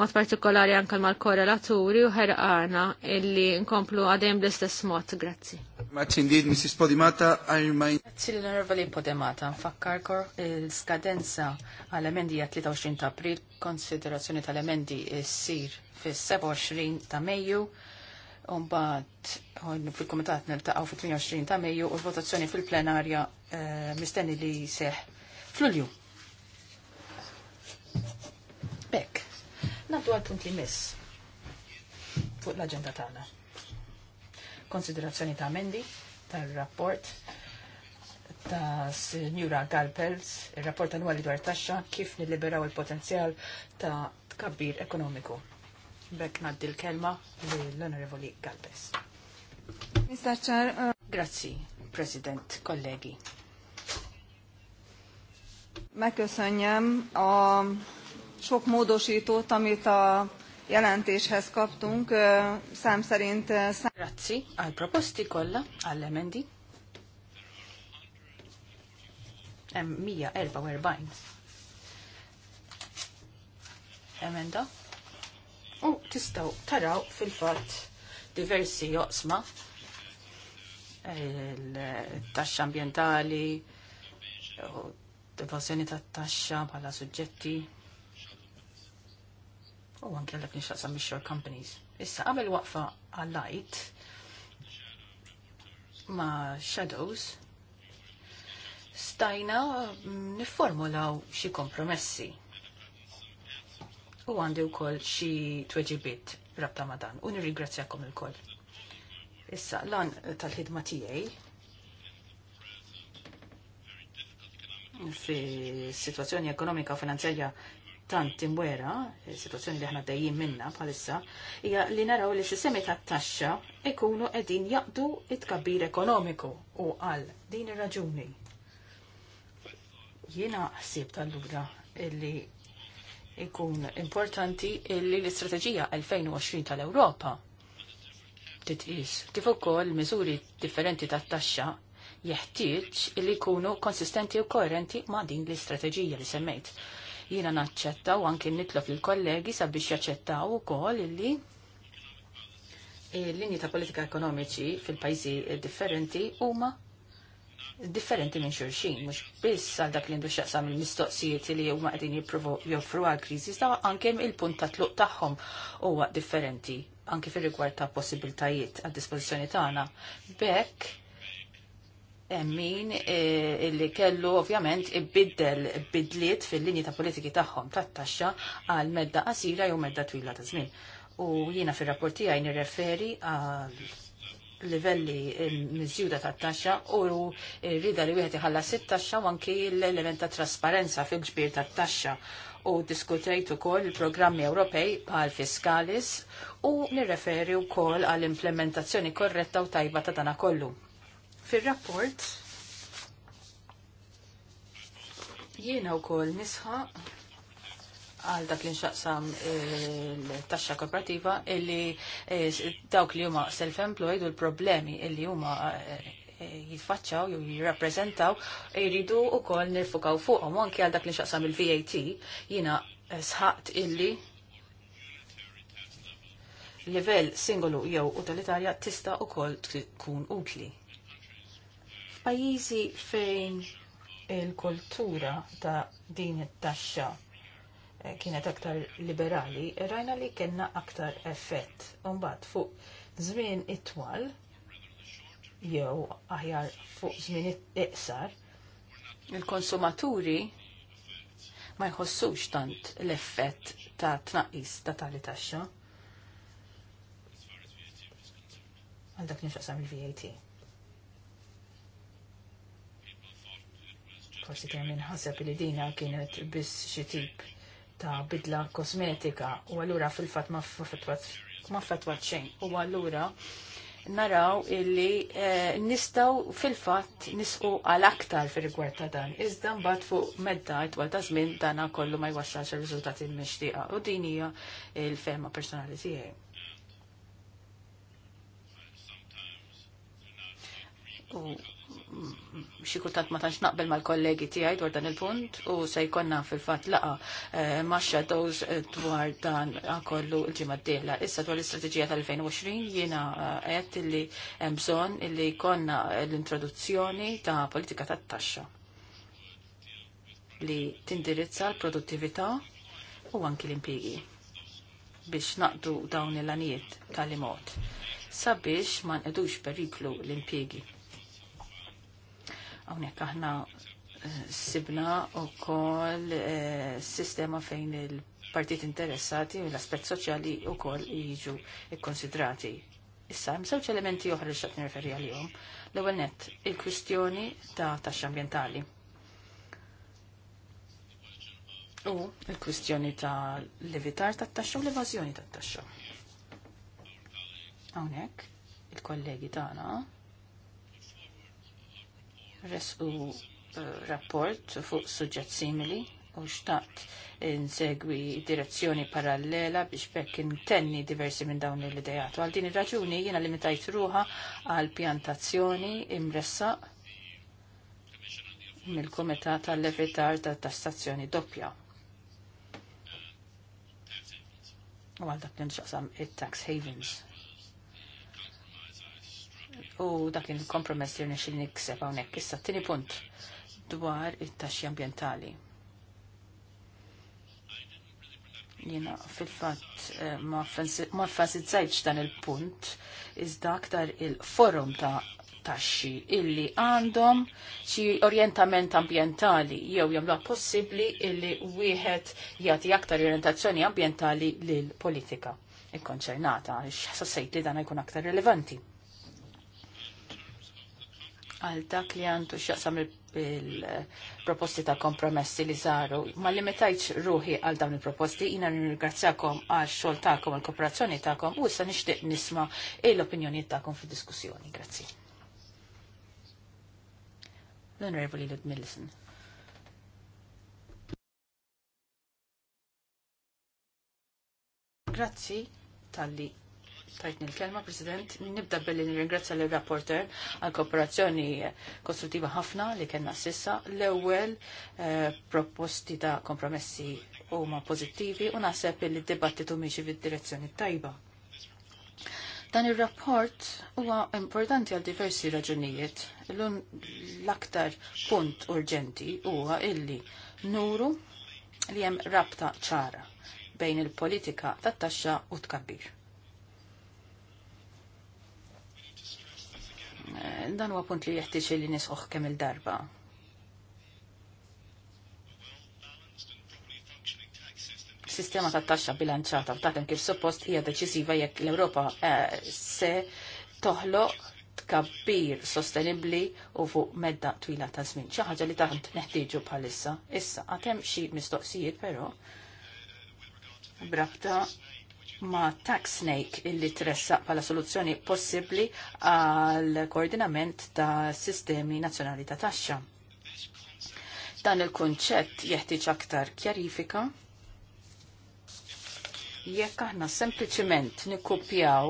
S3: mod partikolari anke mal-korrelaturi u ħerqana illi nkomplu għadem bl-istess mod, grazzi.
S1: Maċin did, Mrs. Podimata, għajmaj.
S3: Grazzi l-onorevoli Podimata, nfakkarkor
S2: il-skadenza għal-emendi 23 ta' april, konsiderazzjoni tal-emendi s-sir fil 27 ta' Mejju, Umbat, fil-komitat nil-taqaw fil-28 ta' Mejju u l-votazzjoni fil-plenarja eh, mistenni li seħ fl-ulju. Bekk, naddu għal-punt li miss fuq l-agenda tagħna. Konsiderazzjoni ta' Mendi tar-rapport ta' Signora Galpels, il-rapport annwali dwar taxxa kif nilliberaw il-potenzjal ta' tkabbir ekonomiku. Bek naddi l-kelma l-Onorevoli Galbes. Mr. Chair. Uh, Grazzi, President, kollegi. Megköszönjem a sok módosítót, amit a jelentéshez kaptunk, uh, szám szerint... Uh, szám... Grazzi, al proposti kolla, al emendi. Mia, 144. Emenda u tistaw taraw fil-fatt diversi joqsma il-taxxa ambientali u devozjoni ta' taxxa bħala suġġetti u anke għallek nixtaqsam biex companies. Issa qabel waqfa għal-light ma' shadows stajna niformulaw xi kompromessi u għandi wkoll xi tweġibiet rabta ma' dan u il koll. Issa lan tal-ħidma tiegħi fi situazzjoni ekonomika u finanzjarja tant imwera, situazzjoni li ħna dajjim minna bħalissa, hija li naraw li sistemi ta' taxxa ikunu qegħdin jaqdu it-kabbir ekonomiku u għal din ir-raġuni. Jiena ħsieb tal-lura illi ikun importanti li l-istrateġija 2020 tal-Ewropa titqis. Kif ukoll miżuri differenti tat-taxxa jeħtieġ li jkunu konsistenti u koerenti ma' din l-istrateġija li semmejt. Jiena naċċetta u anke nitlob lill-kollegi sabiex jaċċettaw ukoll li l-linji ta' politika ekonomiċi fil-pajzi differenti huma differenti minn xurxin, mux biss għal dak li ndu xaqsa il-mistoqsijiet li huma jiprovu joffru għal kriżi, sta anke il-punt ta' tluq tagħhom huwa differenti anke fil rigward ta' possibiltajiet għad dispożizzjoni tagħna. Bekk min e, illi kellu ovvjament ibiddel bidliet fil-linji ta' politiki tagħhom tat-taxxa għal medda qasira jew medda twila ta' żmien. U jiena fir-rapporti għaj referi għal livelli miżjuda ta' taxxa u rrida li wieħed iħallas sit-taxxa anki l-element ta' trasparenza fil-ġbir ta' taxxa u diskutejt ukoll il-programmi Ewropej bħal Fiskalis u nirreferi wkoll għall implementazzjoni korretta u tajba ta' dana kollu. Fir-rapport jiena wkoll nisħaq għal dak li nxaqsam il-taxxa eh, korporativa illi eh, dawk li huma self-employed u l-problemi illi huma eh, jitfaċċaw jew jirrappreżentaw jridu wkoll nifukaw fuqhom anki għal dak li nxaqsam il-VAT jiena sħaqt illi livell singolu jew utilitarja tista' ukoll tkun utli. F'pajjiżi fejn il-kultura ta' din it-taxxa kienet aktar liberali, rajna li kienna aktar effett. Umbat fuq żmien itwal, jew aħjar fuq żmien iqsar, il-konsumaturi ma jħossux tant l-effett ta' tnaqis ta' tali taxxa. Għandak nixaqsam il-VAT. Forsi kien inħaseb li dina kienet biss xi tip ta' bidla kosmetika u għallura fil-fat ma' fatwat xejn u għallura naraw illi eh, nistaw fil-fat nisqu għal-aktar fil rigward ta' dan. Iżda mbagħad fuq medda itwal ta' żmien dana kollu ma jwassalx rizultati riżultati mixtieqa u din hija l-ferma personali tiegħi. U xi kultant ma tantx naqbel mal-kollegi tiegħi dwar dan il-punt u se jkollna fil-fatt laqa eh, ma' shadows eh, dwar dan kollu l-ġimgħa d Issa dwar l-istrateġija tal-2020 jiena qed eh, illi hemm bżonn illi jkollna l-introduzzjoni ta' politika tat-taxxa li tindirizza l-produttività u anki l-impjegi biex naqdu dawn il-anijiet tal-imot sabiex ma nqedux periklu l-impjegi Hawnhekk aħna eh, sibna wkoll eh, sistema fejn il-partit interessati u l-aspett soċjali wkoll jiġu ikkonsidrati. Issa, msewċ elementi oħra li xtaqt nirreferi għalihom. L-ewwel nett il-kwistjoni ta' taxxa ambjentali. U il-kwistjoni ta' levitar ta' taxxa u l-evażjoni ta' taxxa. Hawnhekk il-kollegi tagħna resqu eh, rapport fuq suġġett simili u xtaqt insegwi direzzjoni parallela biex bekk intenni diversi minn dawn l-idejat. Għal din ir-raġuni jiena limitajt ruħa għal pjantazzjoni imressa mill-Kumitat tal-Levitar ta' tassazzjoni doppja. U għal dak li nxaqsam it-tax havens u dak il-kompromess li rnexil nikseb hawnhekk. Issa t-tieni punt dwar it-taxxi ambjentali. Jiena fil-fatt eh, ma enfasizzajtx dan il-punt iżda aktar il-forum ta' taxxi illi għandhom xi orjentament ambjentali jew jomla possibbli illi wieħed jagħti aktar orjentazzjoni ambjentali lil politika ikkonċernata għax li dan jkun aktar rilevanti għal dak li għandu x'jaqsam il-proposti ta' kompromessi li saru. Ma li metajċ ruħi għal dawn il-proposti, jina ringrazzjakom għal xol ta'kom, għal kooperazzjoni ta'kom, u issa nixtieq nisma' l-opinjoni ta'kom fi diskussjoni. Grazzi. L-Onorevoli Ludmillison. Grazzi tal-li Tajtni l-kelma, President. Nibda billi nirringrazzja l-rapporter għal kooperazzjoni konstruttiva ħafna li kena sissa. L-ewel eh, proposti ta' kompromessi huma pozittivi u naħseb li d-dibattitu miexi fid-direzzjoni tajba. Dan il-rapport huwa importanti għal diversi raġunijiet. L-aktar punt urġenti huwa illi nuru li hemm rabta ċara bejn il-politika tat-taxxa u tkabbir dan huwa punt li jeħtieġ li nisqoħ kemm il-darba. Sistema ta' taxxa bilanċata b'tatem kif suppost hija deċiżiva jekk l-Ewropa eh, se toħloq tkabbir sostenibbli u fuq medda twila ta' żmien. Xi ħaġa li taħt neħtieġu bħalissa. Issa għad hemm xi mistoqsijiet però brabta ma' tax snake illi tressa pala soluzzjoni possibli għal koordinament ta' sistemi nazzjonali ta' taxxa. Dan il-konċett jeħtieġ aktar kjarifika jekk aħna sempliċiment nikkupjaw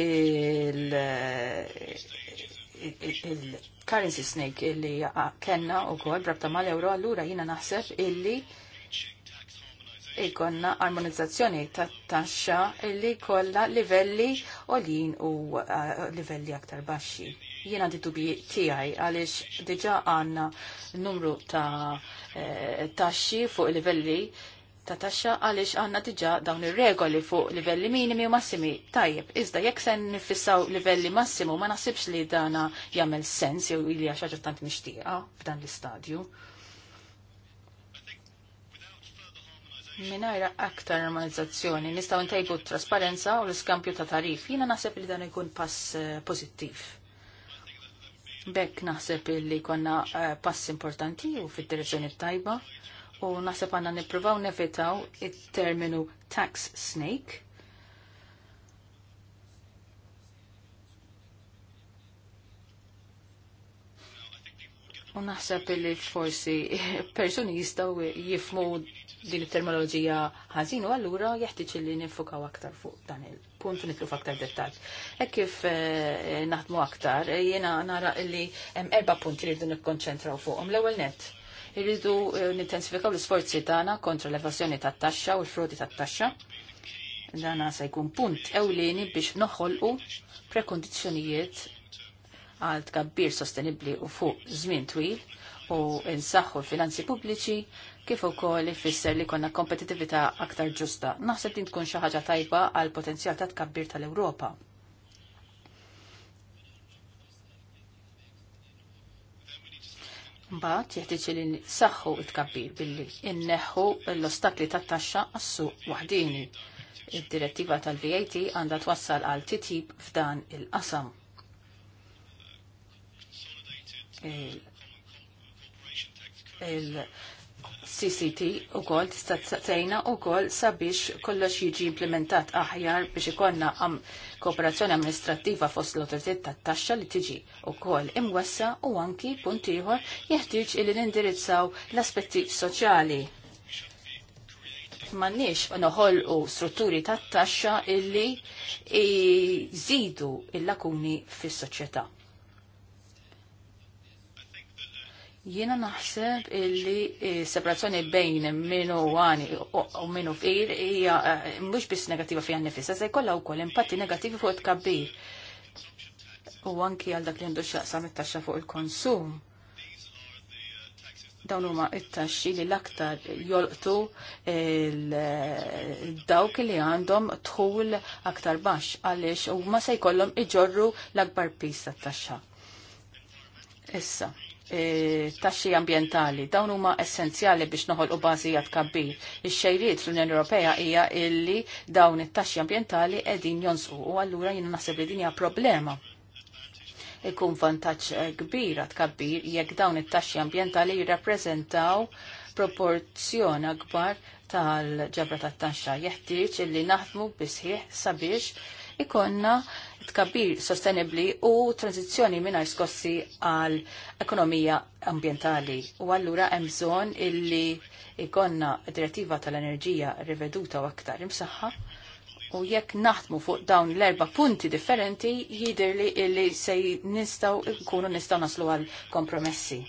S2: il-currency il currency snake illi kenna u kol brabta mal-euro, allura jina naħseb illi ikonna armonizzazzjoni ta' taxxa li kollha livelli olin u uh, livelli aktar baxxi. Jiena di tubi tiegħi għaliex diġà għandna numru ta' eh, taxxi fuq livelli ta' taxxa għaliex għandna diġà dawn ir-regoli fuq livelli minimi u massimi tajjeb. Iżda jekk se nifissaw livelli massimu ma naħsibx li dana jagħmel sens jew ilja xi ħaġa tant mixtieqa f'dan l-istadju. Minajra aktar normalizzazzjoni, nistaw ntejbu trasparenza u l-iskampju ta' tarif. Jina naħseb li dan ikun pass eh, pozittiv. Bekk naħseb li konna eh, pass importanti u fid-direzzjoni tajba u naħseb għanna nipruvaw nevitaw il-terminu tax snake. U naħseb li forsi persuni jistaw jifmu din it-terminoloġija ħażin u allura jeħtieġ li nifukaw aktar fuq dan il-punt u nitlu aktar dettalj. Hekk kif eh, naħdmu aktar, eh, jiena nara li hemm erba' punti li rridu nikkonċentraw fuqhom. L-ewwel nett, irridu eh, nintensifikaw l-isforzi tagħna kontra l-evażjoni tat-taxxa u l-frodi tat-taxxa. Dan se jkun punt ewlieni biex noħolqu prekondizzjonijiet għal tkabbir sostenibbli u fuq żmien twil u nsaħħu l-finanzi pubbliċi kif ukoll ifisser li konna kompetitività aktar ġusta. Naħseb li tkun xi ħaġa tajba għal potenzjal ta' tkabbir tal-Ewropa. Mbagħad jeħtieġ li saħħu t billi inneħħu l-ostakli tat-taxxa għas-suq waħdini. Id-direttiva tal-VAT għandha twassal għal titjib f'dan il-qasam. il CCT u kol tista' tgħinna u kol sabiex kollox jiġi implementat aħjar biex ikonna għam kooperazzjoni amministrattiva fost l-autoritet tat-taxxa li tiġi u kol imwessa u anki punt ieħor jeħtieġ li nindirizzaw l-aspetti soċjali mannix noħolqu strutturi tat-taxxa illi jżidu il-lakuni fis-soċjetà. Jiena naħseb illi separazzjoni bejn minu għani u minu fqir hija eh, mhux biss negattiva fiha nifissa, se jkollha wkoll impatti negattivi fuq it-kabbir. U anki għal dak li għandu x'jaqsam it-taxxa fuq il-konsum. Dawn huma it-taxxi li l-aktar jolqtu dawk li għandhom tħul aktar baxx għaliex huma se jkollhom iġorru l-akbar pis tat-taxxa. Issa, E, taxxi ambientali. Dawn huma essenzjali biex noħolqu bażijat kabbir. Ix-xejriet fl-Unjoni Ewropea hija illi dawn it-taxxi ambientali qegħdin jonsqu u allura jien naħseb li din hija problema. Ikun vantaġġ e, kbira tkabbir jekk dawn it-taxxi ambientali jirrappreżentaw proporzjoni akbar tal-ġabra tat-taxxa. Jeħtieġ illi naħdmu bisħieħ sabiex ikonna tkabbir sostenibli u tranzizjoni mingħajr skossi għal ekonomija ambientali. U allura hemm bżonn illi ikonna direttiva tal-enerġija riveduta u aktar imsaħħa u jekk naħdmu fuq dawn l-erba punti differenti jidir li illi se nistaw nkunu nistaw naslu għal kompromessi.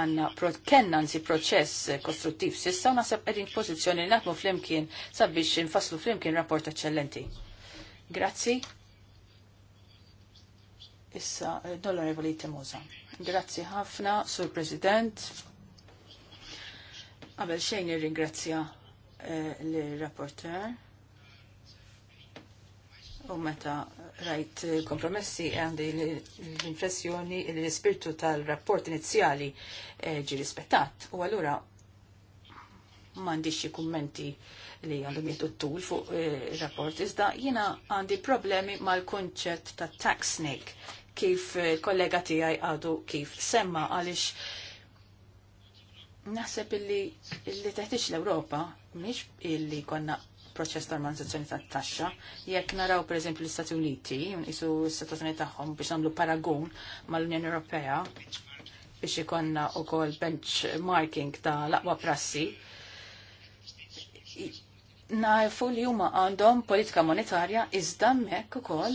S2: Għanna kenna nsi proċess kostruttiv sissa u nasab edin pozizjoni naħdmu flimkien sabiex nfaslu flimkien rapport eccellenti. Grazzi. Issa, eh, l-Onorevoli Temuza. Grazzi ħafna, Sur President. Għabel xejn ringrazzja eh, l-rapporter. U meta rajt kompromessi eh, għandi l-impressjoni li l-ispirtu tal-rapport inizjali ġi rispettat. U għallura mandi xie kummenti li għandhom jittu t-tul fuq eh, rapport, iżda jina għandi problemi mal-konċett ta' tax snake, kif eh, kollega tiegħi għadu kif semma għaliex naħseb illi li teħtix l ewropa miex illi konna proċess ta' armonizzazzjoni ta' taxxa, jekk naraw pereżempju l-Istati Uniti, jisu s-situazzjoni tagħhom biex nagħmlu paragun mal-Unjoni Ewropea biex ikonna u kol benchmarking ta' laqwa prassi, Narfu li huma għandhom politika monetarja iżda mekk ukoll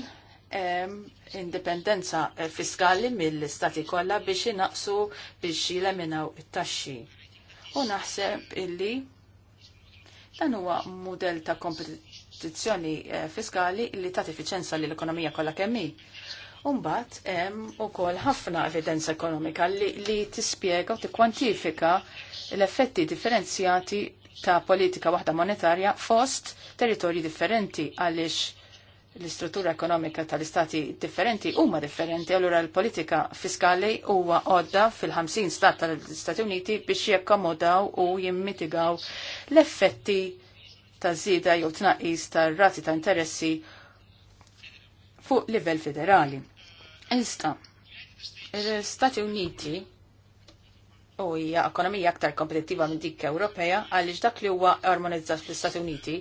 S2: indipendenza eh, fiskali mill-istati kollha biex inaqsu biex jileminaw it-taxxi. U naħseb illi dan huwa mudell ta' kompetizzjoni eh, fiskali li tagħti li lill ekonomija kollha kemm hi. Umbat, hemm ukoll ħafna evidenza ekonomika li, li tispjega u tikkwantifika l-effetti differenzjati ta' politika waħda monetarja fost territorji differenti għaliex l-istruttura ekonomika tal-istati differenti huma differenti, allura l-politika fiskali huwa għodda fil-50 stat tal-Istati Uniti biex jekkomodaw u jimmitigaw l-effetti ta' zida jew tnaqqis tar rati ta' interessi fuq livell federali. Insta, l istati Uniti u hija ekonomija aktar kompetittiva minn dik Ewropea għaliex dak li huwa armonizzat fl-Istati Uniti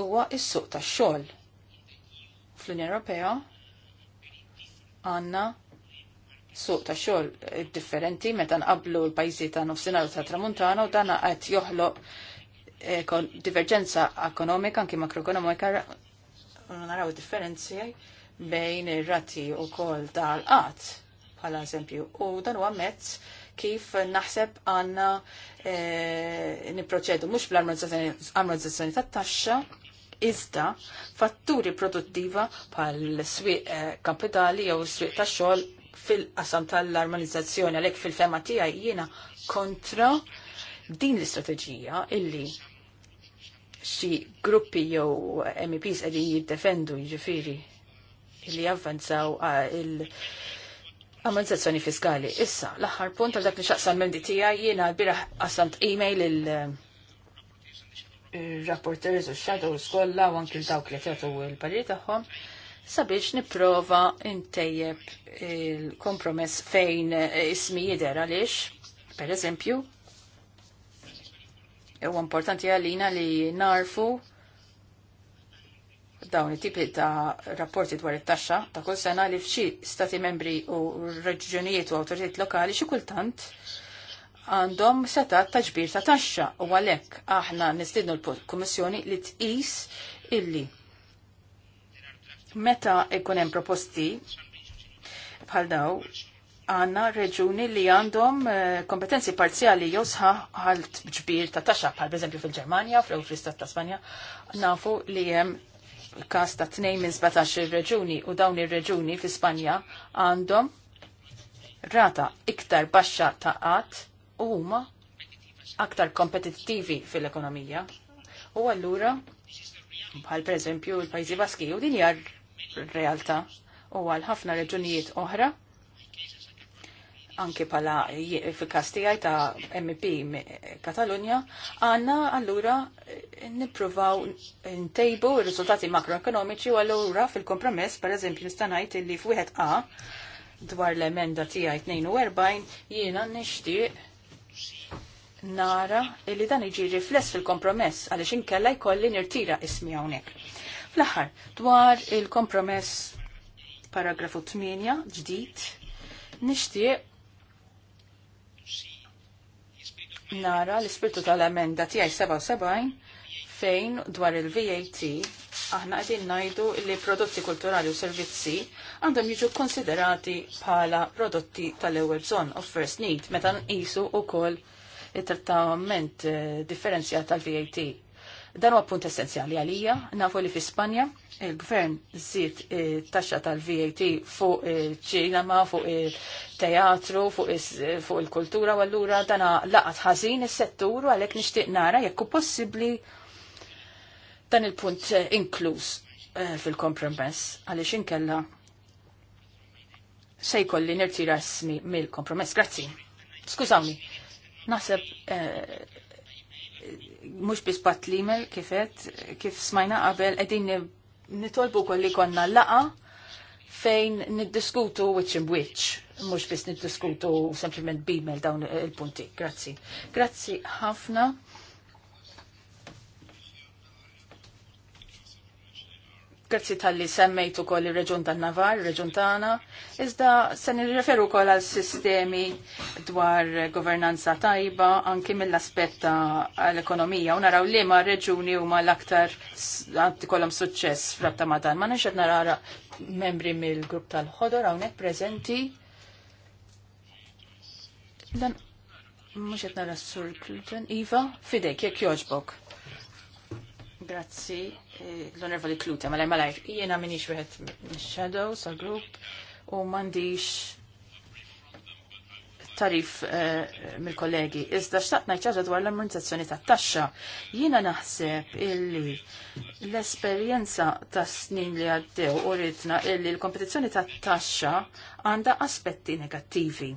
S2: huwa s-suq tax-xogħol. Fl-Unjoni Ewropea għandna suq ta' xogħol differenti meta nqablu l-pajjiżi ta' nofsinhar ta' tramuntana u dan qed joħloq eh, diverġenza ekonomika anki makroekonomika naraw differenzi bejn ir-rati wkoll tal-qatt bħala eżempju. U dan huwa mezz kif naħseb għanna e, niproċedu mux bl-armonizzazzjoni ta' taxxa, iżda fatturi produttiva bħal swieq eh, kapitali jew swieq ta' xogħol fil-qasam tal-armonizzazzjoni għalhekk fil-fema tiegħi jiena kontra din l-istrateġija illi xi gruppi jew MEPs qegħdin jiddefendu jiġifieri illi javvanzaw ah, il- ammonizzazzjoni fiskali. Issa, l-aħħar punt għal dak li mendi tija jiena l għasant e-mail il rapporteris u shadows skolla u anki dawk li tagħtu l-parir tagħhom sabiex nipprova ntejjeb il-kompromess fejn ismi jider għaliex, per eżempju, huwa importanti għalina li narfu dawn it-tipi ta' rapporti dwar it-taxxa ta' kull sena li f'xi stati membri u reġjonijiet u awtoritajiet lokali xi kultant għandhom setat ta' ġbir ta' taxxa u għalhekk aħna nistidnu l-Kummissjoni li tqis illi meta ikun hemm proposti bħal daw għanna reġuni li għandhom eh, kompetenzi parzjali jew sħaħ ġbir ta' taxxa bħal eżempju fil-Ġermanja, fl istat ta' Spanja, nafu li hemm kas ta' tnejn minn 17 il-reġuni u dawn il-reġuni fi Spanja għandhom rata iktar baxxa ta' qatt u huma aktar kompetittivi fil-ekonomija. U allura bħal pereżempju l-Pajjiżi Baski u din hija realtà u għal ħafna reġunijiet oħra anki pala fil-kastijaj ta' MP Katalunja, għanna allura n ntejbu il-rizultati makroekonomiċi u allura fil-kompromess, per eżempju, nistanajt li f' A dwar l-emenda tiegħi 42 jiena nixtieq nara li dan iġi rifless fil-kompromess għaliex inkella jkolli nirtira ismi hawnhekk. Fl-aħħar, dwar il-kompromess paragrafu 8 ġdid nixtieq nara l-ispirtu tal-emenda tiegħi 77 fejn dwar il-VAT aħna qegħdin ngħidu li prodotti kulturali u servizzi għandhom jiġu konsiderati bħala prodotti tal-ewwel bżonn of first need meta nqisu wkoll it-trattament eh, differenzjat tal-VAT. Dan huwa punt essenzjali għalija, nafu li fi Spanja il-gvern zid eh, taxxa tal-VAT fuq il-ċinema, eh, fuq il-teatru, eh, fuq il-kultura u allura dan laqat ħażin is-settur għalhekk nixtieq nara jekk hu possibbli dan il-punt inkluż fil-kompromess għaliex inkella se jkolli nirtira ismi mill-kompromess. Grazzi. Skużawni. Naħseb mux bis bat l-email kifet, kif smajna qabel, edin nitolbu kolli konna laqa fejn niddiskutu which and which, mux bis niddiskutu sempliment b-mail dawn il-punti. Grazzi. Grazzi ħafna. Grazzi tal-li semmejtu kol il-reġun tan navar il-reġun tana, iżda se referu kol għal sistemi dwar governanza tajba, anki mill aspetta l-ekonomija, u naraw li ma reġuni u ma l-aktar għanti kolom suċċess frabta ma dan. Ma nxed narara membri mill-grupp tal-ħodor għawnek prezenti. Dan, mux nara s-sur Iva, fidek, jek joġbok. Grazzi, eh, l-onorvoli Kluta, malaj malaj, jiena minix wieħed shadow sal grupp u mandiġ tarif eh, mill-kollegi. Iżda xtaqt najċaġa dwar l-armonizzazzjoni ta' taxxa. Jiena naħseb illi l-esperjenza ta' snin li għaddew u ridna illi l-kompetizzjoni ta' taxxa għandha aspetti negattivi.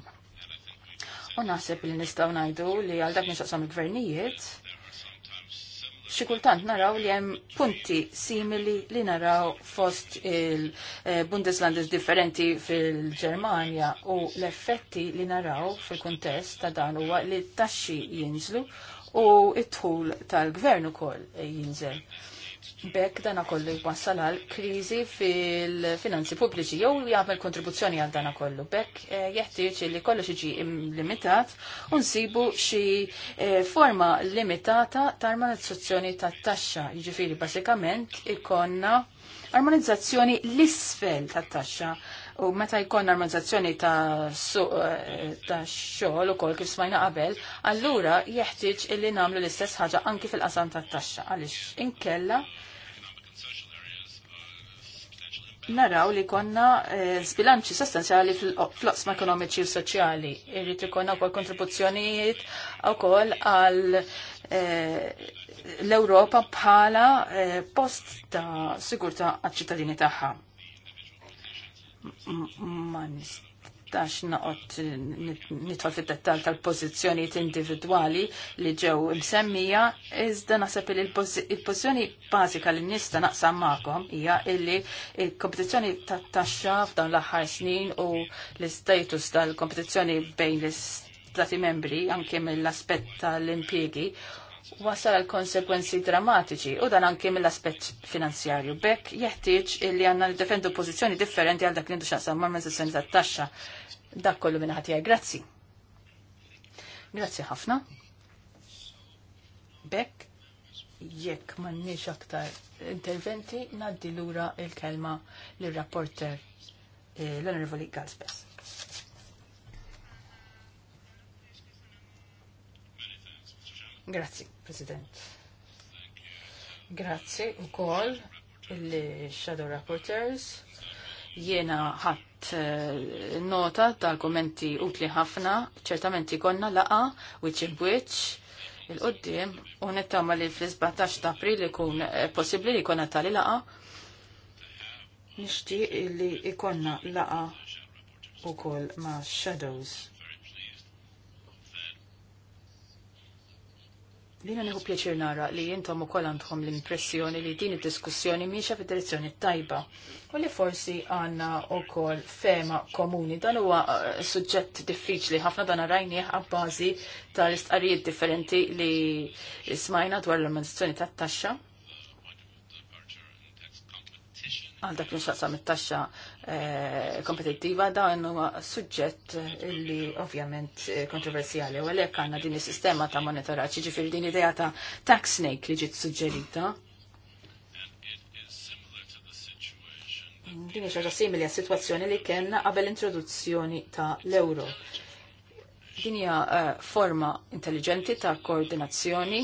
S2: U naħseb li nistgħu ngħidu li għal dak nixaqsam il-gvernijiet xi kultant naraw li hemm punti simili li naraw fost il-Bundeslandes differenti fil-Ġermanja u l-effetti li naraw fil-kuntest ta' dan huwa li t-taxxi jinżlu u t tħul tal-gvern ukoll jinżel. Bekk dana kollu jwassal għal krizi fil-finanzi pubbliċi jew jagħmel kontribuzzjoni għal dana kollu. Bekk eh, jeħtieġ li kollox iġi limitat u nsibu xi eh, forma limitata ta' armonizzazzjoni ta' taxxa. Jiġifieri bażikament ikonna armonizzazzjoni l-isfel ta' taxxa u meta jkun armonizzazzjoni ta' eh, ta' xogħol ukoll kif smajna qabel, allura jeħtieġ illi nagħmlu l-istess ħaġa anki fil-qasam tat-taxxa għaliex inkella naraw li konna eh, sbilanċi sostanzjali fl-oqsma ekonomiċi u soċjali. Irrid ikonna wkoll kontribuzzjonijiet wkoll għal eh, l-Ewropa bħala eh, post ta' sigurta għal ċittadini tagħha. Ma nistax naqot nitħol fid-dettall tal-pożizzjonijiet individwali li ġew msemmija, iżda naħseb li l-pożizzjoni bażika li nista' naqsam magħkom hija illi il-kompetizzjoni tat-taxxa f'dawn l-aħħar snin u l-istatus tal-kompetizzjoni bejn l-istati membri anke mill-aspett tal-impjegi wasal għal konsekwenzi drammatiċi u dan anke mill-aspett finanzjarju. Bekk jeħtieġ illi għandna niddefendu pożizzjoni differenti għal dak li xaqsam mal-mezzessjoni tat-taxxa. Dak kollu minn ħati grazzi. Grazzi ħafna. Bekk jekk m'għandniex aktar interventi naddi lura il-kelma lir-rapporter eh, l-Onorevoli Galspes. Grazzi. President. Grazzi u koll il-Shadow Rapporteurs. Jena ħadd eh, nota tal-kommenti utli ħafna, ċertamenti konna laqa, which in which, il-qoddim, u nittama li fl-17 ta' april ikun eh, possibli li konna tali laqa. Nishti li ikonna laqa u koll ma' Shadows Lina neħu pjaċir nara li jintom u koll għandhom l-impressjoni li din id-diskussjoni miexa fi direzzjoni tajba u li forsi għanna u koll fema komuni. Dan huwa eh, suġġett diffiċli, ħafna dan rajni għabbażi tal-istqarijiet differenti li smajna dwar l-amministrazzjoni tat-taxxa. Għal dak l-inxaqsa mit-taxxa Eh, kompetittiva dan huwa suġġett li ovvjament kontroversjali u għalhekk għandna din is-sistema ta' monitoraġġ, jiġifieri din idea ta' tax snake li ġiet suġġerita. Din xaġa simili għas-sitwazzjoni li kellna qabel introduzzjoni ta' l-euro. Din hija eh, forma intelligenti ta' koordinazzjoni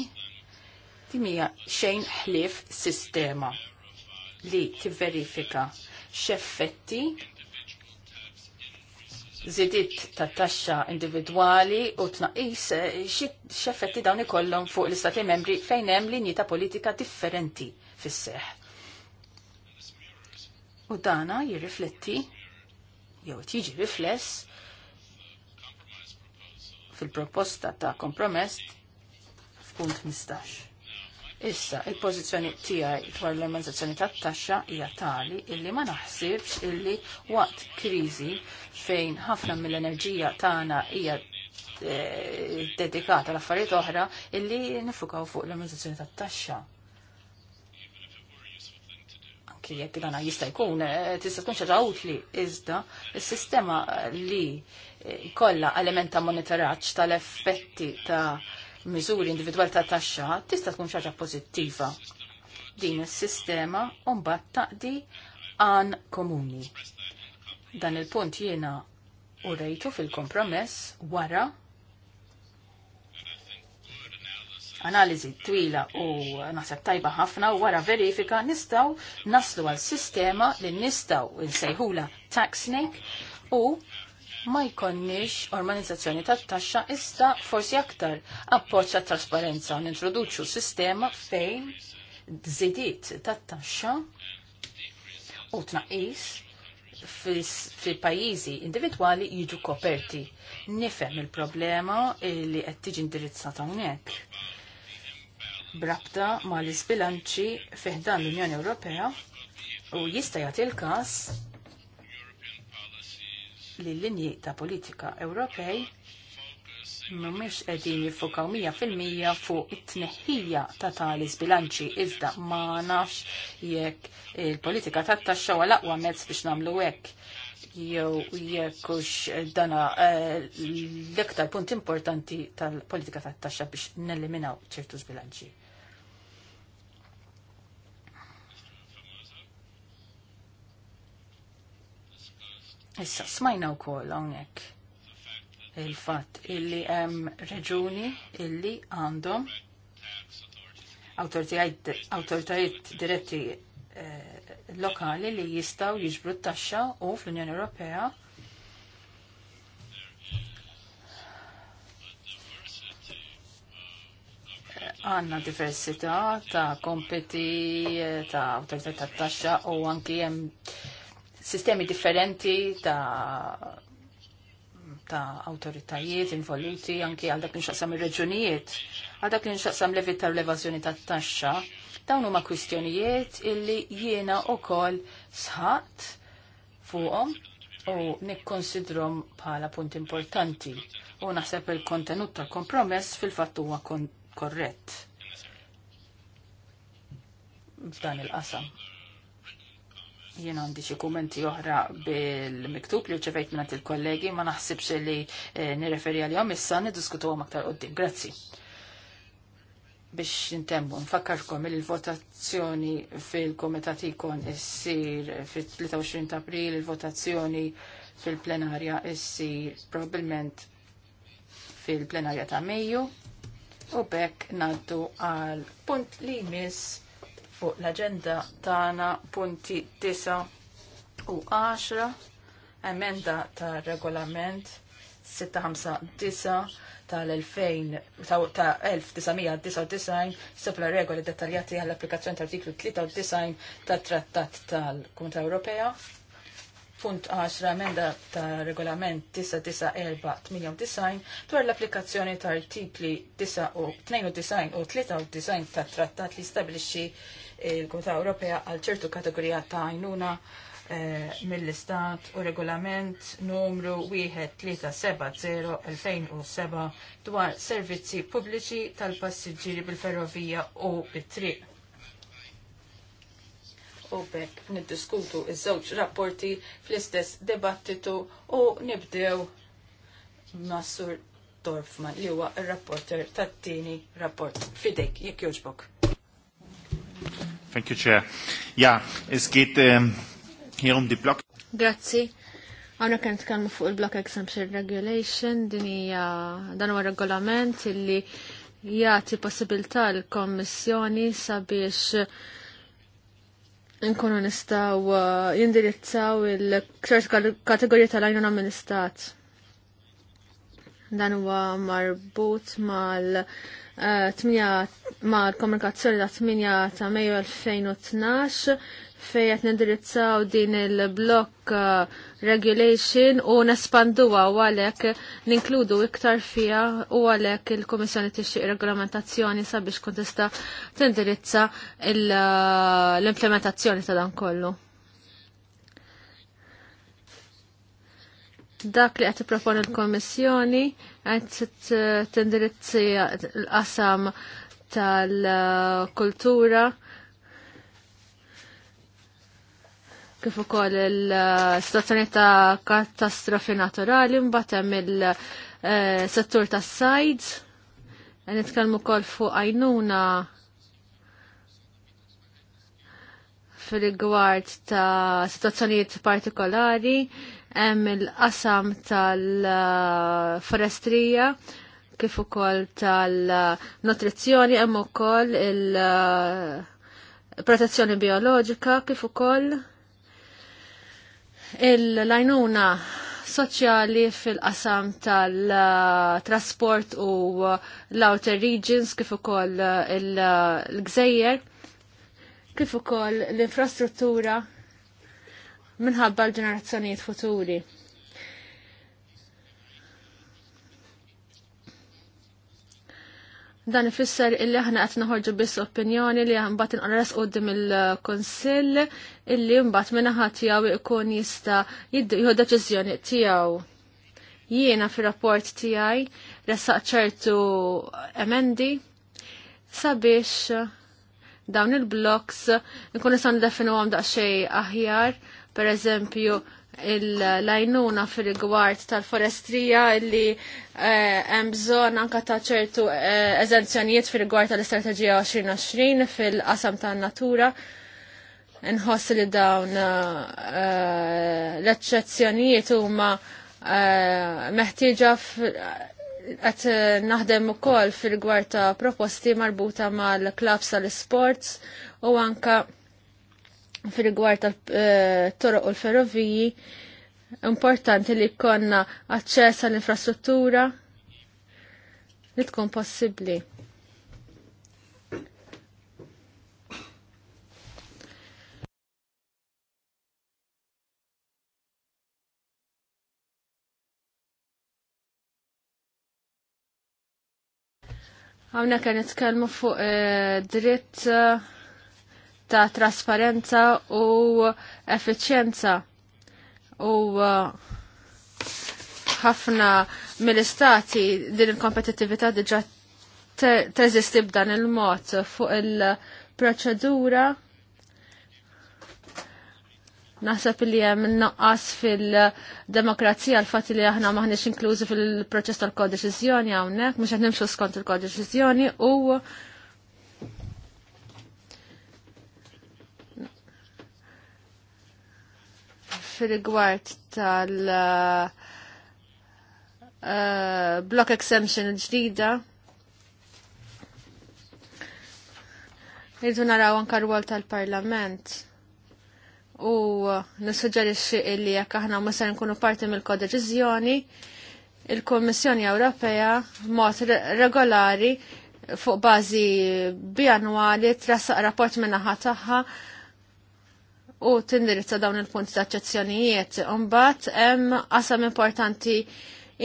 S2: din hija xejn ħlief sistema li tivverifika verifika x'effetti Zidit ta' taxxa individwali u tnaqis eh, x'effetti dawn ikollhom fuq l-istati membri fejn hemm linji ta' politika differenti fis-seħ. U dana jirrifletti jew tiġi rifless fil-proposta ta' kompromess f'punt 15. Issa, il-pozizjoni tiegħi dwar l-armonizzazzjoni tat-taxxa hija tali illi ma naħsibx illi waqt kriżi fejn ħafna mill-enerġija tagħna hija e, dedikata l-affarijiet oħra illi nifukaw fuq l-armonizzazzjoni tat-taxxa. Anki jekk dan jista' jkun e, tista' tkun xaġa utli iżda s sistema li e, kollha elementa monitoraġġ tal-effetti ta' miżuri individwali ta' taxxa tista' tkun xaġa pożittiva. Din is-sistema mbagħad taqdi għan komuni. Dan il-punt jiena u rejtu fil-kompromess wara analizi twila u naħseb tajba ħafna u wara verifika nistaw naslu għal sistema li nistaw nsejħula tax snake u ma jkonniex organizzazzjoni tat-taxxa issa forsi aktar appoġġ tat-trasparenza u nintroduċu sistema fejn żidiet tat-taxxa u tnaqqis fil-pajjiżi individwali jiġu koperti. Nifhem il-problema li qed tiġi indirizzata hawnhekk. Brabta mal-isbilanċi fiħdan l-Unjoni Ewropea u jista' jagħti l-każ li l-linji ta' politika Ewropej mhumiex qegħdin jiffokaw mija fil-mija fuq it-tneħħija ta' tali bilanċi iżda ma nafx jekk il-politika tat-taxxa huwa l-aqwa mezz biex nagħmlu hekk jew jekkux dana eh, l-iktar punt importanti tal-politika tat-taxxa biex neliminaw ċertu żbilanċi. Issa smajna wkoll hawnhekk il-fatt illi hemm reġuni illi għandhom awtoritajiet diretti eh, lokali li jistgħu jiġbru t-taxxa u fl-Unjoni Ewropea għanna diversità ta' kompeti, eh, ta' autorità ta' taxxa u anki hemm sistemi differenti ta' ta' autoritajiet involuti anki għal dak nxaqsam ir-reġunijiet, għal dak nxaqsam levita u l evazjoni ta' taxxa, dawn huma kwistjonijiet illi jiena wkoll sħat fuqom u nikkonsidrom bħala punt importanti u naħseb il-kontenut tal-kompromess fil-fatt huwa korrett f'dan il-qasam. Jien għandi xi kumenti oħra bil-miktub li ċevejt minn il-kollegi ma naħsibx li eh, nirreferi għalihom issa għom aktar qudiem. Grazzi biex nintemmu, nfakkarkom il-votazzjoni fil-komitat ikon issir fil-23 ta' april, il-votazzjoni fil-plenarja issir probabilment fil-plenarja ta' Mejju u bekk naddu għal punt li jmiss fuq l-agenda tagħna punti 9 u 10 emenda ta' regolament 659 tal-2000 ta' 1999 sopra regoli dettaljati għall-applikazzjoni tal-artiklu 93 tat-Trattat tal-Kumunità Ewropea. Punt 10 emenda ta' regolament 994-98 dwar l-applikazzjoni ta' artikli 92 u 93 tat-Trattat li stabilixxi il-Komunità Ewropea għal ċertu kategorija ta' għajnuna eh, mill-Istat u regolament numru 1370-2007 dwar servizzi pubbliċi tal-passiġġieri bil-ferrovija u bit-triq. U niddiskutu iż-żewġ rapporti fl-istess dibattitu u nibdew Massur Dorfman li huwa r rapporter tat-tieni rapport fidejk jekk jogħġbok.
S1: Thank you, Chair. Ja, es geht ähm, hier um die Block.
S3: Grazie. Għana kien tkellmu fuq il-Block Exemption Regulation, din hija dan huwa regolament illi jagħti possibilità l-Kommissjoni sabiex nkunu nistgħu uh, jindirizzaw il-ċert kategorija tal-għajnuna istat. Dan huwa marbut mal- Eh, ma' komunikazzjoni ta' 8 ta' Mejju 2012 fej qed nindirizzaw din il-block eh, regulation u nespanduha u għalhekk ninkludu iktar fija u għalhekk il-Kummissjoni tixtieq regolamentazzjoni sabiex kun tista' tindirizza eh, l-implementazzjoni ta' dan kollu. dak li għati propon il-Komissjoni għat tindirizzi l-qasam tal-kultura kif ukoll il-situazzjoni ta' katastrofi naturali mbagħad hemm il-settur eh, tas-sajd nitkellmu wkoll fuq għajnuna fil-rigward ta' situazzjonijiet partikolari hemm il-qasam tal-forestrija kif ukoll tal-nutrizzjoni hemm ukoll il-protezzjoni bioloġika kif ukoll il-lajnuna soċjali fil-qasam tal-trasport u l-outer regions kif ukoll il-gżejjer kif ukoll l-infrastruttura minħabba l-ġenerazzjonijiet futuri. Dan ifisser illi aħna qed noħorġu biss opinjoni li mbagħad inqaras qudiem il-Kunsill illi mbagħad minaħa tiegħu jkun jista' jieħu deċiżjoni tiegħu. Jiena fir-rapport tiegħi ressaq ċertu emendi sabiex dawn il-bloks nkun nistgħu ndefinuhom għam daqsxejn aħjar per eżempju il-lajnuna fil-gwart tal-forestrija illi eh, hemm bżonn anka ta' ċertu eh, eżenzjonijiet fil-gwart tal-istrateġija 2020 fil-qasam tan-natura. Nħoss li dawn eh, l-eċċezzjonijiet huma meħtieġa qed naħdem ukoll fil-gwart ta' proposti marbuta mal-klabs tal-sports u anka fil-rigward tal-toroq eh, u l-ferroviji, importanti li konna aċċess għall-infrastruttura li tkun possibbli. Għawna kan nitkellmu fuq eh, dritt ta' trasparenza u effiċjenza u uh, ħafna mill-istati din il-kompetittività diġa teżisti b'dan il-mod fuq il-proċedura naħseb li hemm naqqas fil-demokrazija l-fatt li aħna maħniex inklużi fil-proċess tal-kodeċiżjoni hawnhekk mhux qed nimxu skont il-kodeċiżjoni u fil-rigward tal- uh, uh, block exemption ġdida. Rridu naraw anka rwol tal-parlament u nissuġġerixxi illi jekk aħna ma se nkunu parti mill-kodeċiżjoni, il-Kummissjoni Ewropea mod regolari fuq bażi bianwali trassaq rapport minnaħa tagħha u tindirizza dawn il-punti ta' eccezzjonijiet. Umbat, hemm qasam importanti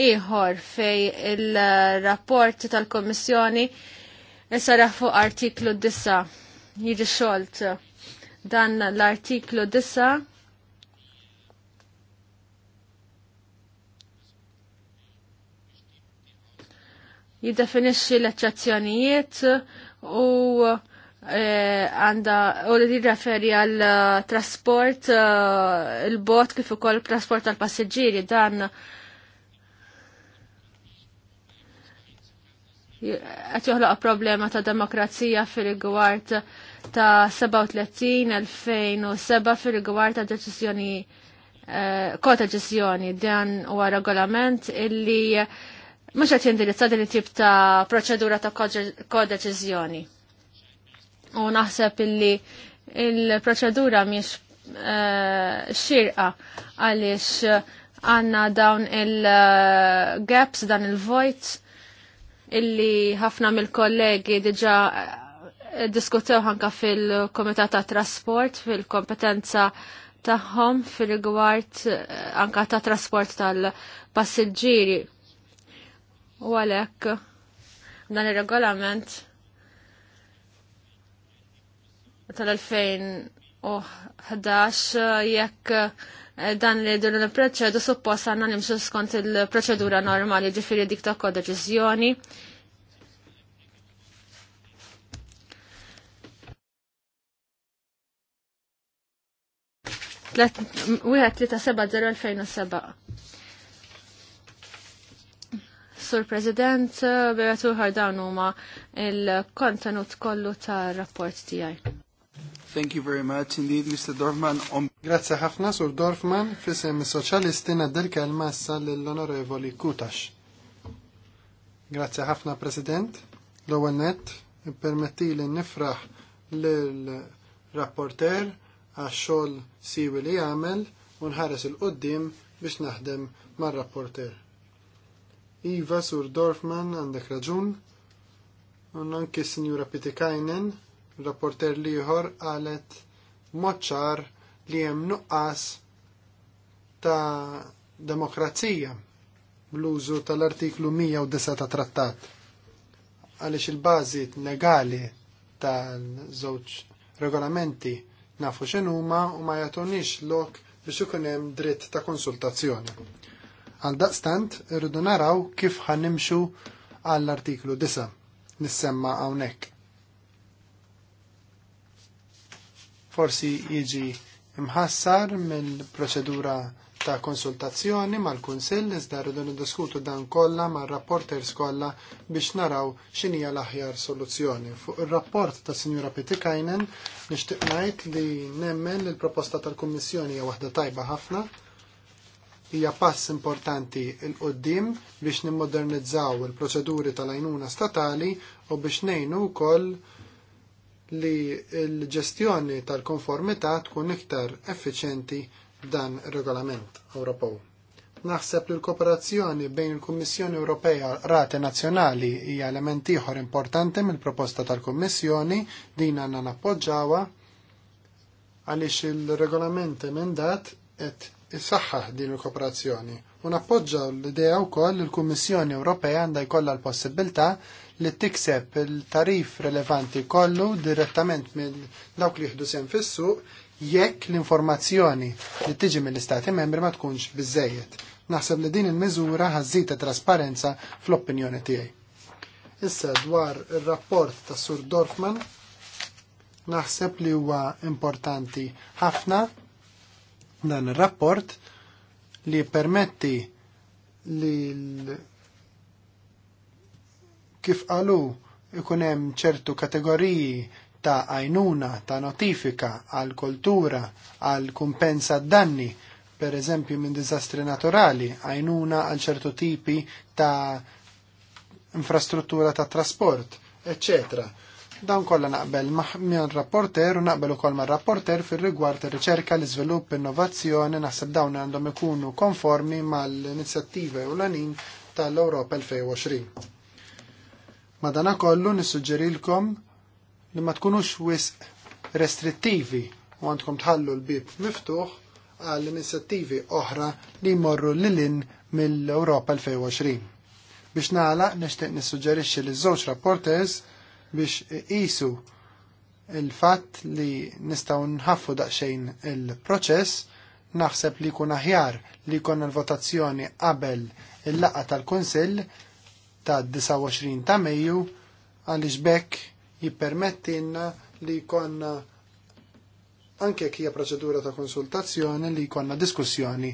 S3: ieħor fej il-rapport tal-Kommissjoni Isara fuq artiklu 9 jiġi xolt dan l-artiklu 9 jiddefinixxi l-eċċezzjonijiet u Eh, għanda u li referi għal eh, trasport eh, il-bot kif ukoll trasport tal passiġġieri dan qed joħloq problema ta' demokrazija fir-rigward ta' 37-2007 fir-rigward ta' deċiżjoni kota ġizjoni dan huwa regolament illi mhux qed jindirizza din it-tip ta' proċedura ta' kodeċiżjoni u naħseb illi il-proċedura miex eh, xirqa għaliex għanna dawn il-gaps, dan il-vojt illi ħafna mill-kollegi diġa eh, diskutew ħanka fil-Komitat ta' Trasport fil-kompetenza tagħhom fil-rigward eh, anka ta' trasport tal-passiġġieri. U għalhekk dan ir-regolament tal-2011 jekk eh, dan li dur il-proċedu suppost għanna nimxu skont il-proċedura normali ġifiri dik ta' kodeċizjoni. Wieħed li ta' seba' 2007. Sur President, eh, bera tuħar dawn huma il-kontenut kollu tar rapport tiegħi.
S1: Thank you very much indeed, Mr. Dorfman. Um... Grazie ħafna, Sur Dorfman, fissem soċalisti naddel kelma massa l-onorevoli Kutax. Grazie ħafna, President. L-ewwel nett, permetti li nifraħ l-rapporter għax siwi li għamel u nħares il-qoddim biex naħdem mar-rapporter. Iva Sur Dorfman għandek raġun, u anki Sinjura Pitikajnen rapporter liħor għalet moċċar li hemm nuqqas ta' demokrazija bl-użu tal-artiklu 109 ta' trattat. Għalix il-bazi legali tal-żewġ regolamenti nafu xenuma u ma jatunix lok biex ikun hemm dritt ta' konsultazzjoni. Għal daqstant irridu naraw kif ħanimxu għall-artiklu 9 nissemma hawnhekk. forsi jiġi imħassar mill-proċedura ta' konsultazzjoni mal-Kunsill iżda rridu niddiskutu dan kollha mar-rapporters kollha biex naraw x'inhija l-aħjar soluzzjoni. Fuq ir-rapport ta' Sinjura Pitikajnen nixtieq ngħid li nemmen li l-proposta tal-Kummissjoni hija waħda tajba ħafna hija pass importanti il qoddim biex nimmodernizzaw il-proċeduri tal-għajnuna statali u biex ngħinu wkoll li l-ġestjoni tal-konformità tkun iktar effiċenti dan regolament Ewropew. Naħseb li l-kooperazzjoni bejn il-Kummissjoni Ewropea Rati Nazzjonali hija element ieħor importanti mill-proposta tal-Kummissjoni din għandna nappoġġawha għaliex il-regolament emendat qed isaħħaħ din il-kooperazzjoni u nappoġġaw l-idea wkoll li l-Kummissjoni Ewropea għandha jkollha l-possibilità li tikseb il-tarif relevanti kollu direttament minn dawk li jieħdu sen fissu jekk l-informazzjoni li tiġi mill-Istati membri ma tkunx biżejjed. Naħseb li din il-miżura ħażita trasparenza fl-opinjoni tiegħi. Issa dwar ir-rapport ta' Sur Dorfman naħseb li huwa importanti ħafna dan ir-rapport li permetti li kif qalu ikun hemm ċertu kategoriji ta' għajnuna, ta' notifika għal kultura, għal kumpensa danni, per eżempju minn dizastri naturali, għajnuna għal ċertu tipi ta' infrastruttura ta' trasport, eccetera. Dan kollha naqbel minn rapporter u naqbel ukoll ma' rapporter fir rigward ir-riċerka, l-iżvilupp, innovazzjoni naħseb dawn għandhom ikunu konformi mal inizjattiva u l-anin tal-Europa 2020 dana kollu nissuġġerilkom li ma tkunux wisq restrittivi u għandkom tħallu l-bib miftuħ għall inizjattivi oħra li jmorru lin mill-Europa 2020. Biex nagħlaq nixtieq nissuġġerixxi li żewġ rapporters biex iqisu il-fatt li nistgħu nħaffu daqsxejn il-proċess naħseb li jkun aħjar li jkollna l-votazzjoni qabel il-laqgħa tal-Kunsill ta' 29 ta' Mejju għaliex bekk jippermettilna li konna anke hija proċedura ta' konsultazzjoni li konna diskussjoni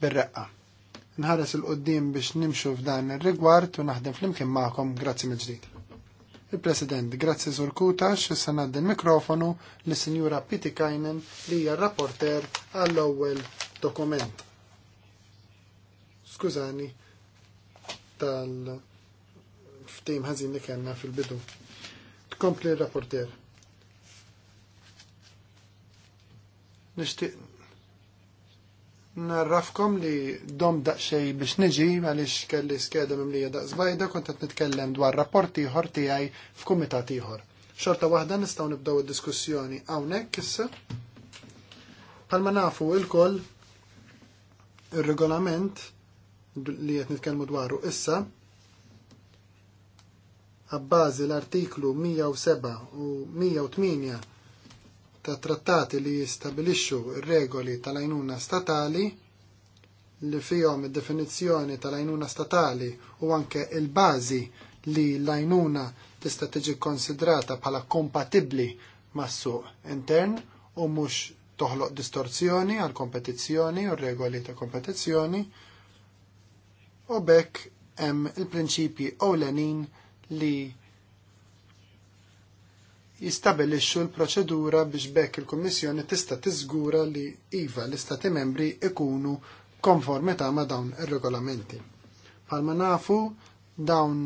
S1: bir-reqqa. Nħares il-qoddim biex nimxu f'dan ir-rigward u naħdem flimkien magħkom grazzi mill-ġdid. Il-President, grazzi Sur Kutax, issa ngħaddi mikrofonu lis sinjura Piti Kajnen li hija rapporter għall-ewwel dokument. Skużani, tal-ftim ħażin li kellna fil-bidu. Tkompli r-rapporter. Nixtieq Narrafkom li dom daqxej biex niġi għaliex kelli skeda mimlija daqs bajda kont qed nitkellem dwar rapport ieħor tiegħi f'kumitat ieħor. Xorta waħda nistgħu nibdaw id-diskussjoni hawnhekk issa. Palma nafu il-koll ir-regolament il koll il regolament il li qed nitkellmu dwaru issa għabbażi l-artiklu 107 u 108 ta' trattati li jistabilixxu r-regoli tal-għajnuna statali li fihom id-definizzjoni tal ajnuna statali u anke il-bażi li l ajnuna tista' tiġi konsidrata bħala kompatibbli mas-suq intern u mhux toħloq distorzjoni għal kompetizzjoni u regoli ta' kompetizzjoni u bekk hemm il-prinċipji ewlenin li jistabilixxu l-proċedura biex bekk il-Kummissjoni tista' tiżgura li iva l-Istati membri ikunu konformità ma' dawn ir-regolamenti. Palma nafu dawn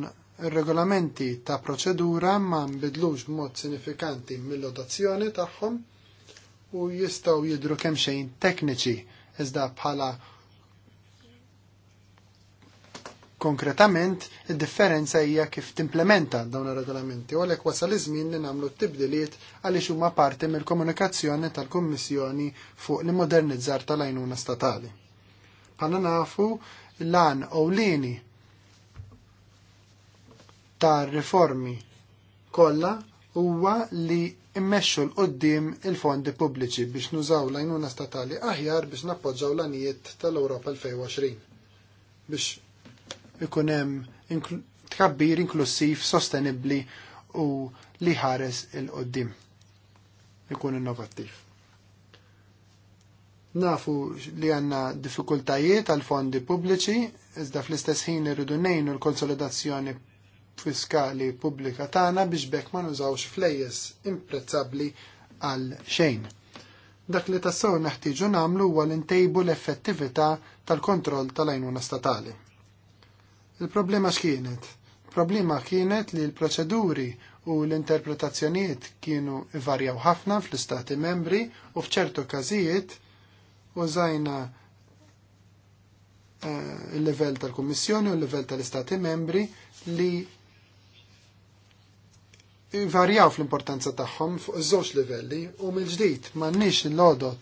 S1: ir-regolamenti ta' proċedura ma nbidlux b'mod sinifikanti mill lodazzjoni tagħhom u jistgħu jidhru kemm xejn tekniċi iżda bħala konkretament id-differenza hija kif timplementa dawn ir-regolamenti u għalhekk wasal iż-żmien li nagħmlu t-tibdiliet għaliex huma parti mill-komunikazzjoni tal-Kummissjoni fuq l-modernizzar tal-għajnuna statali. Bħalna nafu lan ewlieni tar-riformi kollha huwa li immexxu l-qoddim il-fondi pubbliċi biex nużaw l-għajnuna statali aħjar biex nappoġġaw l għanijiet tal-Ewropa 2020 biex ikun hemm tkabbir inklusiv, sostenibbli u li ħares il-qoddim. Ikun innovattiv. Nafu li għanna diffikultajiet għal fondi pubbliċi, iżda fl-istess ħin irridu nejnu l-konsolidazzjoni fiskali pubblika tagħna biex bekk ma nużawx flejjes imprezzabbli għal xejn. Dak li tassew neħtieġu nagħmlu huwa l-intejbu l-effettività tal-kontroll tal-għajnuna statali. Il-problema x'kienet? Il-problema kienet li l-proċeduri u l-interpretazzjonijiet kienu varjaw ħafna fl-istati membri u fċertu każijiet użajna eh, il-level tal kummissjoni u l-level tal-Istati membri li varjaw fl-importanza tagħhom fuq iż-żewġ livelli u mill-ġdid m'għandniex l-odot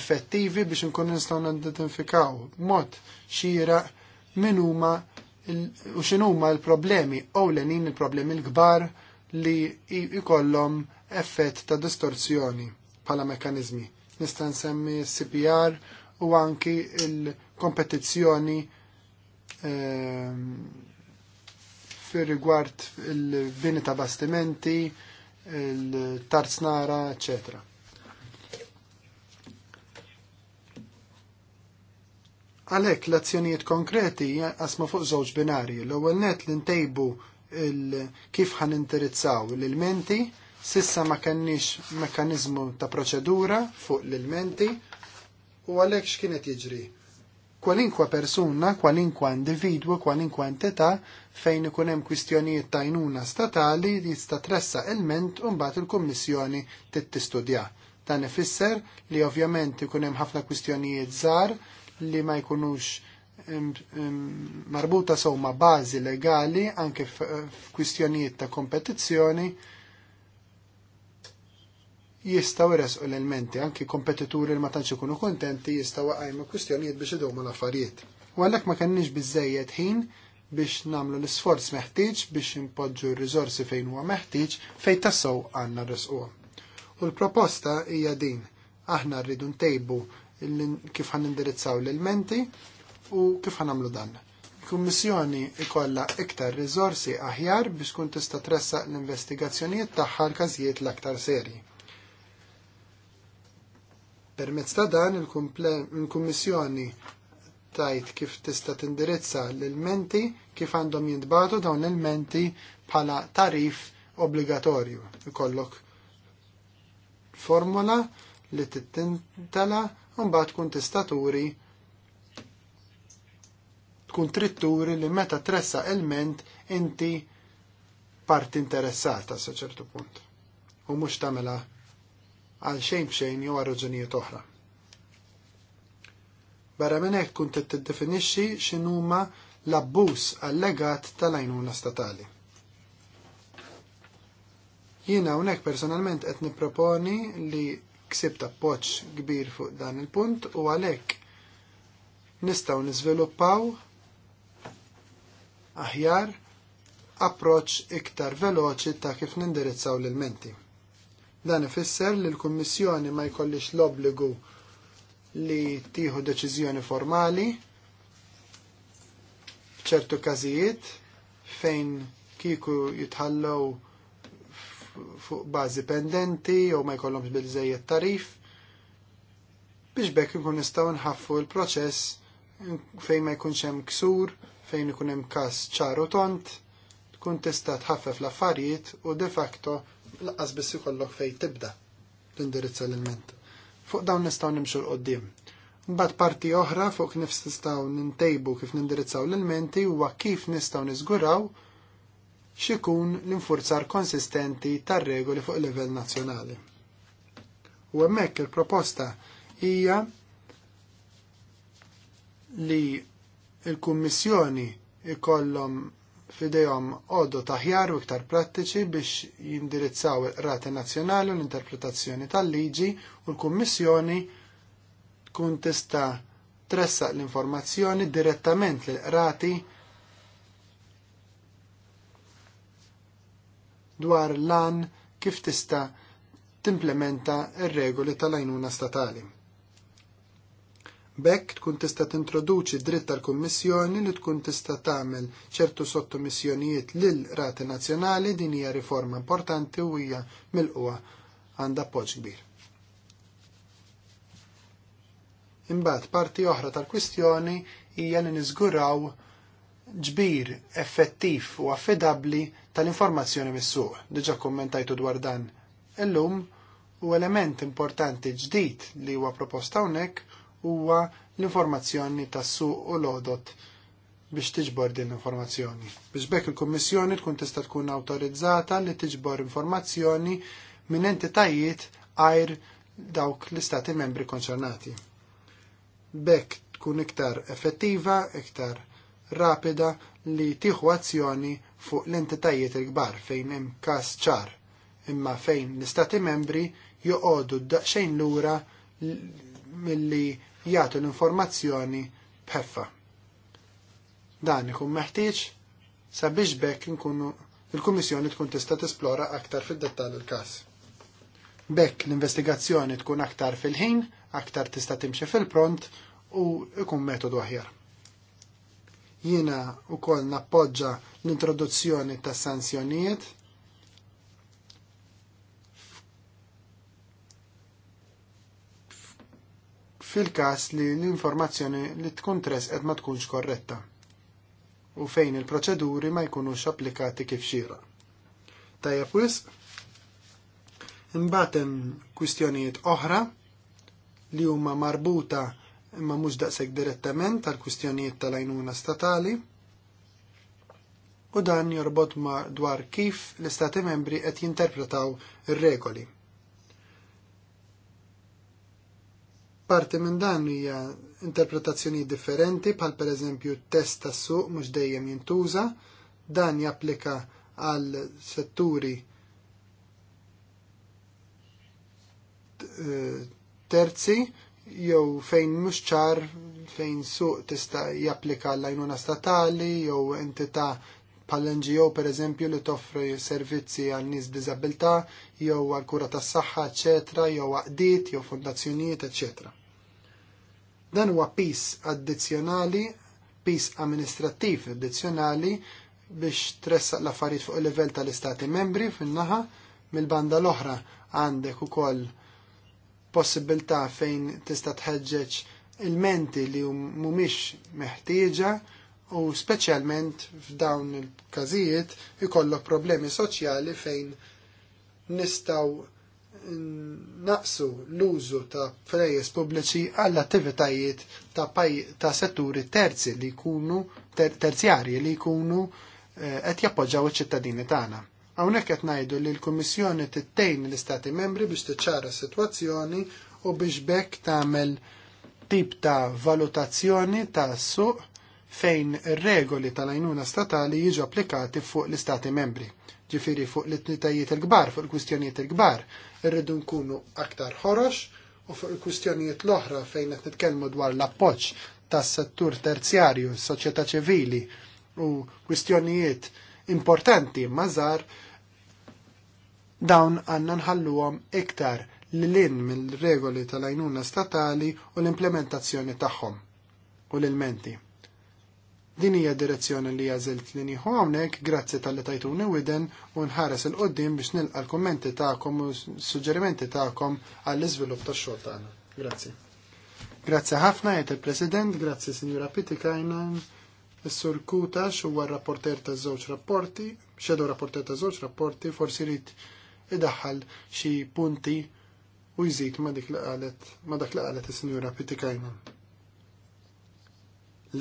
S1: effettivi biex nkun nistgħu nidentifikaw mod xira min huma u x'inhuma l-problemi l-enin il-problemi l-kbar li jkollhom effett ta' distorsjoni bħala mekkaniżmi. Nista' nsemmi CPR u anki il-kompetizzjoni ehm, fir rigward il-bini ta' bastimenti, il-tarznara, eccetera Għalhekk l-azzjonijiet konkreti jasmu fuq żewġ binarji. L-ewwel net li ntejbu kif ħan interizzaw l-ilmenti, sissa ma kenniex mekkaniżmu ta' proċedura fuq l-ilmenti u għalhekk x'kienet jiġri. Kwalinkwa persuna, kwalinkwa individwu, kwalinkwa entità fejn ikun hemm kwistjonijiet tajnuna statali jista' tressa ilment u mbagħad il-Kummissjoni tittistudja. Dan ifisser li ovvjament ikun hemm ħafna kwistjonijiet żgħar li ma jkunux marbuta sew ma' bażi legali anke f'kwistjonijiet ta' kompetizzjoni jistaw u l-elementi, anki kompetituri li ma tantx ikunu kontenti jistaw għajmu kwistjonijiet biex idomu l-affarijiet. U għalhekk ma kenniex bizzejiet ħin biex namlu l-isforz meħtieġ biex impoġġu r rizorsi fejn huwa meħtieġ fejn tassew għandna rresquhom. U l-proposta hija din aħna rridu ntejbu kif ħan indirizzaw l-elementi u kif ħan għamlu dan. Il-Kummissjoni ikolla iktar rizorsi aħjar biex kun tista' tressaq l-investigazzjonijiet tagħha l-każijiet l-aktar serji. Permezz ta' dan il-Kummissjoni tajt kif tista' tindirizza l-elementi kif għandhom jintbatu dawn l-elementi bħala tarif obbligatorju. Ikollok formola li tittintala mbagħad tkun tista' turi tkun tritturi li meta tressa element inti parti interessata sa ċertu punt. U mhux tagħmilha għal xejn b'xejn jew għal raġunijiet oħra. Barra minn hekk tkun tiddefinixxi x'inhuma l-abbuż allegat tal-għajnuna statali. Jiena hawnhekk personalment qed nipproponi li ksibt appoġġ kbir fuq dan il-punt u għalhekk nistgħu niżviluppaw aħjar approċċ iktar veloċi ta' kif nindirizzaw l-elementi. Dan ifisser li l-Kummissjoni ma jkollix l obligu li tieħu deċiżjoni formali f'ċertu każijiet fejn kieku jitħallgħu fuq bażi pendenti jew ma jkollhomx bil-żejjed tarif biex bekk nkun nistgħu nħaffu l-proċess fejn ma jkunx hemm ksur, fejn ikun hemm każ ċaru tont, tkun tista' tħaffef l-affarijiet u de facto laqqas biss ikollok fejn tibda tindirizza l-ilment. Fuq dawn nistgħu nimxu l-qoddim. Mbagħad parti oħra fuq kif nistgħu nintejbu kif nindirizzaw l-elementi huwa kif nistgħu niżguraw xikun l-infurzar konsistenti tar-regoli fuq livell nazzjonali. U hemmhekk il-proposta hija li il-Kummissjoni ikollhom fidejhom għodu taħjar u iktar prattiċi biex jindirizzaw il-rati nazzjonali u l-interpretazzjoni tal-liġi u l-Kummissjoni tkun tista' tressaq l-informazzjoni direttament lill qrati dwar lan kif tista timplementa ir-regoli tal-għajnuna statali. Bekk tkun tista' tintroduċi dritt tal-Kummissjoni li tkun tista' tagħmel ċertu sottomissjonijiet lil rati nazzjonali din hija riforma importanti u hija milquha għandha appoġġ kbir. Imbagħad parti oħra tal-kwistjoni hija li niżguraw ġbir effettiv u affidabli tal-informazzjoni mis-suq. Diġa kommentajtu dwar dan illum u element importanti ġdid li huwa proposta hawnhekk huwa l-informazzjoni tas-suq u l-odot biex tiġbor din l-informazzjoni. Biex bekk il-Kommissjoni tkun tista' tkun awtorizzata li tiġbor informazzjoni minn entitajiet għajr dawk l-istati membri konċernati. Bekk tkun iktar effettiva, iktar rapida li tieħu azzjoni fuq l-entitajiet il-kbar fejn hemm każ ċar, imma fejn l-Istati membri joqogħdu daqsxejn lura milli jagħtu l-informazzjoni bħeffa. Dan ikun meħtieġ sabiex bekk inkunu il-Kummissjoni tkun tista' tisplora aktar fid-dettall il-każ. Bekk l-investigazzjoni tkun aktar fil-ħin, aktar tista' timxi fil-pront u ikun metodu aħjar. Jiena wkoll nappoġġa l-introduzzjoni ta' sanzjonijiet fil-każ li l-informazzjoni li tkun qed ma tkunx korretta u fejn il-proċeduri ma jkunux applikati kif xira. Tajja pwis, imbatem kwistjonijiet oħra li huma marbuta imma mhux daqshekk direttament tal kwistjonijiet tal-għajnuna statali u dan jorbot ma dwar kif l-istati membri qed jinterpretaw ir-regoli. Parti minn dan hija interpretazzjoni differenti bħal pereżempju test tas-suq mhux dejjem jintuża, dan japplika għal setturi eh, terzi jew fejn mhux ċar fejn suq tista' japplika l-għajnuna statali jew entità bħal NGO per eżempju li toffri servizzi għal nies b'diżabilità jew għal kura tas-saħħa, eċetera, jew għaqdiet, jew fondazzjonijiet, eċetera. Dan huwa pis addizzjonali, pis amministrattiv addizzjonali biex tressaq l-affarijiet fuq il-livell tal-istati membri fin-naħa mill-banda l-oħra għandek ukoll koll possibilità fejn tista' tħeġġeġ il-menti li mhumiex meħtieġa u speċjalment f'dawn il-każijiet ikollok problemi soċjali fejn nistaw naqsu l-użu ta' frejes pubbliċi għall attivitajiet ta', paj ta setturi terzi li jkunu ter terzjarji li jkunu eh, qed eh, jappoġġaw iċ-ċittadini tagħna. Hawnhekk qed ngħidu li l-Kummissjoni tittejn l-Istati membri biex tiċċara s-sitwazzjoni u biex bekk tagħmel tip ta' valutazzjoni ta' suq fejn ir-regoli tal-għajnuna statali jiġu applikati fuq l-Istati membri. Ġifiri fuq l-itnitajiet il-kbar, fuq il-kwistjonijiet il-kbar, irridu nkunu aktar ħorox u fuq il-kwistjonijiet l-oħra fejn qed nitkellmu dwar l-appoġġ tas-settur terzjarju, s-soċjetà ċivili u kwistjonijiet importanti mażar dawn għanna nħalluhom iktar l-lin mill-regoli tal-għajnuna statali u l-implementazzjoni tagħhom u l-ilmenti. Din hija direzzjoni li jażilt li nieħu hawnhekk grazzi tal-li tajtuni widen u nħares il-qoddim biex nilqa l-kummenti tagħkom u suġġerimenti tagħkom għall-iżvilupp tax-xogħol tagħna. Grazzi. Grazzi ħafna jgħet il-President, grazzi Sinjura Pitikajna Is-sur Kutax huwa rapporter ta' żewġ rapporti, xedu rapporter ta' żewġ rapporti, forsi rrit idaħħal xi punti u jżid ma dik li qalet ma dak li qalet is-Sinjura Pitikajna.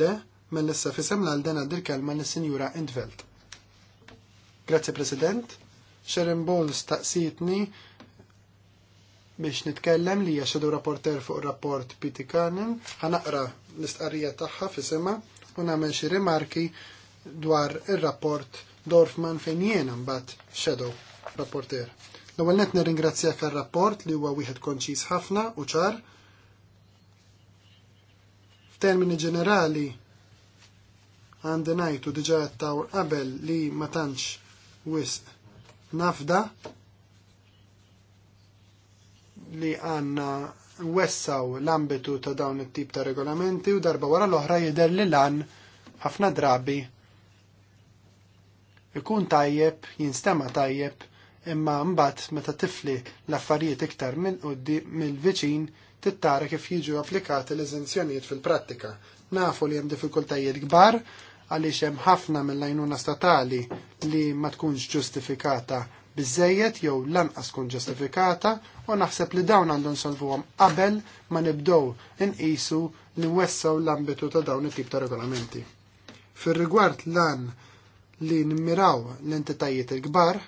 S1: Le, mill issa fisem għal dan l kelma lis-Sinjura Indvelt. Grazzi President, Sharon Bowles taqsitni biex nitkellem li hija xedu rapporter fuq rapport Pitikanen, ħanaqra l-istqarrija tagħha fisema u nagħmel xi rimarki dwar ir-rapport Dorfman fejn jiena mbagħad shadow rapporter. L-ewwel net nirringrazzjak għar-rapport li huwa wieħed konċis ħafna u ċar. F'termini ġenerali għandi ngħid u diġà taw qabel li ma tantx wisq nafda li għanna wessaw l-ambitu ta' dawn it-tip ta' regolamenti u darba wara l-oħra jidher li lan ħafna drabi ikun tajjeb, jinstema tajjeb, imma mbagħad meta tifli l-affarijiet iktar minn mill-viċin tittara kif jiġu applikati l-eżenzjonijiet fil-prattika. Nafu li hemm diffikultajiet kbar għaliex hemm ħafna mill-għajnuna statali li ma tkunx ġustifikata biżejjed jew lanqas kun ġustifikata u naħseb li dawn għandhom solvuhom qabel ma nibdew inqisu li wessaw l-ambitu ta' dawn it-tip ta' regolamenti. Fir-rigward lan li nimmiraw l-entitajiet il-kbar,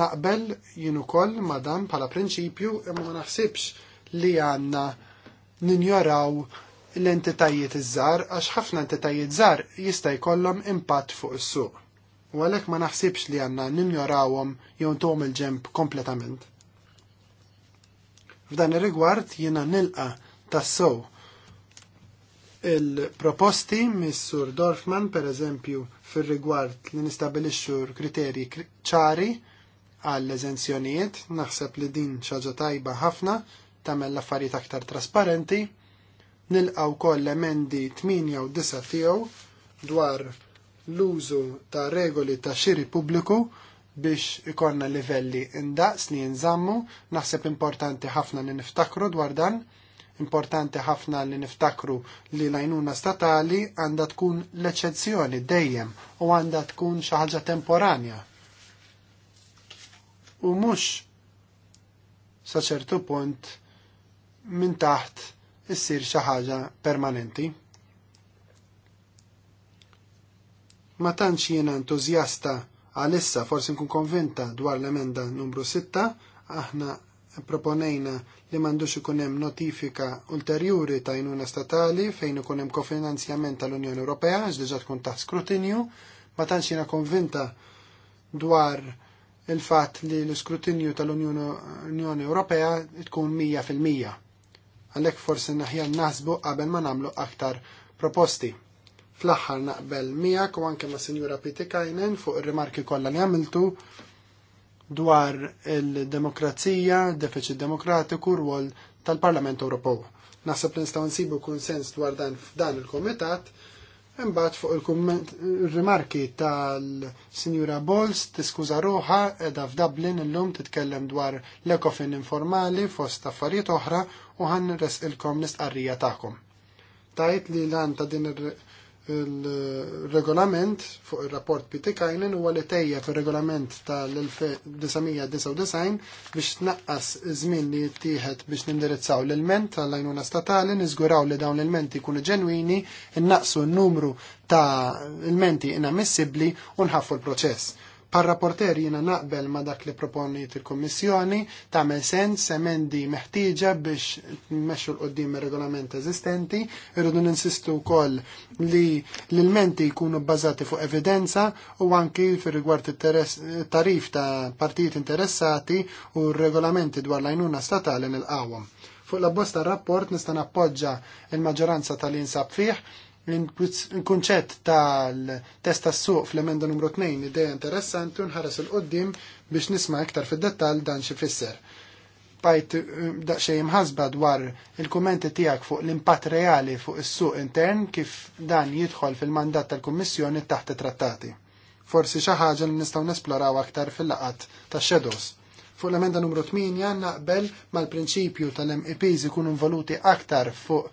S1: naqbel jien ukoll ma dan bħala prinċipju imma ma naħsibx li għandna ninjoraw l-entitajiet iż-żar għax ħafna entitajiet żar jista' jkollhom impatt fuq is-suq u għalhekk ma naħsibx li għandna ninjorawhom jew tom il-ġemp kompletament. F'dan ir-rigward jiena nilqa tassow il-proposti mis-sur Dorfman per eżempju fir-rigward li nistabilixxu kriterji ċari għall eżenzjonijiet naħseb li din xaġa tajba ħafna tagħmel l-affarijiet aktar trasparenti, nilqaw koll emendi 8 u 9 tiegħu dwar l-użu ta' regoli ta' xiri pubbliku biex ikonna livelli indaqs li nżammu, naħseb importanti ħafna li niftakru dwar dan, importanti ħafna li niftakru li lajnuna statali għandha tkun l-eċezzjoni dejjem u għandha tkun xi ħaġa temporanja. U mhux sa ċertu punt minn taħt issir xi ħaġa permanenti. ma tantx jiena entużjasta għalissa forsi nkun konvinta dwar l-emenda numru 6, aħna proponejna li mandux ikun hemm notifika ulterjuri ta' jnuna statali fejn ikun hemm kofinanzjament tal-Unjoni Ewropea għax diġà tkun taħt skrutinju, ma tantx jiena konvinta dwar il-fatt li l-iskrutinju tal-Unjoni Ewropea tkun 100%. Għalhekk forsi naħjar naħsbu qabel ma nagħmlu aktar proposti. Fl-aħħar naqbel miegħek u anke ma' Sinjura Pitikajnen fuq ir-rimarki kollha li għamiltu dwar il-demokrazija, deficit demokratiku, rwol tal-Parlament Ewropew. Naħseb li nistgħu nsibu kunsens dwar dan f'dan il-kumitat, imbagħad fuq il-rimarki tal-Sinjura Bowles tiskuża ruħha edha f'Dublin illum titkellem dwar l-ekofin informali fost affarijiet oħra u ħan resqilkom nistqarrija tagħkom. Tajt li lan ta' din ir il-regolament fuq il-rapport Pitikajnen huwa li tejja fil-regolament tal-1999 biex tnaqqas żmien li jittijħet biex nindirizzaw l-ilment tal-għajnuna statali, niżguraw li dawn l-ilmenti jkunu ġenwini, innaqsu n-numru ta' ilmenti inammissibbli u nħaffu l-proċess. Par-rapporter jiena naqbel ma dak li proponi il-Kommissjoni tagħmel sens emendi meħtieġa biex nmexxu l qoddim ir-regolament eżistenti, irridu ninsistu wkoll li l-ilmenti jkunu bbażati fuq evidenza u anki fil rigward it-tarif ta' partijiet interessati u r-regolamenti dwar l statali nil-qawwam. Fuq la bosta rapport nista' nappoġġa il-maġġoranza tal-insab fih l kunċett tal-testa s-suq fl-emenda numru 2 ideja interessanti unħares il-qoddim biex nisma' iktar fid-dettal dan xi fisser. Bajt eh, daqsxejn imħasba dwar il-kummenti tiegħek fuq l-impatt reali fuq is-suq intern kif dan jidħol fil-mandat tal-Kummissjoni taħt trattati. Forsi xi ħaġa li nistgħu nesploraw aktar fil-laqat tax-shadows. Fuq l-emenda numru 8 naqbel mal-prinċipju tal-MEPs ikunu involuti aktar fuq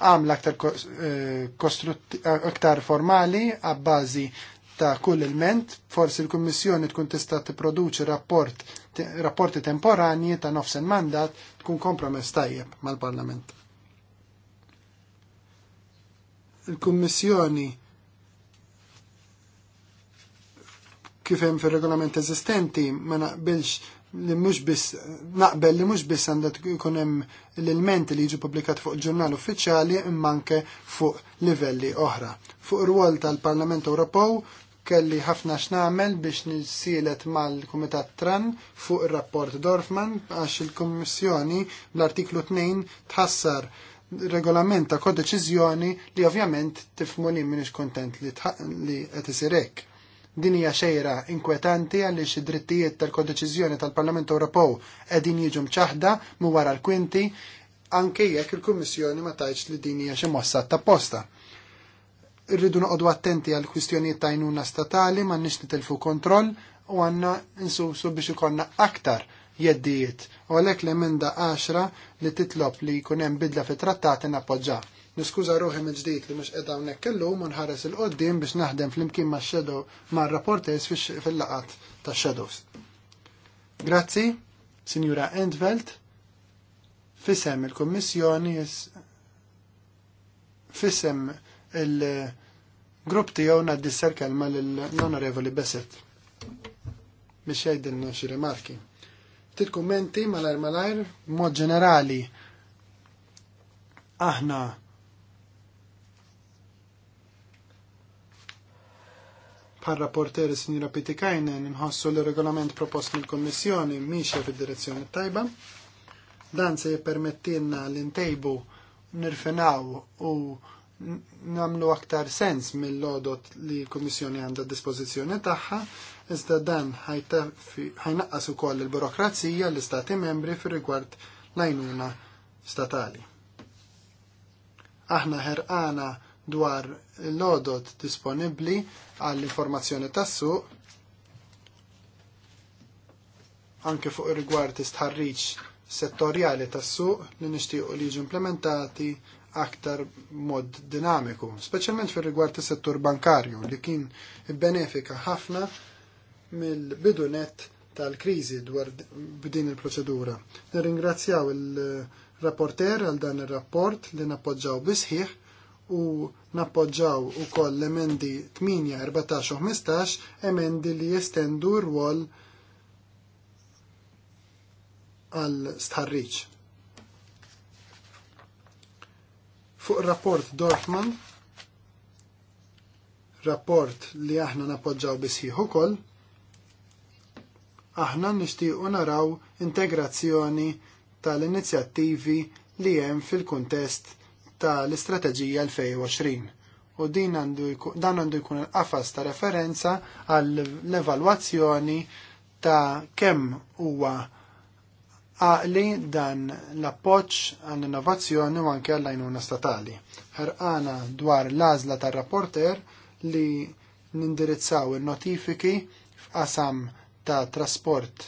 S1: għamla aktar eh, eh, aktar formali għabbażi ta' kull ilment, forsi l-Kummissjoni tkun tista' tipproduċi rapport rapporti temporanji ta' nofsen mandat tkun kompromess tajjeb mal-Parlament. Il-Kummissjoni kif hemm fir-regolament eżistenti ma naqbilx li mhux biss naqbel li mhux biss għandat ikun hemm l-elementi li jiġu publikat fuq il-ġurnal uffiċjali imma anke fuq livelli oħra. Fuq rwol tal-Parlament Ewropew kelli ħafna x'namel biex nisielet mal-Kumitat Tran fuq ir-rapport Dorfman għax il-Kummissjoni l artiklu 2 tħassar regolament ta' kodeċiżjoni li ovvjament tifmu minix kontent li qed isirek. Din hija xejra inkwetanti għaliex id-drittijiet tal-kodeċiżjoni tal-Parlament Ewropew qegħdin jiġu mċaħda mu wara l-kwinti anke jekk il-Kummissjoni ma tgħidx li din hija xi mossa tapposta. Irridu noqogħdu attenti għal kwistjonijiet ta' għajnuna statali ma nix nitilfu kontroll u għandna nsusu biex ikollna aktar jeddijiet u għalhekk l-emenda 10 li titlob li jkun hemm bidla fit-trattati nappoġġa. Niskuża ruħi minn ġdid li mhux edha hawnhekk kellu munħares nħares il qoddim biex naħdem flimkien max-shadow mar-rapporters fil-laqat tax-shadows. Grazzi, Sinjura Endveld, fissem il-Kummissjoni f'issem il-grupp tiegħu naddi s-serkelma lill-Onorevoli Besset biex jgħidilna xi rimarki. Ftit kommenti malajr malajr, mod ġenerali aħna bħal rapporteri Sinjura Pitikajnen nħossu l regolament propost mill-Kommissjoni miexja fil direzzjoni tajba. Dan se jippermettilna li ntejbu nirfenaw u namlu aktar sens mill-lodot li l-Kommissjoni għandha dispożizzjoni tagħha, iżda dan ħajnaqqas ukoll il-burokrazija l-Istati membri fir-rigward l-għajnuna statali. Aħna ħerqana dwar l-odot disponibli għall-informazzjoni tas-suq anke fuq rigward istħarriċ settorjali tas-suq li nixtiequ li jiġu implementati aktar mod dinamiku, speċjalment fir rigward is-settur bankarju li kien benefika ħafna mill-bidunet tal-kriżi dwar b'din il-proċedura. Nirringrazzjaw il-rapporter għal dan ir-rapport li nappoġġaw bisħiħ u nappoġġaw ukoll l-emendi 8, 14 u 15, emendi li jestendu r-rwol għal stħarriċ. Fuq rapport Dorfman, rapport li aħna nappoġġaw bisħiħu ukoll, aħna nixtiequ naraw integrazzjoni tal-inizjattivi li hemm fil-kuntest ta' l-Istrateġija 2020 u din għandu dan għandu jkun il-qafas ta' referenza għall-evalwazzjoni ta' kemm huwa għaqli dan l-appoċ għall-innovazzjoni u anke għall-għajnuna statali. Ħarqana dwar l-azla tar rapporter li nindirizzaw il-notifiki f'qasam ta' trasport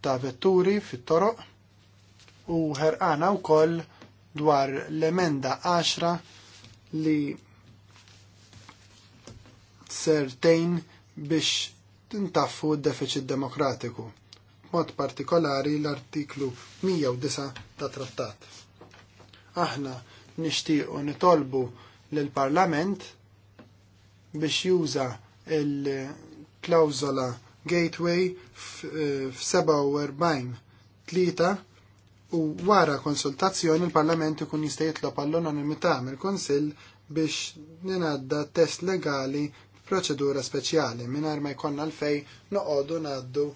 S1: ta' vetturi fit-toroq u ħerqana wkoll koll dwar l-emenda 10 li sertejn biex tintaffu d-deficit demokratiku, mod partikolari l-artiklu 109 ta' trattat. Aħna nishtiqu nitolbu l-Parlament biex juża il-klawzola Gateway f-47 3 eh, u wara konsultazzjoni l-Parlament ikun jista' jitlob għall-unanimità mill-Kunsill biex ninadda test legali proċedura speċjali mingħajr ma jkollna l-fej noqogħdu ngħaddu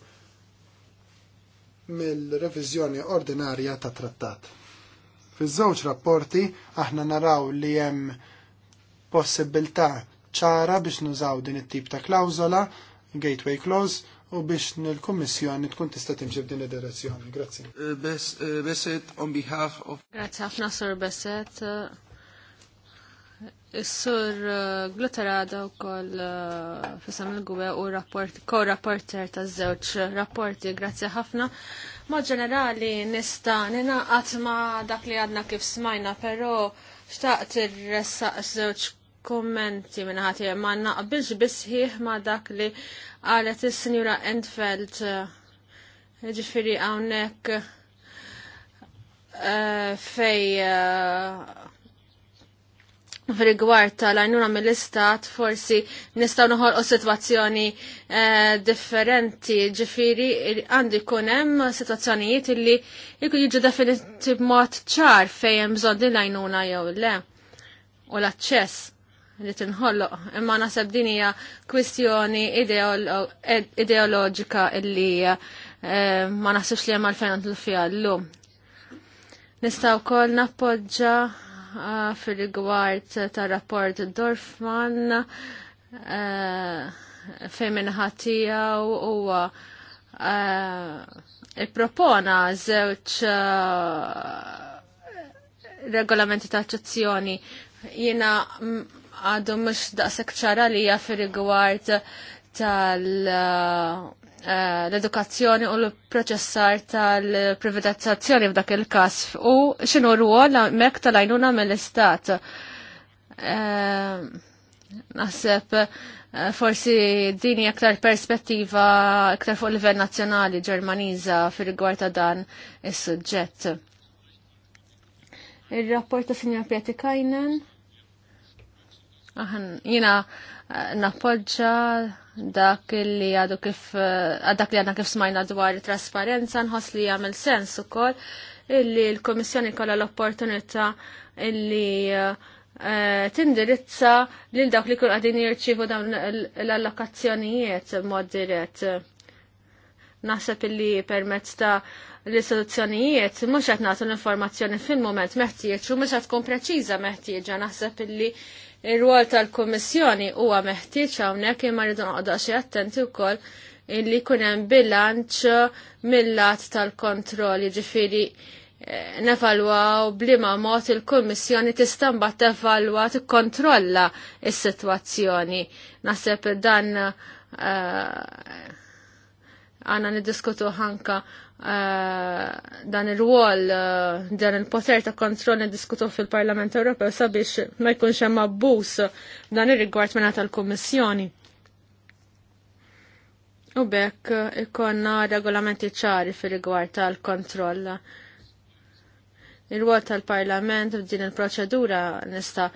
S1: mill-reviżjoni ordinarja ta' trattat. Fiż-żewġ rapporti aħna naraw li hemm possibilità ċara biex nużaw din it-tip ta' klawżola, gateway clause, u biex nil-Kommissjoni tkun tista' timxi f'din id-direzzjoni. Grazzi. Uh, uh, Beset on behalf of
S3: Grazzi ħafna Sur Beset. Is-sur uh, Glutarada wkoll fisam il-gwe u rapport ko-rapporter taż-żewġ rapporti, grazzi ħafna. M'a ġenerali nista' ninaqat ma' dak li għadna kif smajna, però xtaqt ir-ressaq żewġ kummenti minn ħati ma naqbilx bisħiħ ma dak li għalet il-Sinjura Endfeld eh, ġifiri għawnek eh, fej eh, f'rigward tal-għajnuna mill-istat forsi nistaw noħolqu situazzjoni differenti ġifiri għandi jkun hemm situazzjonijiet illi jkun jiġu definitiv mod ċar fejn hemm bżonn din l-għajnuna jew le u l-aċċess li tinħolloq. Imma naħseb din hija kwistjoni ideoloġika illi eh, ma naħsibx li hemm għalfejn għandlu fiha llum. Nista' wkoll nappoġġa eh, fir-rigward tar-rapport Dorfman eh, fejn minħat tiegħu huwa ippropona żewġ regolamenti ta' jiena għadu mux daqsek ċara li jaffi rigward tal-edukazzjoni uh, uh, u l-proċessar tal-privatizzazzjoni f'dak il-kas u xinu ruol mek tal-għajnuna mill-istat. Uh, naħseb forsi dini aktar perspettiva aktar fuq livell nazzjonali ġermaniza fir-rigward ta' dan is-suġġett. Il-rapport ta' Sinja Pieti Kajnen Aħn, jina eh, nappoġġa dak li għadu kif, eh, dak li għadna kif smajna dwar trasparenza, nħoss li għamil sens ukoll illi l-Komissjoni kollha l-opportunità illi eh, tindirizza lil dak li kull għadin jirċivu dawn l-allokazzjonijiet mod dirett. Naħseb illi permezz ta' l-istituzzjonijiet mhux qed nagħtu l-informazzjoni fil-mument meħtieġ u mhux qed tkun preċiża meħtieġa naħseb illi Ir-rwol tal-Kummissjoni huwa meħtieġ hawnhekk imma rridu noqgħodu xi attenti wkoll illi jkun hemm bilanċ mill-lat tal-kontroll, jiġifieri eh, nevalwaw blima mod il-Kommissjoni tista' mbagħad tevalwa tikkontrolla s-sitwazzjoni. Naħseb dan eh, għana uh, ħanka Eh, dan ir wall eh, dan il-poter ta' kontroll diskutu fil-Parlament Ewropew sabiex ma jkunx hemm abbuż dan ir-rigward minn tal-Kummissjoni. U bekk eh, ikonna regolamenti ċari fil-rigward tal-kontroll. il wall tal-Parlament f'din il-proċedura nista'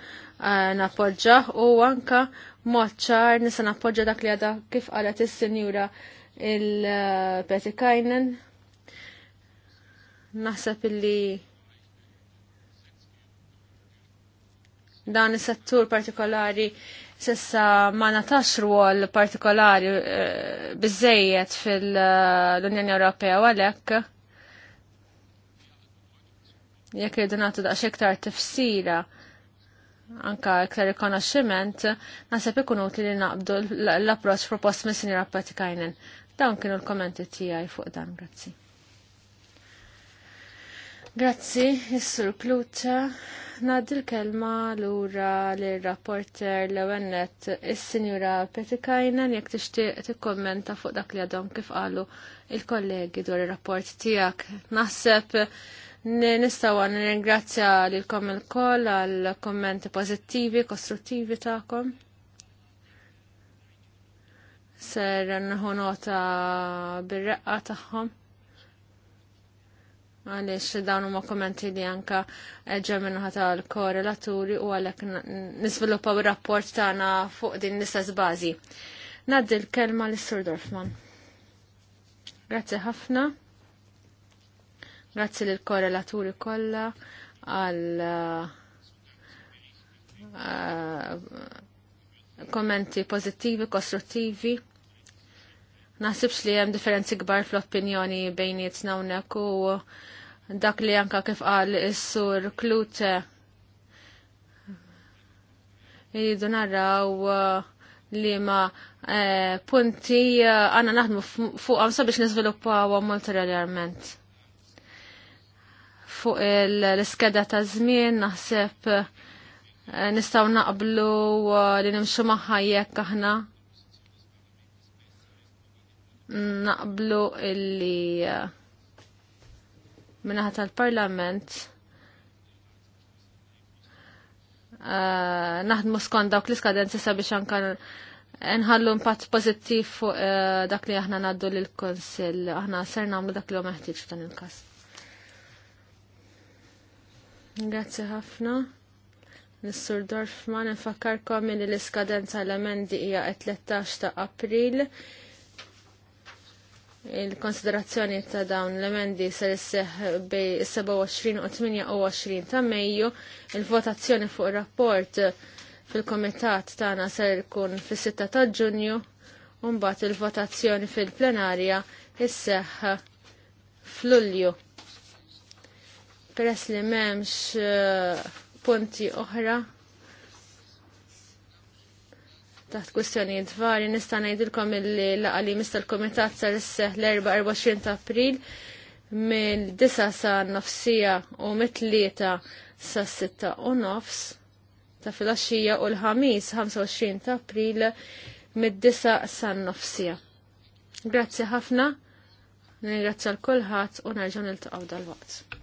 S3: nappoġġaħ u anka mod ċar nista' nappoġġa dak li għadha kif qalet is-Sinjura il-Petikajnen naħseb illi dan is-settur partikolari s'essa ma natax ruol partikolari biżejjed eh, bizzejiet fil-Unjoni Ewropea u għalhekk jekk irridu nagħtu daqs iktar tifsira anka iktar rikonoxximent naħseb ikun utli li naqbdu l-approċċ propost mis-sinjora Patikajnen. Dawn kienu l-kommenti tiegħi fuq dan, grazzi. Grazzi, Sur Kluta. Nad il-kelma l-ura l-rapporter l wennet il-Sinjura Petikajnen jek tixtieq tikkommenta fuq dak li għadhom kif qalu il-kollegi dwar il-rapport tijak. Naħseb nistawa nirringrazzja lilkom il-koll għal kommenti pozittivi, kostruttivi ta'kom. Ser n-ħonota bir-reqqa tagħhom għalix dawn huma kommenti li anka ġew minnaħat għal-korrelaturi u għalhekk nisviluppaw ir-rapport tagħna fuq din l-istess bażi. Naddi l-kelma lis sur Dorfman. Grazzi ħafna. Grazzi lill korrelaturi kollha għal eh, kommenti pożittivi, kostruttivi. Naħsibx li hemm differenzi kbar fl-opinjoni bejnietna hawnhekk u dak li anka kif qal is-sur Klute jridu naraw uh, li ma eh, punti uh, għanna naħdmu fuq għamsa biex nizviluppaw multirealment. Fuq l-iskeda ta' żmien naħseb eh, nistaw naqblu uh, li nimxu maħħa jekk aħna naqblu illi uh, minnaħat tal-parlament uh, naħdmu skont dawk l-iskadenzi sabiex anka nħallu impatt pozittiv fuq uh, dak li aħna naddu l konsil aħna ser nagħmlu dak li hu meħtieġ f'dan il-każ. Grazzi ħafna. Nissur Dorfman, nfakkarkom li l-iskadenza l-emendi hija 13 ta' April il-konsiderazzjoni ta' dawn l-emendi se jisseħ bej 27 u 28 ta' Mejju, il-votazzjoni fuq il-rapport fil-komitat tagħna ser ikun fis-6 ta' Ġunju, u mbagħad il-votazzjoni fil-plenarja jisseħ fl-Ulju. Peress li m'hemmx eh, punti oħra taħt kwestjonijiet dvar, nista' ngħidilkom illi laqa li mista' l-kumitat sar isseħ l-24 ta' April mill-9 sa nofsija u mit-tlieta sa 6 u nofs ta' filgħaxija u l-ħamis 25 ta' April mid-9 sa nofsija. Grazzi ħafna, ningrazzja l-kulħadd u nerġa' niltaqgħu dal-waqt.